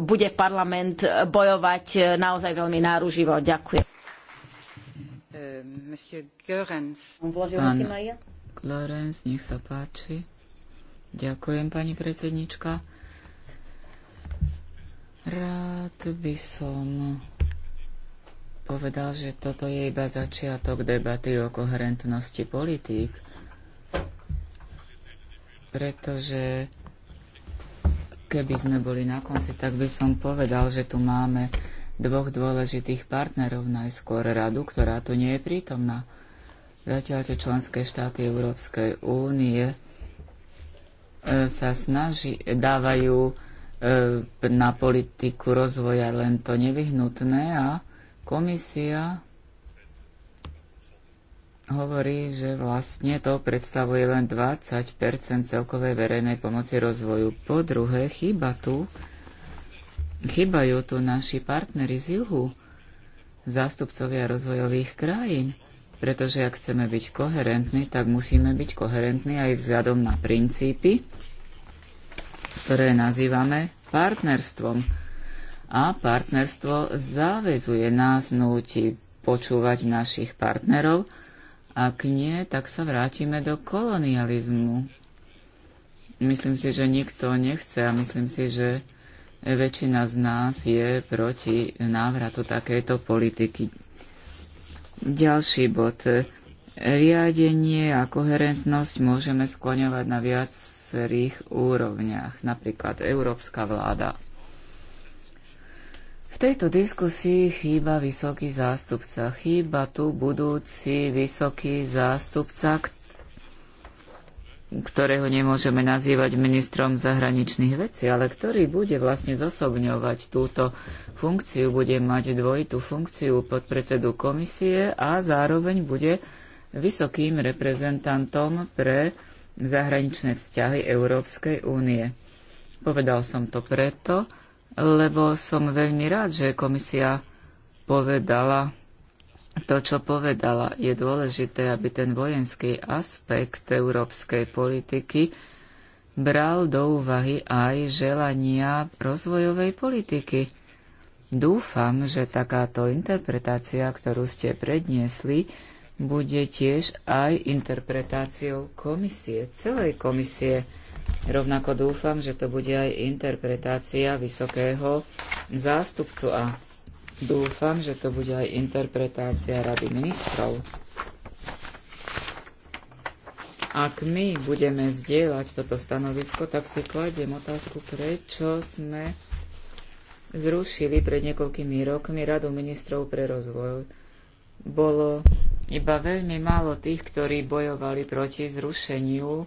bude parlament bojovať e, naozaj veľmi náruživo. Ďakujem. Eh, Pán Lorenz, nech sa páči. Ďakujem, pani predsednička. Rád by som povedal, že toto je iba začiatok debaty o koherentnosti politík, pretože keby sme boli na konci, tak by som povedal, že tu máme dvoch dôležitých partnerov, najskôr radu, ktorá tu nie je prítomná. Zatiaľ, čo členské štáty Európskej únie e, sa snaží, dávajú e, na politiku rozvoja len to nevyhnutné a komisia hovorí, že vlastne to predstavuje len 20 celkovej verejnej pomoci rozvoju. Po druhé, chýba tu Chýbajú tu naši partnery z juhu, zástupcovia rozvojových krajín, pretože ak chceme byť koherentní, tak musíme byť koherentní aj vzhľadom na princípy, ktoré nazývame partnerstvom. A partnerstvo záväzuje nás, núti počúvať našich partnerov, ak nie, tak sa vrátime do kolonializmu. Myslím si, že nikto nechce a myslím si, že väčšina z nás je proti návratu takéto politiky. Ďalší bod. Riadenie a koherentnosť môžeme skloňovať na viacerých úrovniach, napríklad európska vláda. V tejto diskusii chýba vysoký zástupca. Chýba tu budúci vysoký zástupca, ktorého nemôžeme nazývať ministrom zahraničných vecí, ale ktorý bude vlastne zosobňovať túto funkciu, bude mať dvojitú funkciu podpredsedu komisie a zároveň bude vysokým reprezentantom pre zahraničné vzťahy Európskej únie. Povedal som to preto, lebo som veľmi rád, že komisia povedala to, čo povedala, je dôležité, aby ten vojenský aspekt európskej politiky bral do úvahy aj želania rozvojovej politiky. Dúfam, že takáto interpretácia, ktorú ste predniesli, bude tiež aj interpretáciou komisie, celej komisie. Rovnako dúfam, že to bude aj interpretácia vysokého zástupcu a Dúfam, že to bude aj interpretácia Rady ministrov. Ak my budeme zdieľať toto stanovisko, tak si kladiem otázku, prečo sme zrušili pred niekoľkými rokmi Radu ministrov pre rozvoj. Bolo iba veľmi málo tých, ktorí bojovali proti zrušeniu e,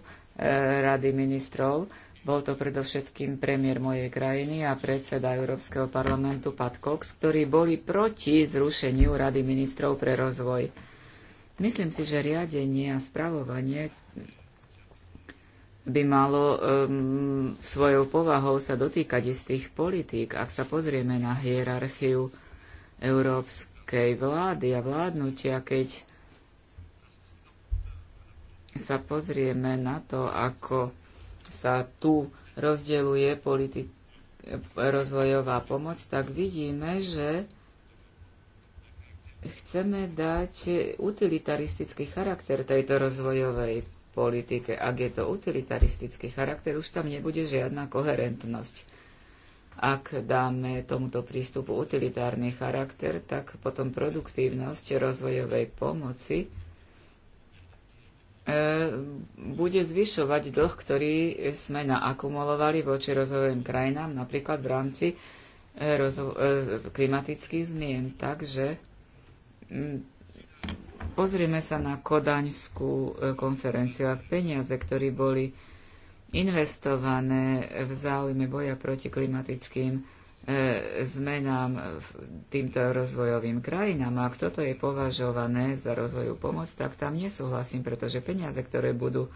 Rady ministrov bol to predovšetkým premiér mojej krajiny a predseda Európskeho parlamentu Pat Cox, ktorí boli proti zrušeniu Rady ministrov pre rozvoj. Myslím si, že riadenie a spravovanie by malo um, svojou povahou sa dotýkať istých politík. Ak sa pozrieme na hierarchiu európskej vlády a vládnutia, keď sa pozrieme na to, ako sa tu rozdeľuje politi- rozvojová pomoc, tak vidíme, že chceme dať utilitaristický charakter tejto rozvojovej politike. Ak je to utilitaristický charakter, už tam nebude žiadna koherentnosť. Ak dáme tomuto prístupu utilitárny charakter, tak potom produktívnosť rozvojovej pomoci E, bude zvyšovať dlh, ktorý sme naakumulovali voči rozvojovým krajinám, napríklad v rámci e, e, klimatických zmien. Takže pozrieme sa na Kodaňskú konferenciu. Ak peniaze, ktoré boli investované v záujme boja proti klimatickým E, zmenám týmto rozvojovým krajinám. ak toto je považované za rozvoju pomoc, tak tam nesúhlasím, pretože peniaze, ktoré budú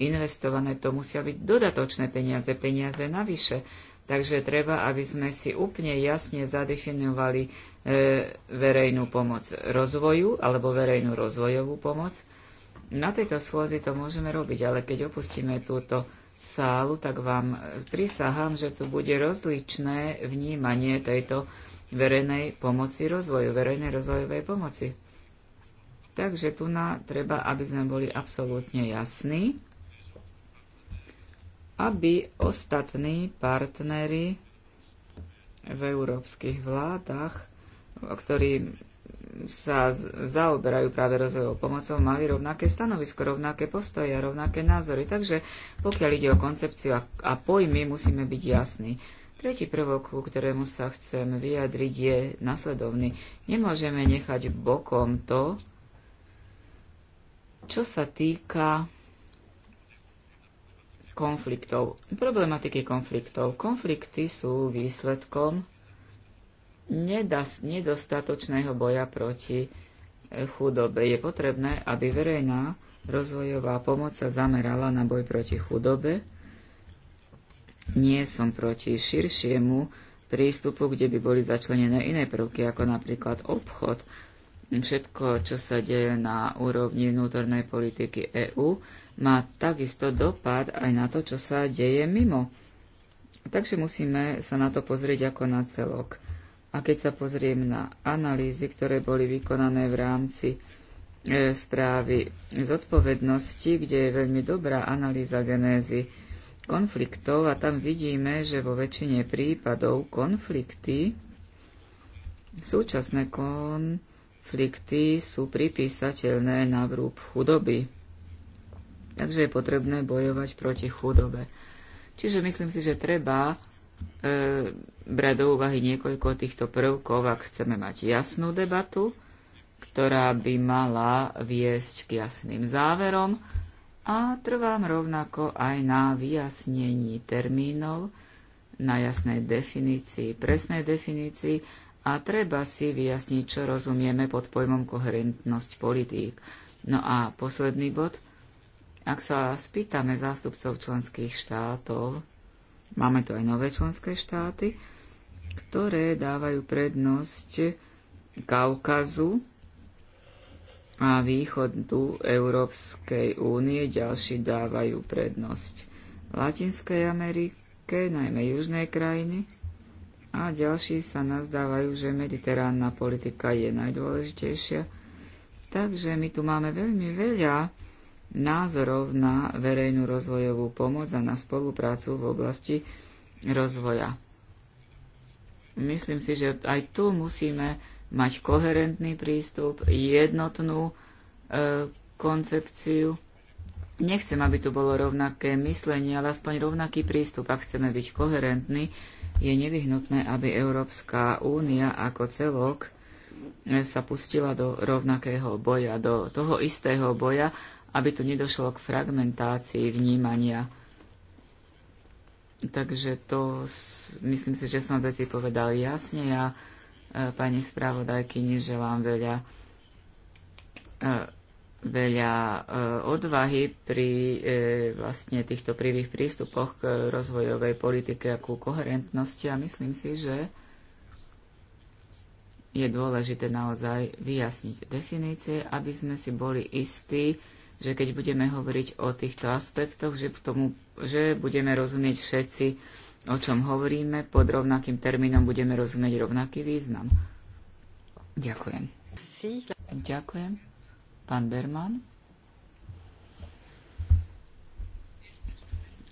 investované, to musia byť dodatočné peniaze, peniaze navyše. Takže treba, aby sme si úplne jasne zadefinovali e, verejnú pomoc rozvoju alebo verejnú rozvojovú pomoc. Na tejto schôzi to môžeme robiť, ale keď opustíme túto sálu, tak vám prisahám, že tu bude rozličné vnímanie tejto verejnej pomoci rozvoju, verejnej rozvojovej pomoci. Takže tu na treba, aby sme boli absolútne jasní, aby ostatní partnery v európskych vládach, ktorí sa zaoberajú práve rozvojovou pomocou, mali rovnaké stanovisko, rovnaké postoje a rovnaké názory. Takže pokiaľ ide o koncepciu a, a pojmy, musíme byť jasní. Tretí prvok, ku ktorému sa chcem vyjadriť, je nasledovný. Nemôžeme nechať bokom to, čo sa týka konfliktov, problematiky konfliktov. Konflikty sú výsledkom nedostatočného boja proti e, chudobe. Je potrebné, aby verejná rozvojová pomoc sa zamerala na boj proti chudobe. Nie som proti širšiemu prístupu, kde by boli začlenené iné prvky, ako napríklad obchod, všetko, čo sa deje na úrovni vnútornej politiky EÚ, má takisto dopad aj na to, čo sa deje mimo. Takže musíme sa na to pozrieť ako na celok. A keď sa pozriem na analýzy, ktoré boli vykonané v rámci e, správy zodpovednosti, kde je veľmi dobrá analýza genézy konfliktov a tam vidíme, že vo väčšine prípadov konflikty, súčasné konflikty sú pripísateľné na vrúb chudoby. Takže je potrebné bojovať proti chudobe. Čiže myslím si, že treba E, brať do úvahy niekoľko týchto prvkov, ak chceme mať jasnú debatu, ktorá by mala viesť k jasným záverom a trvám rovnako aj na vyjasnení termínov, na jasnej definícii, presnej definícii a treba si vyjasniť, čo rozumieme pod pojmom koherentnosť politík. No a posledný bod. Ak sa spýtame zástupcov členských štátov, Máme tu aj nové členské štáty, ktoré dávajú prednosť Kaukazu a východu Európskej únie, ďalší dávajú prednosť Latinskej Amerike, najmä južnej krajiny, a ďalší sa nazdávajú, že mediteránna politika je najdôležitejšia. Takže my tu máme veľmi veľa názorov na verejnú rozvojovú pomoc a na spoluprácu v oblasti rozvoja. Myslím si, že aj tu musíme mať koherentný prístup, jednotnú e, koncepciu. Nechcem, aby tu bolo rovnaké myslenie, ale aspoň rovnaký prístup. Ak chceme byť koherentní, je nevyhnutné, aby Európska únia ako celok e, sa pustila do rovnakého boja, do toho istého boja, aby tu nedošlo k fragmentácii vnímania. Takže to, myslím si, že som veci povedal jasne. Ja e, pani spravodajkyni želám veľa, e, veľa e, odvahy pri vlastne týchto prvých prístupoch k rozvojovej politike a ku koherentnosti a myslím si, že je dôležité naozaj vyjasniť definície, aby sme si boli istí, že keď budeme hovoriť o týchto aspektoch, že, k tomu, že budeme rozumieť všetci, o čom hovoríme, pod rovnakým termínom budeme rozumieť rovnaký význam. Ďakujem. Ďakujem. Pán Berman.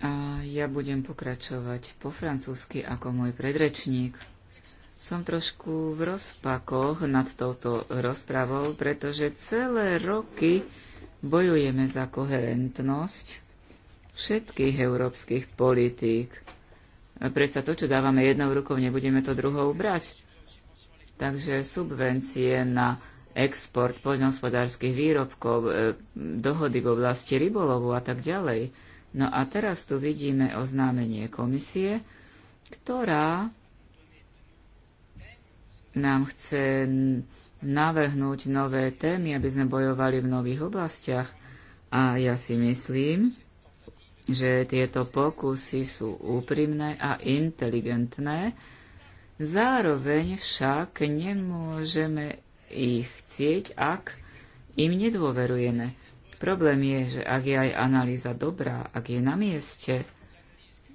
A ja budem pokračovať po francúzsky ako môj predrečník. Som trošku v rozpakoch nad touto rozpravou, pretože celé roky Bojujeme za koherentnosť všetkých európskych politík. Predsa to, čo dávame jednou rukou, nebudeme to druhou brať. Takže subvencie na export poľnohospodárskych výrobkov, e, dohody v oblasti rybolovu a tak ďalej. No a teraz tu vidíme oznámenie komisie, ktorá nám chce navrhnúť nové témy, aby sme bojovali v nových oblastiach. A ja si myslím, že tieto pokusy sú úprimné a inteligentné, zároveň však nemôžeme ich chcieť, ak im nedôverujeme. Problém je, že ak je aj analýza dobrá, ak je na mieste,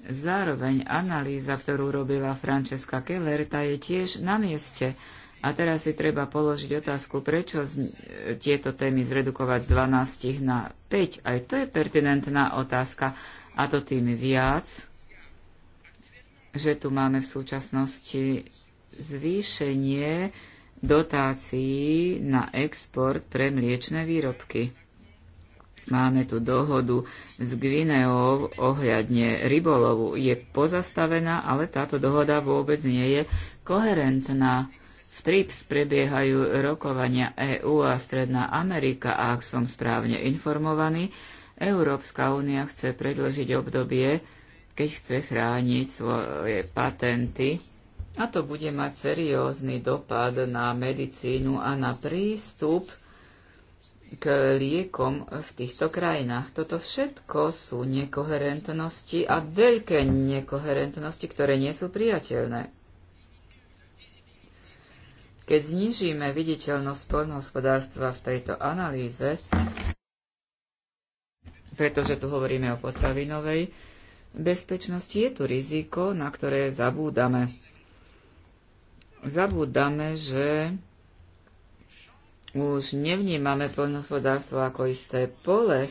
zároveň analýza, ktorú robila Francesca Keller, tá je tiež na mieste, a teraz si treba položiť otázku, prečo z, e, tieto témy zredukovať z 12 na 5. Aj to je pertinentná otázka. A to tým viac, že tu máme v súčasnosti zvýšenie dotácií na export pre mliečne výrobky. Máme tu dohodu s Gvineou ohľadne rybolovu. Je pozastavená, ale táto dohoda vôbec nie je koherentná v TRIPS prebiehajú rokovania EÚ a Stredná Amerika a ak som správne informovaný, Európska únia chce predložiť obdobie, keď chce chrániť svoje patenty a to bude mať seriózny dopad na medicínu a na prístup k liekom v týchto krajinách. Toto všetko sú nekoherentnosti a veľké nekoherentnosti, ktoré nie sú priateľné. Keď znižíme viditeľnosť poľnohospodárstva v tejto analýze, pretože tu hovoríme o potravinovej bezpečnosti, je tu riziko, na ktoré zabúdame. Zabúdame, že už nevnímame poľnohospodárstvo ako isté pole,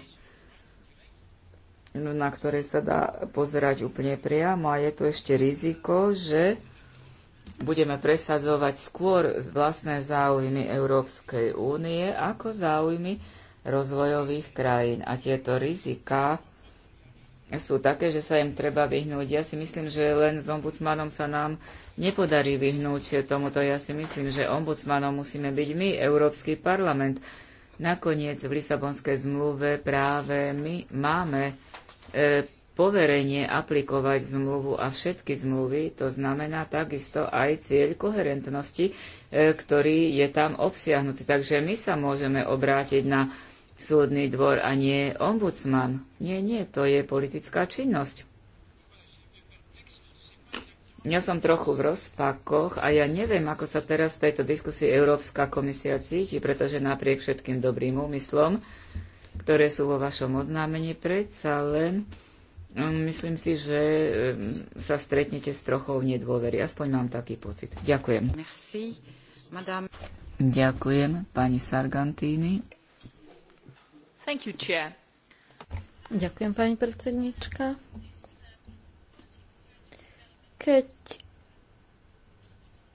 na ktoré sa dá pozerať úplne priamo a je tu ešte riziko, že budeme presadzovať skôr vlastné záujmy Európskej únie ako záujmy rozvojových krajín. A tieto riziká sú také, že sa im treba vyhnúť. Ja si myslím, že len s ombudsmanom sa nám nepodarí vyhnúť tomuto. Ja si myslím, že ombudsmanom musíme byť my, Európsky parlament. Nakoniec v Lisabonskej zmluve práve my máme e, poverenie aplikovať zmluvu a všetky zmluvy, to znamená takisto aj cieľ koherentnosti, e, ktorý je tam obsiahnutý. Takže my sa môžeme obrátiť na súdny dvor a nie ombudsman. Nie, nie, to je politická činnosť. Ja som trochu v rozpakoch a ja neviem, ako sa teraz v tejto diskusii Európska komisia cíti, pretože napriek všetkým dobrým úmyslom, ktoré sú vo vašom oznámení, predsa len Mm, myslím si, že mm, sa stretnete s trochou nedôvery. Aspoň mám taký pocit. Ďakujem. Merci, madame. Ďakujem, pani Sargantini. Thank you, chair. Ďakujem, pani predsednička. Keď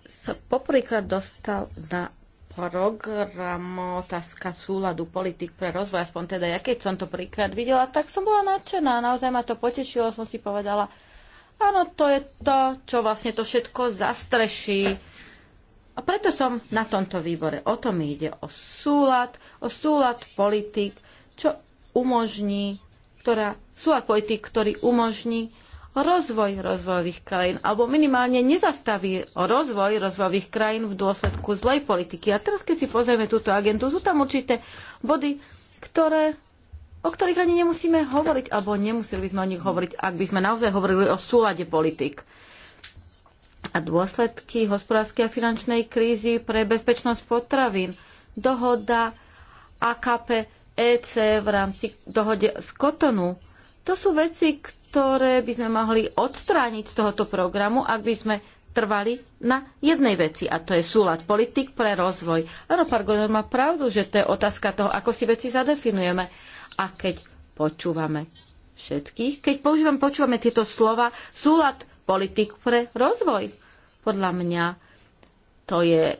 sa poprvýkrát dostal na programu otázka súladu politik pre rozvoj, aspoň teda ja keď som to prvýkrát videla, tak som bola nadšená, naozaj ma to potešilo, som si povedala, áno, to je to, čo vlastne to všetko zastreší. A preto som na tomto výbore. O tom ide, o súlad, o súlad politik, čo umožní, ktorá, súlad politik, ktorý umožní rozvoj rozvojových krajín, alebo minimálne nezastaví rozvoj rozvojových krajín v dôsledku zlej politiky. A teraz, keď si pozrieme túto agentu, sú tam určité body, ktoré o ktorých ani nemusíme hovoriť, alebo nemuseli by sme o nich hovoriť, ak by sme naozaj hovorili o súlade politik. A dôsledky hospodárskej a finančnej krízy pre bezpečnosť potravín, dohoda AKP EC v rámci dohode z Kotonu, to sú veci, ktoré ktoré by sme mohli odstrániť z tohoto programu, ak by sme trvali na jednej veci, a to je súlad politik pre rozvoj. Áno, pán Godor má pravdu, že to je otázka toho, ako si veci zadefinujeme. A keď počúvame všetkých, keď používam, počúvame tieto slova, súlad politik pre rozvoj. Podľa mňa to je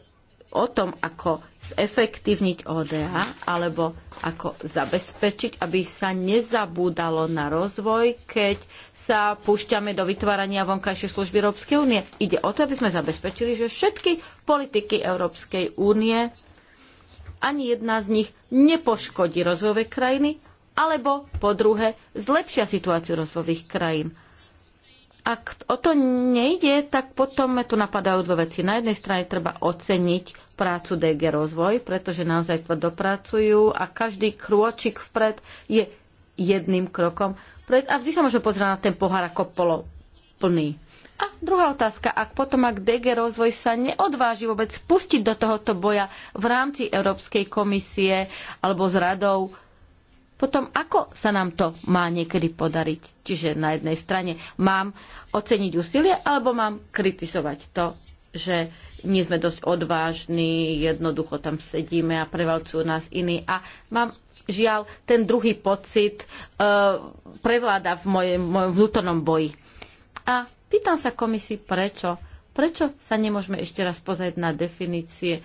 o tom, ako zefektívniť ODA alebo ako zabezpečiť, aby sa nezabúdalo na rozvoj, keď sa púšťame do vytvárania vonkajšej služby Európskej únie. Ide o to, aby sme zabezpečili, že všetky politiky Európskej únie, ani jedna z nich nepoškodí rozvojové krajiny, alebo po druhé zlepšia situáciu rozvojových krajín. Ak o to nejde, tak potom me tu napadajú dve veci. Na jednej strane treba oceniť prácu DG Rozvoj, pretože naozaj tvrdo pracujú a každý krôčik vpred je jedným krokom pred a vždy sa môžeme pozrieť na ten pohár ako polo plný. A druhá otázka, ak potom ak DG Rozvoj sa neodváži vôbec spustiť do tohoto boja v rámci Európskej komisie alebo s radou, potom ako sa nám to má niekedy podariť? Čiže na jednej strane mám oceniť úsilie alebo mám kritizovať to, že nie sme dosť odvážni, jednoducho tam sedíme a prevalcujú nás iní. A mám žiaľ, ten druhý pocit e, prevláda v mojom, mojom vnútornom boji. A pýtam sa komisii, prečo? Prečo sa nemôžeme ešte raz pozrieť na definície e,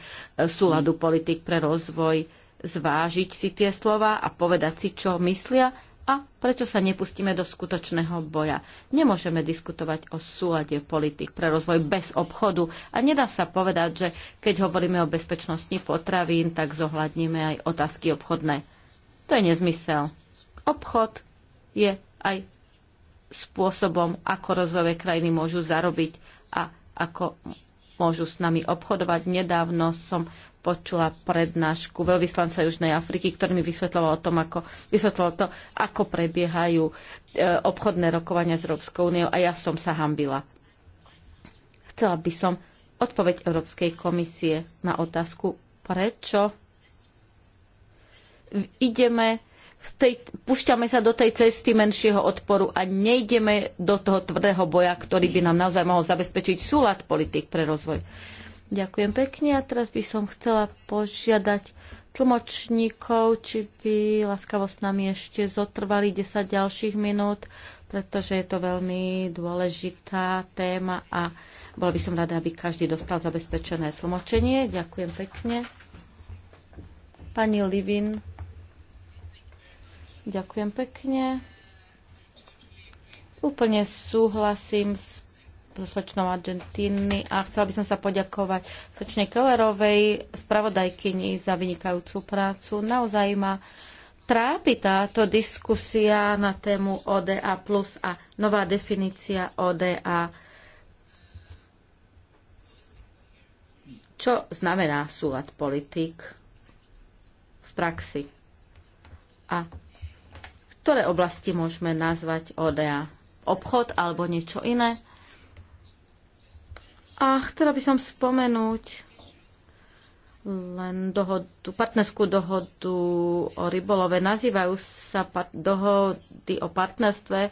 súladu politik pre rozvoj zvážiť si tie slova a povedať si, čo myslia a prečo sa nepustíme do skutočného boja. Nemôžeme diskutovať o súlade politik pre rozvoj bez obchodu a nedá sa povedať, že keď hovoríme o bezpečnosti potravín, tak zohľadníme aj otázky obchodné. To je nezmysel. Obchod je aj spôsobom, ako rozvojové krajiny môžu zarobiť a ako môžu s nami obchodovať. Nedávno som počula prednášku veľvyslanca Južnej Afriky, ktorý mi vysvetloval, o tom, ako, vysvetloval to, ako prebiehajú e, obchodné rokovania s Európskou úniou a ja som sa hambila. Chcela by som odpoveď Európskej komisie na otázku, prečo ideme z tej, pušťame sa do tej cesty menšieho odporu a nejdeme do toho tvrdého boja, ktorý by nám naozaj mohol zabezpečiť súlad politik pre rozvoj. Uh, Ďakujem pekne a teraz by som chcela požiadať tlmočníkov, či by láskavo s nami ešte zotrvali 10 ďalších minút, pretože je to veľmi dôležitá téma a bola by som rada, aby každý dostal zabezpečené tlmočenie. Ďakujem pekne. Pani Livin, ďakujem pekne. Úplne súhlasím s slečnou Argentíny a chcela by som sa poďakovať slečnej Kellerovej, spravodajkyni za vynikajúcu prácu. Naozaj ma trápi táto diskusia na tému ODA plus a nová definícia ODA. Čo znamená súlad politik v praxi? A ktoré oblasti môžeme nazvať ODA? Obchod alebo niečo iné? A chcela by som spomenúť len dohodu, partnerskú dohodu o rybolove. Nazývajú sa dohody o partnerstve, e,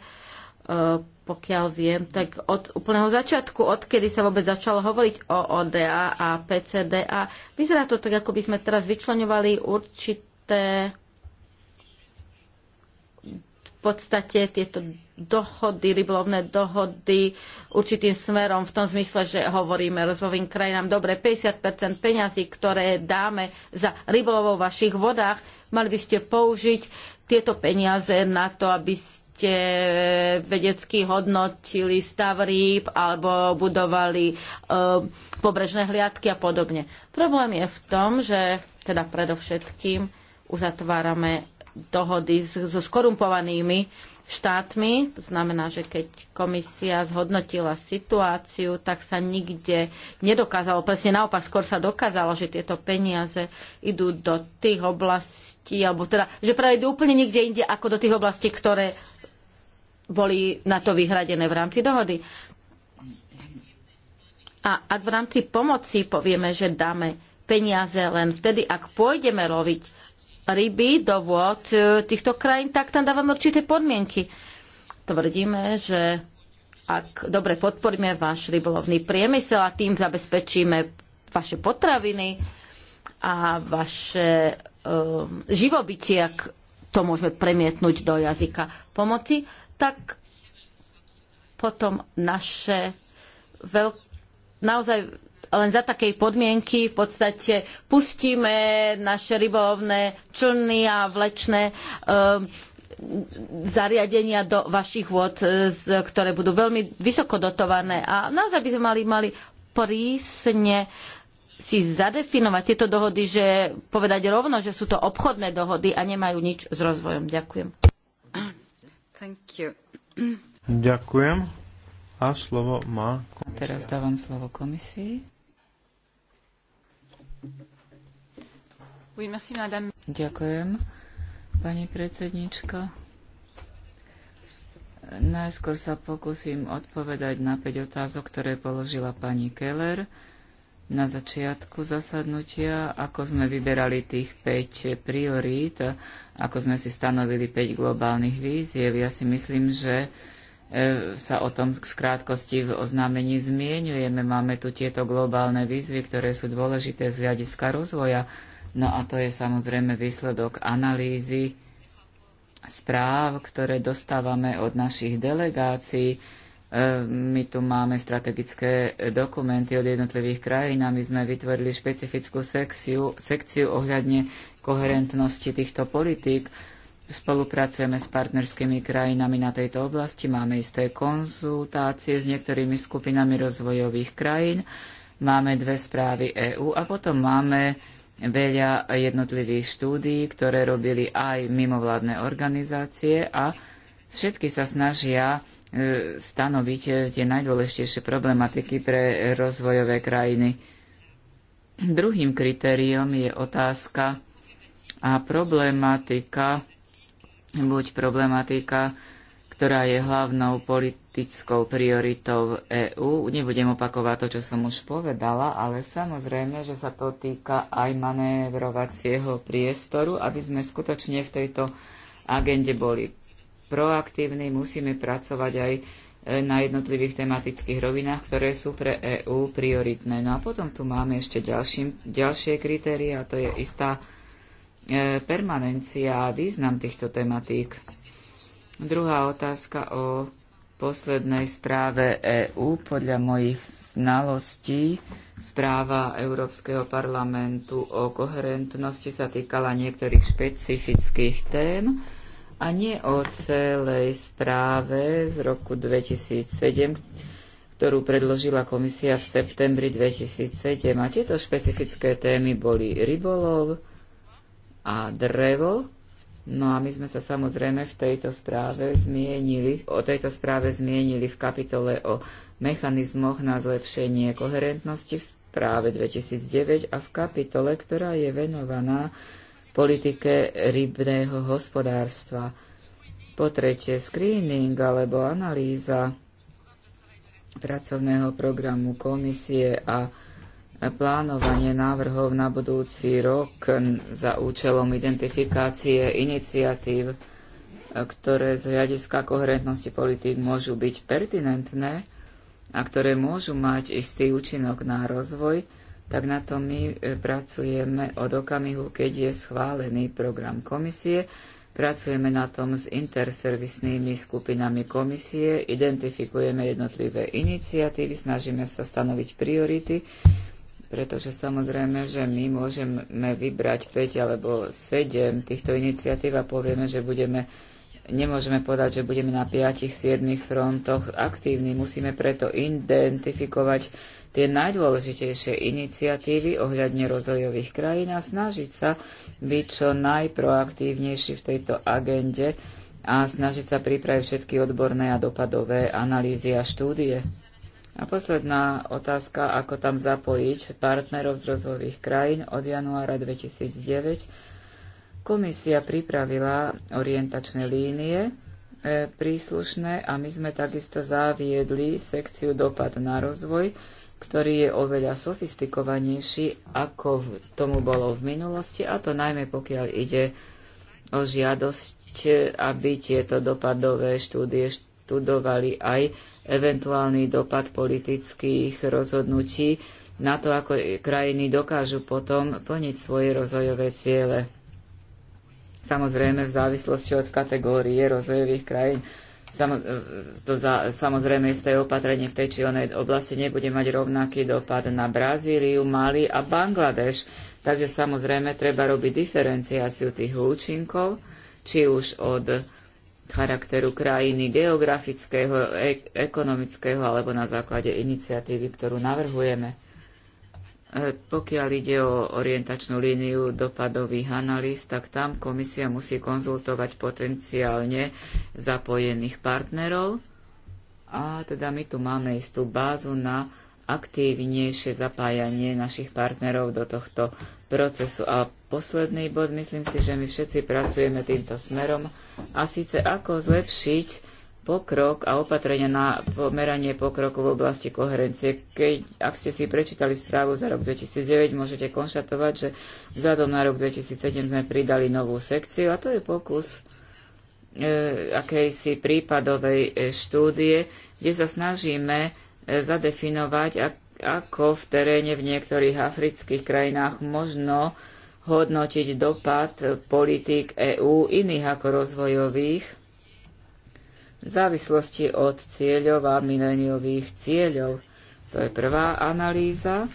pokiaľ viem, tak od úplného začiatku, odkedy sa vôbec začalo hovoriť o ODA a PCDA, vyzerá to tak, ako by sme teraz vyčlenovali určité v podstate tieto dohody, rybolovné dohody určitým smerom v tom zmysle, že hovoríme rozvojovým krajinám, dobre, 50% peňazí, ktoré dáme za rybolovou v vašich vodách, mali by ste použiť tieto peniaze na to, aby ste vedecky hodnotili stav rýb alebo budovali e, pobrežné hliadky a podobne. Problém je v tom, že teda predovšetkým uzatvárame dohody so skorumpovanými štátmi. To znamená, že keď komisia zhodnotila situáciu, tak sa nikde nedokázalo, presne naopak, skôr sa dokázalo, že tieto peniaze idú do tých oblastí, alebo teda, že práve idú úplne niekde inde ako do tých oblastí, ktoré boli na to vyhradené v rámci dohody. A ak v rámci pomoci povieme, že dáme peniaze len vtedy, ak pôjdeme loviť ryby do vôd e, týchto krajín, tak tam dávame určité podmienky. Tvrdíme, že ak dobre podporíme váš rybolovný priemysel a tým zabezpečíme vaše potraviny a vaše um, živobytie, ak to môžeme premietnúť do jazyka pomoci, tak potom naše veľk- naozaj len za takej podmienky v podstate pustíme naše rybovné člny a vlečné ehm, zariadenia do vašich vôd, e, ktoré budú veľmi vysoko dotované. A naozaj by sme mali, mali prísne si zadefinovať tieto dohody, že povedať rovno, že sú to obchodné dohody a nemajú nič s rozvojom. Ďakujem. Ďakujem. A slovo má komisia. A teraz dávam slovo komisii. Ďakujem, pani predsednička. Najskôr sa pokúsim odpovedať na 5 otázok, ktoré položila pani Keller na začiatku zasadnutia, ako sme vyberali tých 5 priorít, ako sme si stanovili 5 globálnych víziev. Ja si myslím, že E, sa o tom v krátkosti v oznámení zmienujeme. Máme tu tieto globálne výzvy, ktoré sú dôležité z hľadiska rozvoja. No a to je samozrejme výsledok analýzy správ, ktoré dostávame od našich delegácií. E, my tu máme strategické dokumenty od jednotlivých krajín a my sme vytvorili špecifickú sekciu, sekciu ohľadne koherentnosti týchto politík Spolupracujeme s partnerskými krajinami na tejto oblasti, máme isté konzultácie s niektorými skupinami rozvojových krajín, máme dve správy EÚ a potom máme veľa jednotlivých štúdií, ktoré robili aj mimovládne organizácie a všetky sa snažia e, stanoviť e, tie najdôležitejšie problematiky pre rozvojové krajiny. Druhým kritériom je otázka a problematika buď problematika, ktorá je hlavnou politickou prioritou EÚ. Nebudem opakovať to, čo som už povedala, ale samozrejme, že sa to týka aj manévrovacieho priestoru, aby sme skutočne v tejto agende boli proaktívni, musíme pracovať aj e, na jednotlivých tematických rovinách, ktoré sú pre EÚ prioritné. No a potom tu máme ešte ďalší, ďalšie kritéria, a to je istá E, permanencia a význam týchto tematík. Druhá otázka o poslednej správe EÚ. Podľa mojich znalostí správa Európskeho parlamentu o koherentnosti sa týkala niektorých špecifických tém a nie o celej správe z roku 2007, ktorú predložila komisia v septembri 2007. A tieto špecifické témy boli rybolov, a drevo. No a my sme sa samozrejme v tejto správe zmienili, o tejto správe zmienili v kapitole o mechanizmoch na zlepšenie koherentnosti v správe 2009 a v kapitole, ktorá je venovaná politike rybného hospodárstva. Po tretie, screening alebo analýza pracovného programu komisie a plánovanie návrhov na budúci rok za účelom identifikácie iniciatív, ktoré z hľadiska koherentnosti politík môžu byť pertinentné a ktoré môžu mať istý účinok na rozvoj, tak na to my e, pracujeme od okamihu, keď je schválený program komisie. Pracujeme na tom s interservisnými skupinami komisie, identifikujeme jednotlivé iniciatívy, snažíme sa stanoviť priority pretože samozrejme, že my môžeme vybrať 5 alebo 7 týchto iniciatív a povieme, že budeme, nemôžeme povedať, že budeme na 5-7 frontoch aktívni. Musíme preto identifikovať tie najdôležitejšie iniciatívy ohľadne rozvojových krajín a snažiť sa byť čo najproaktívnejší v tejto agende a snažiť sa pripraviť všetky odborné a dopadové analýzy a štúdie. A posledná otázka, ako tam zapojiť partnerov z rozvojových krajín od januára 2009. Komisia pripravila orientačné línie e, príslušné a my sme takisto zaviedli sekciu dopad na rozvoj, ktorý je oveľa sofistikovanejší, ako v, tomu bolo v minulosti, a to najmä pokiaľ ide o žiadosť, aby tieto dopadové štúdie št študovali aj eventuálny dopad politických rozhodnutí na to, ako krajiny dokážu potom plniť svoje rozvojové ciele. Samozrejme v závislosti od kategórie rozvojových krajín. Samozrejme, isté opatrenie v tej či onej oblasti nebude mať rovnaký dopad na Brazíliu, Mali a Bangladeš. Takže samozrejme treba robiť diferenciáciu tých účinkov, či už od charakteru krajiny, geografického, e- ekonomického alebo na základe iniciatívy, ktorú navrhujeme. E, pokiaľ ide o orientačnú líniu dopadových analýz, tak tam komisia musí konzultovať potenciálne zapojených partnerov a teda my tu máme istú bázu na aktívnejšie zapájanie našich partnerov do tohto procesu. A posledný bod, myslím si, že my všetci pracujeme týmto smerom a síce ako zlepšiť pokrok a opatrenia na meranie pokroku v oblasti koherencie. Keď, ak ste si prečítali správu za rok 2009, môžete konštatovať, že vzhľadom na rok 2007 sme pridali novú sekciu a to je pokus e, akejsi prípadovej e, štúdie, kde sa snažíme zadefinovať, ako v teréne v niektorých afrických krajinách možno hodnotiť dopad politík EÚ iných ako rozvojových v závislosti od cieľov a mileniových cieľov. To je prvá analýza.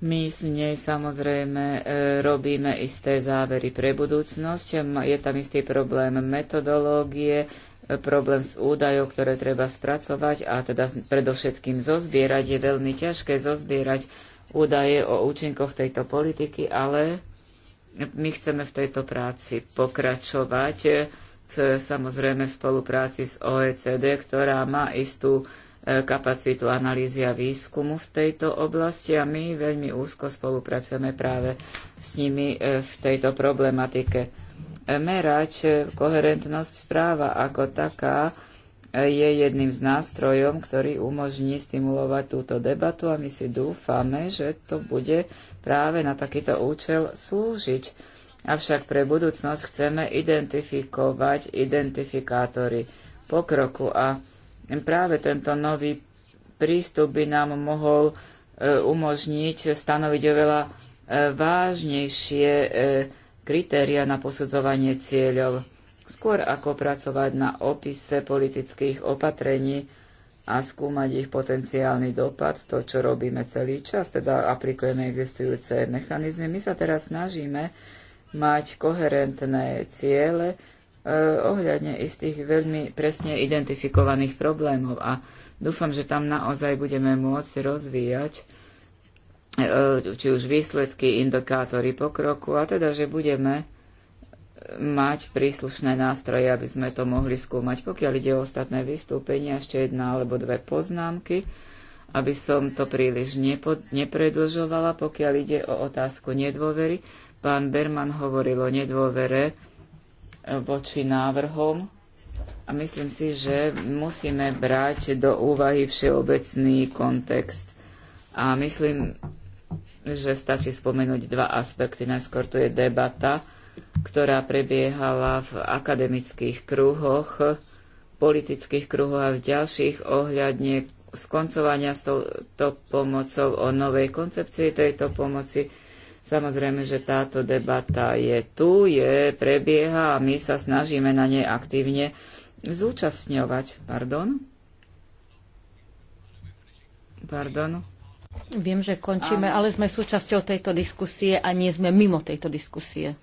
My z nej samozrejme e, robíme isté závery pre budúcnosť. Je tam istý problém metodológie, problém s údajov, ktoré treba spracovať a teda predovšetkým zozbierať. Je veľmi ťažké zozbierať údaje o účinkoch tejto politiky, ale my chceme v tejto práci pokračovať, e, samozrejme v spolupráci s OECD, ktorá má istú e, kapacitu analýzy a výskumu v tejto oblasti a my veľmi úzko spolupracujeme práve s nimi e, v tejto problematike merať eh, koherentnosť správa ako taká eh, je jedným z nástrojom, ktorý umožní stimulovať túto debatu a my si dúfame, že to bude práve na takýto účel slúžiť. Avšak pre budúcnosť chceme identifikovať identifikátory pokroku a práve tento nový prístup by nám mohol eh, umožniť stanoviť oveľa vážnejšie kritéria na posudzovanie cieľov, skôr ako pracovať na opise politických opatrení a skúmať ich potenciálny dopad, to, čo robíme celý čas, teda aplikujeme existujúce mechanizmy. My sa teraz snažíme mať koherentné ciele e, ohľadne istých veľmi presne identifikovaných problémov a dúfam, že tam naozaj budeme môcť rozvíjať E, či už výsledky, indikátory pokroku a teda, že budeme mať príslušné nástroje, aby sme to mohli skúmať. Pokiaľ ide o ostatné vystúpenia, ešte jedna alebo dve poznámky, aby som to príliš nepo- nepredlžovala. Pokiaľ ide o otázku nedôvery, pán Berman hovoril o nedôvere voči návrhom a myslím si, že musíme brať do úvahy všeobecný kontext. A myslím, že stačí spomenúť dva aspekty. Najskôr tu je debata, ktorá prebiehala v akademických kruhoch, politických kruhoch a v ďalších ohľadne skoncovania s touto pomocou o novej koncepcii tejto pomoci. Samozrejme, že táto debata je tu, je, prebieha a my sa snažíme na nej aktívne zúčastňovať. Pardon? Pardon? Viem, že končíme, ale sme súčasťou tejto diskusie a nie sme mimo tejto diskusie.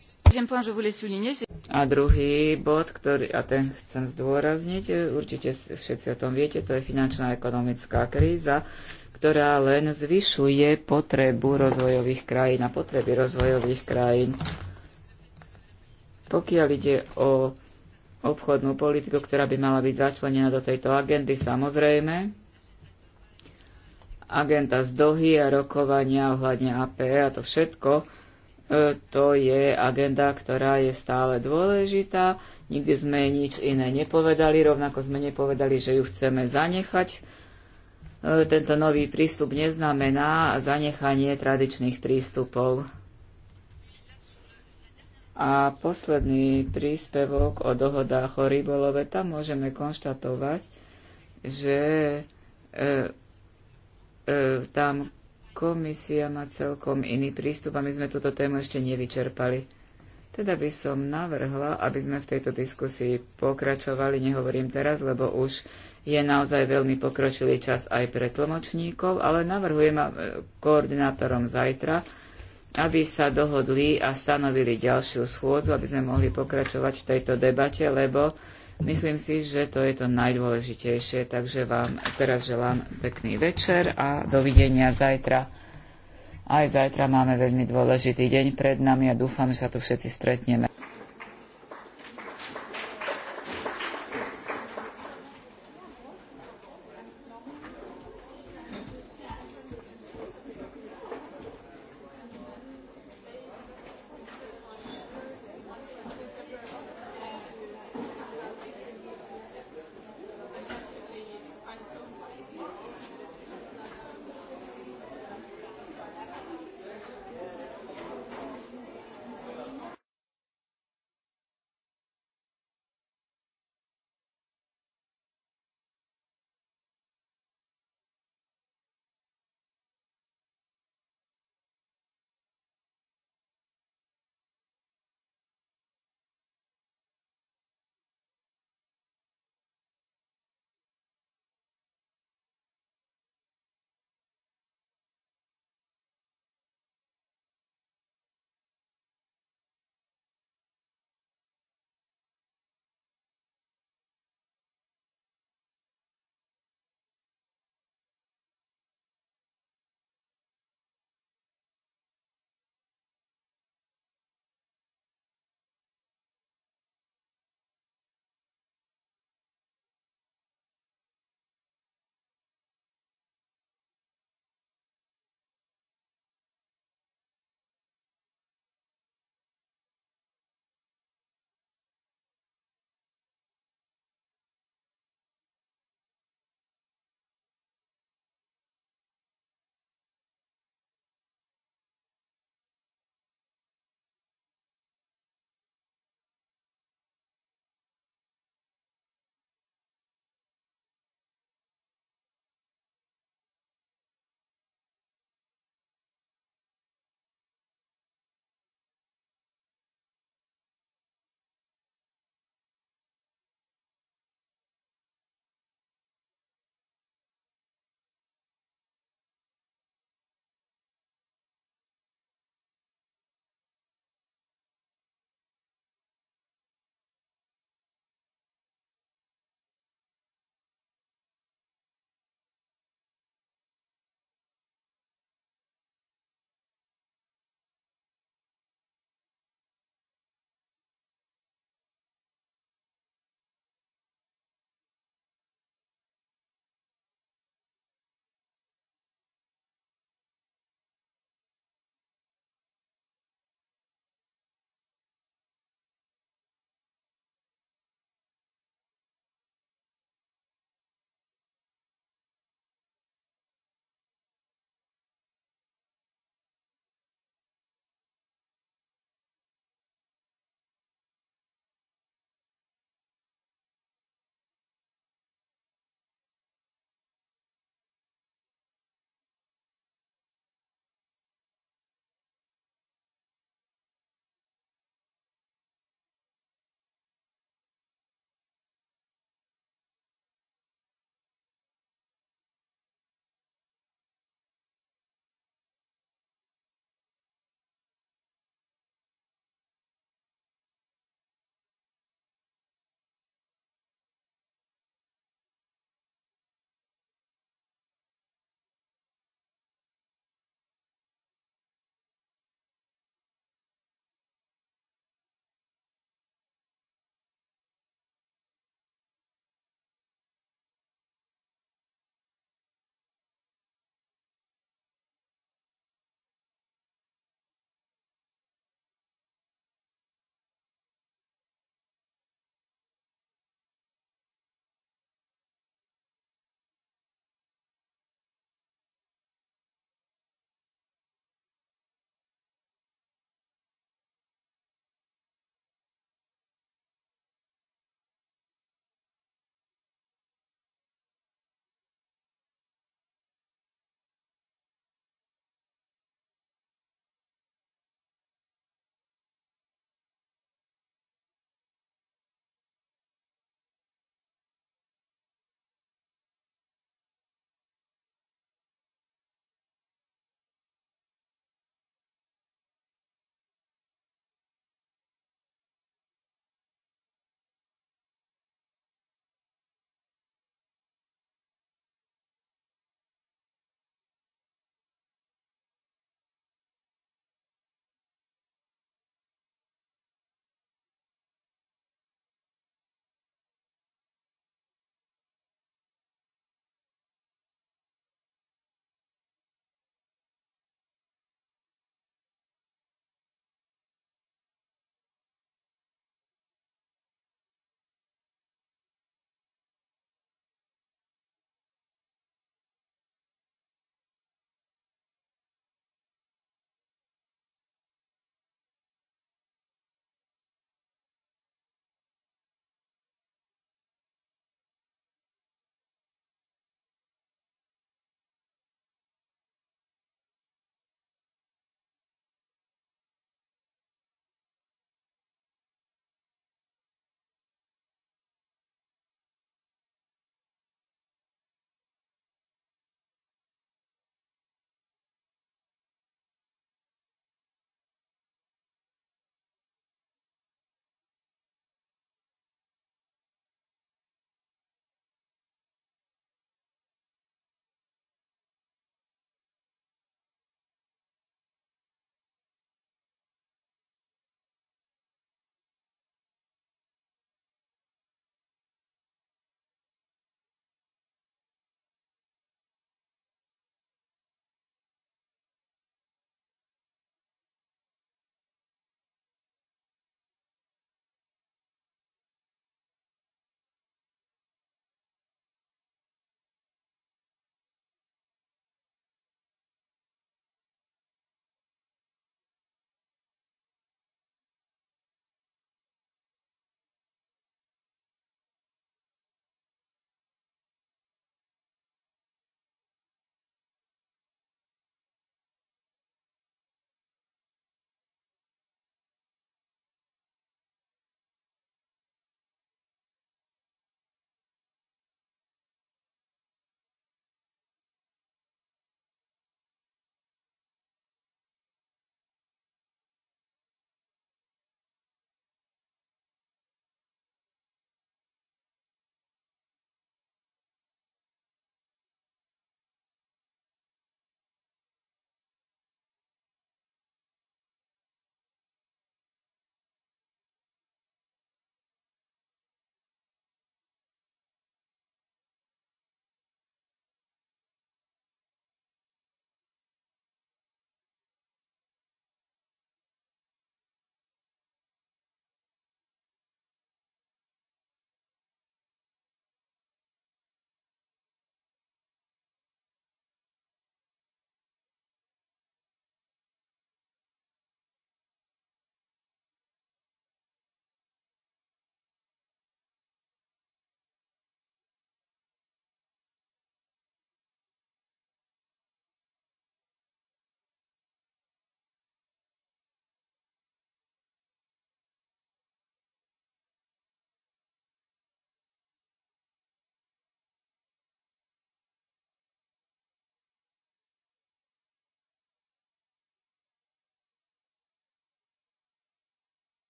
A druhý bod, ktorý, a ten chcem zdôrazniť, e, určite všetci o tom viete, to je finančná ekonomická kríza, ktorá len zvyšuje potrebu rozvojových krajín a potreby rozvojových krajín. Pokiaľ ide o obchodnú politiku, ktorá by mala byť začlenená do tejto agendy, samozrejme, agenta z Dohy a rokovania ohľadne APE a to všetko, e, to je agenda, ktorá je stále dôležitá. Nikdy sme nič iné nepovedali, rovnako sme nepovedali, že ju chceme zanechať. E, tento nový prístup neznamená zanechanie tradičných prístupov. A posledný príspevok o dohodách o rybolove, tam môžeme konštatovať, že e, E, tam komisia má celkom iný prístup a my sme túto tému ešte nevyčerpali. Teda by som navrhla, aby sme v tejto diskusii pokračovali, nehovorím teraz, lebo už je naozaj veľmi pokročilý čas aj pre tlmočníkov, ale navrhujem e, koordinátorom zajtra, aby sa dohodli a stanovili ďalšiu schôdzu, aby sme mohli pokračovať v tejto debate, lebo Myslím si, že to je to najdôležitejšie, takže vám teraz želám pekný večer a dovidenia zajtra. Aj zajtra máme veľmi dôležitý deň pred nami a dúfam, že sa tu všetci stretneme.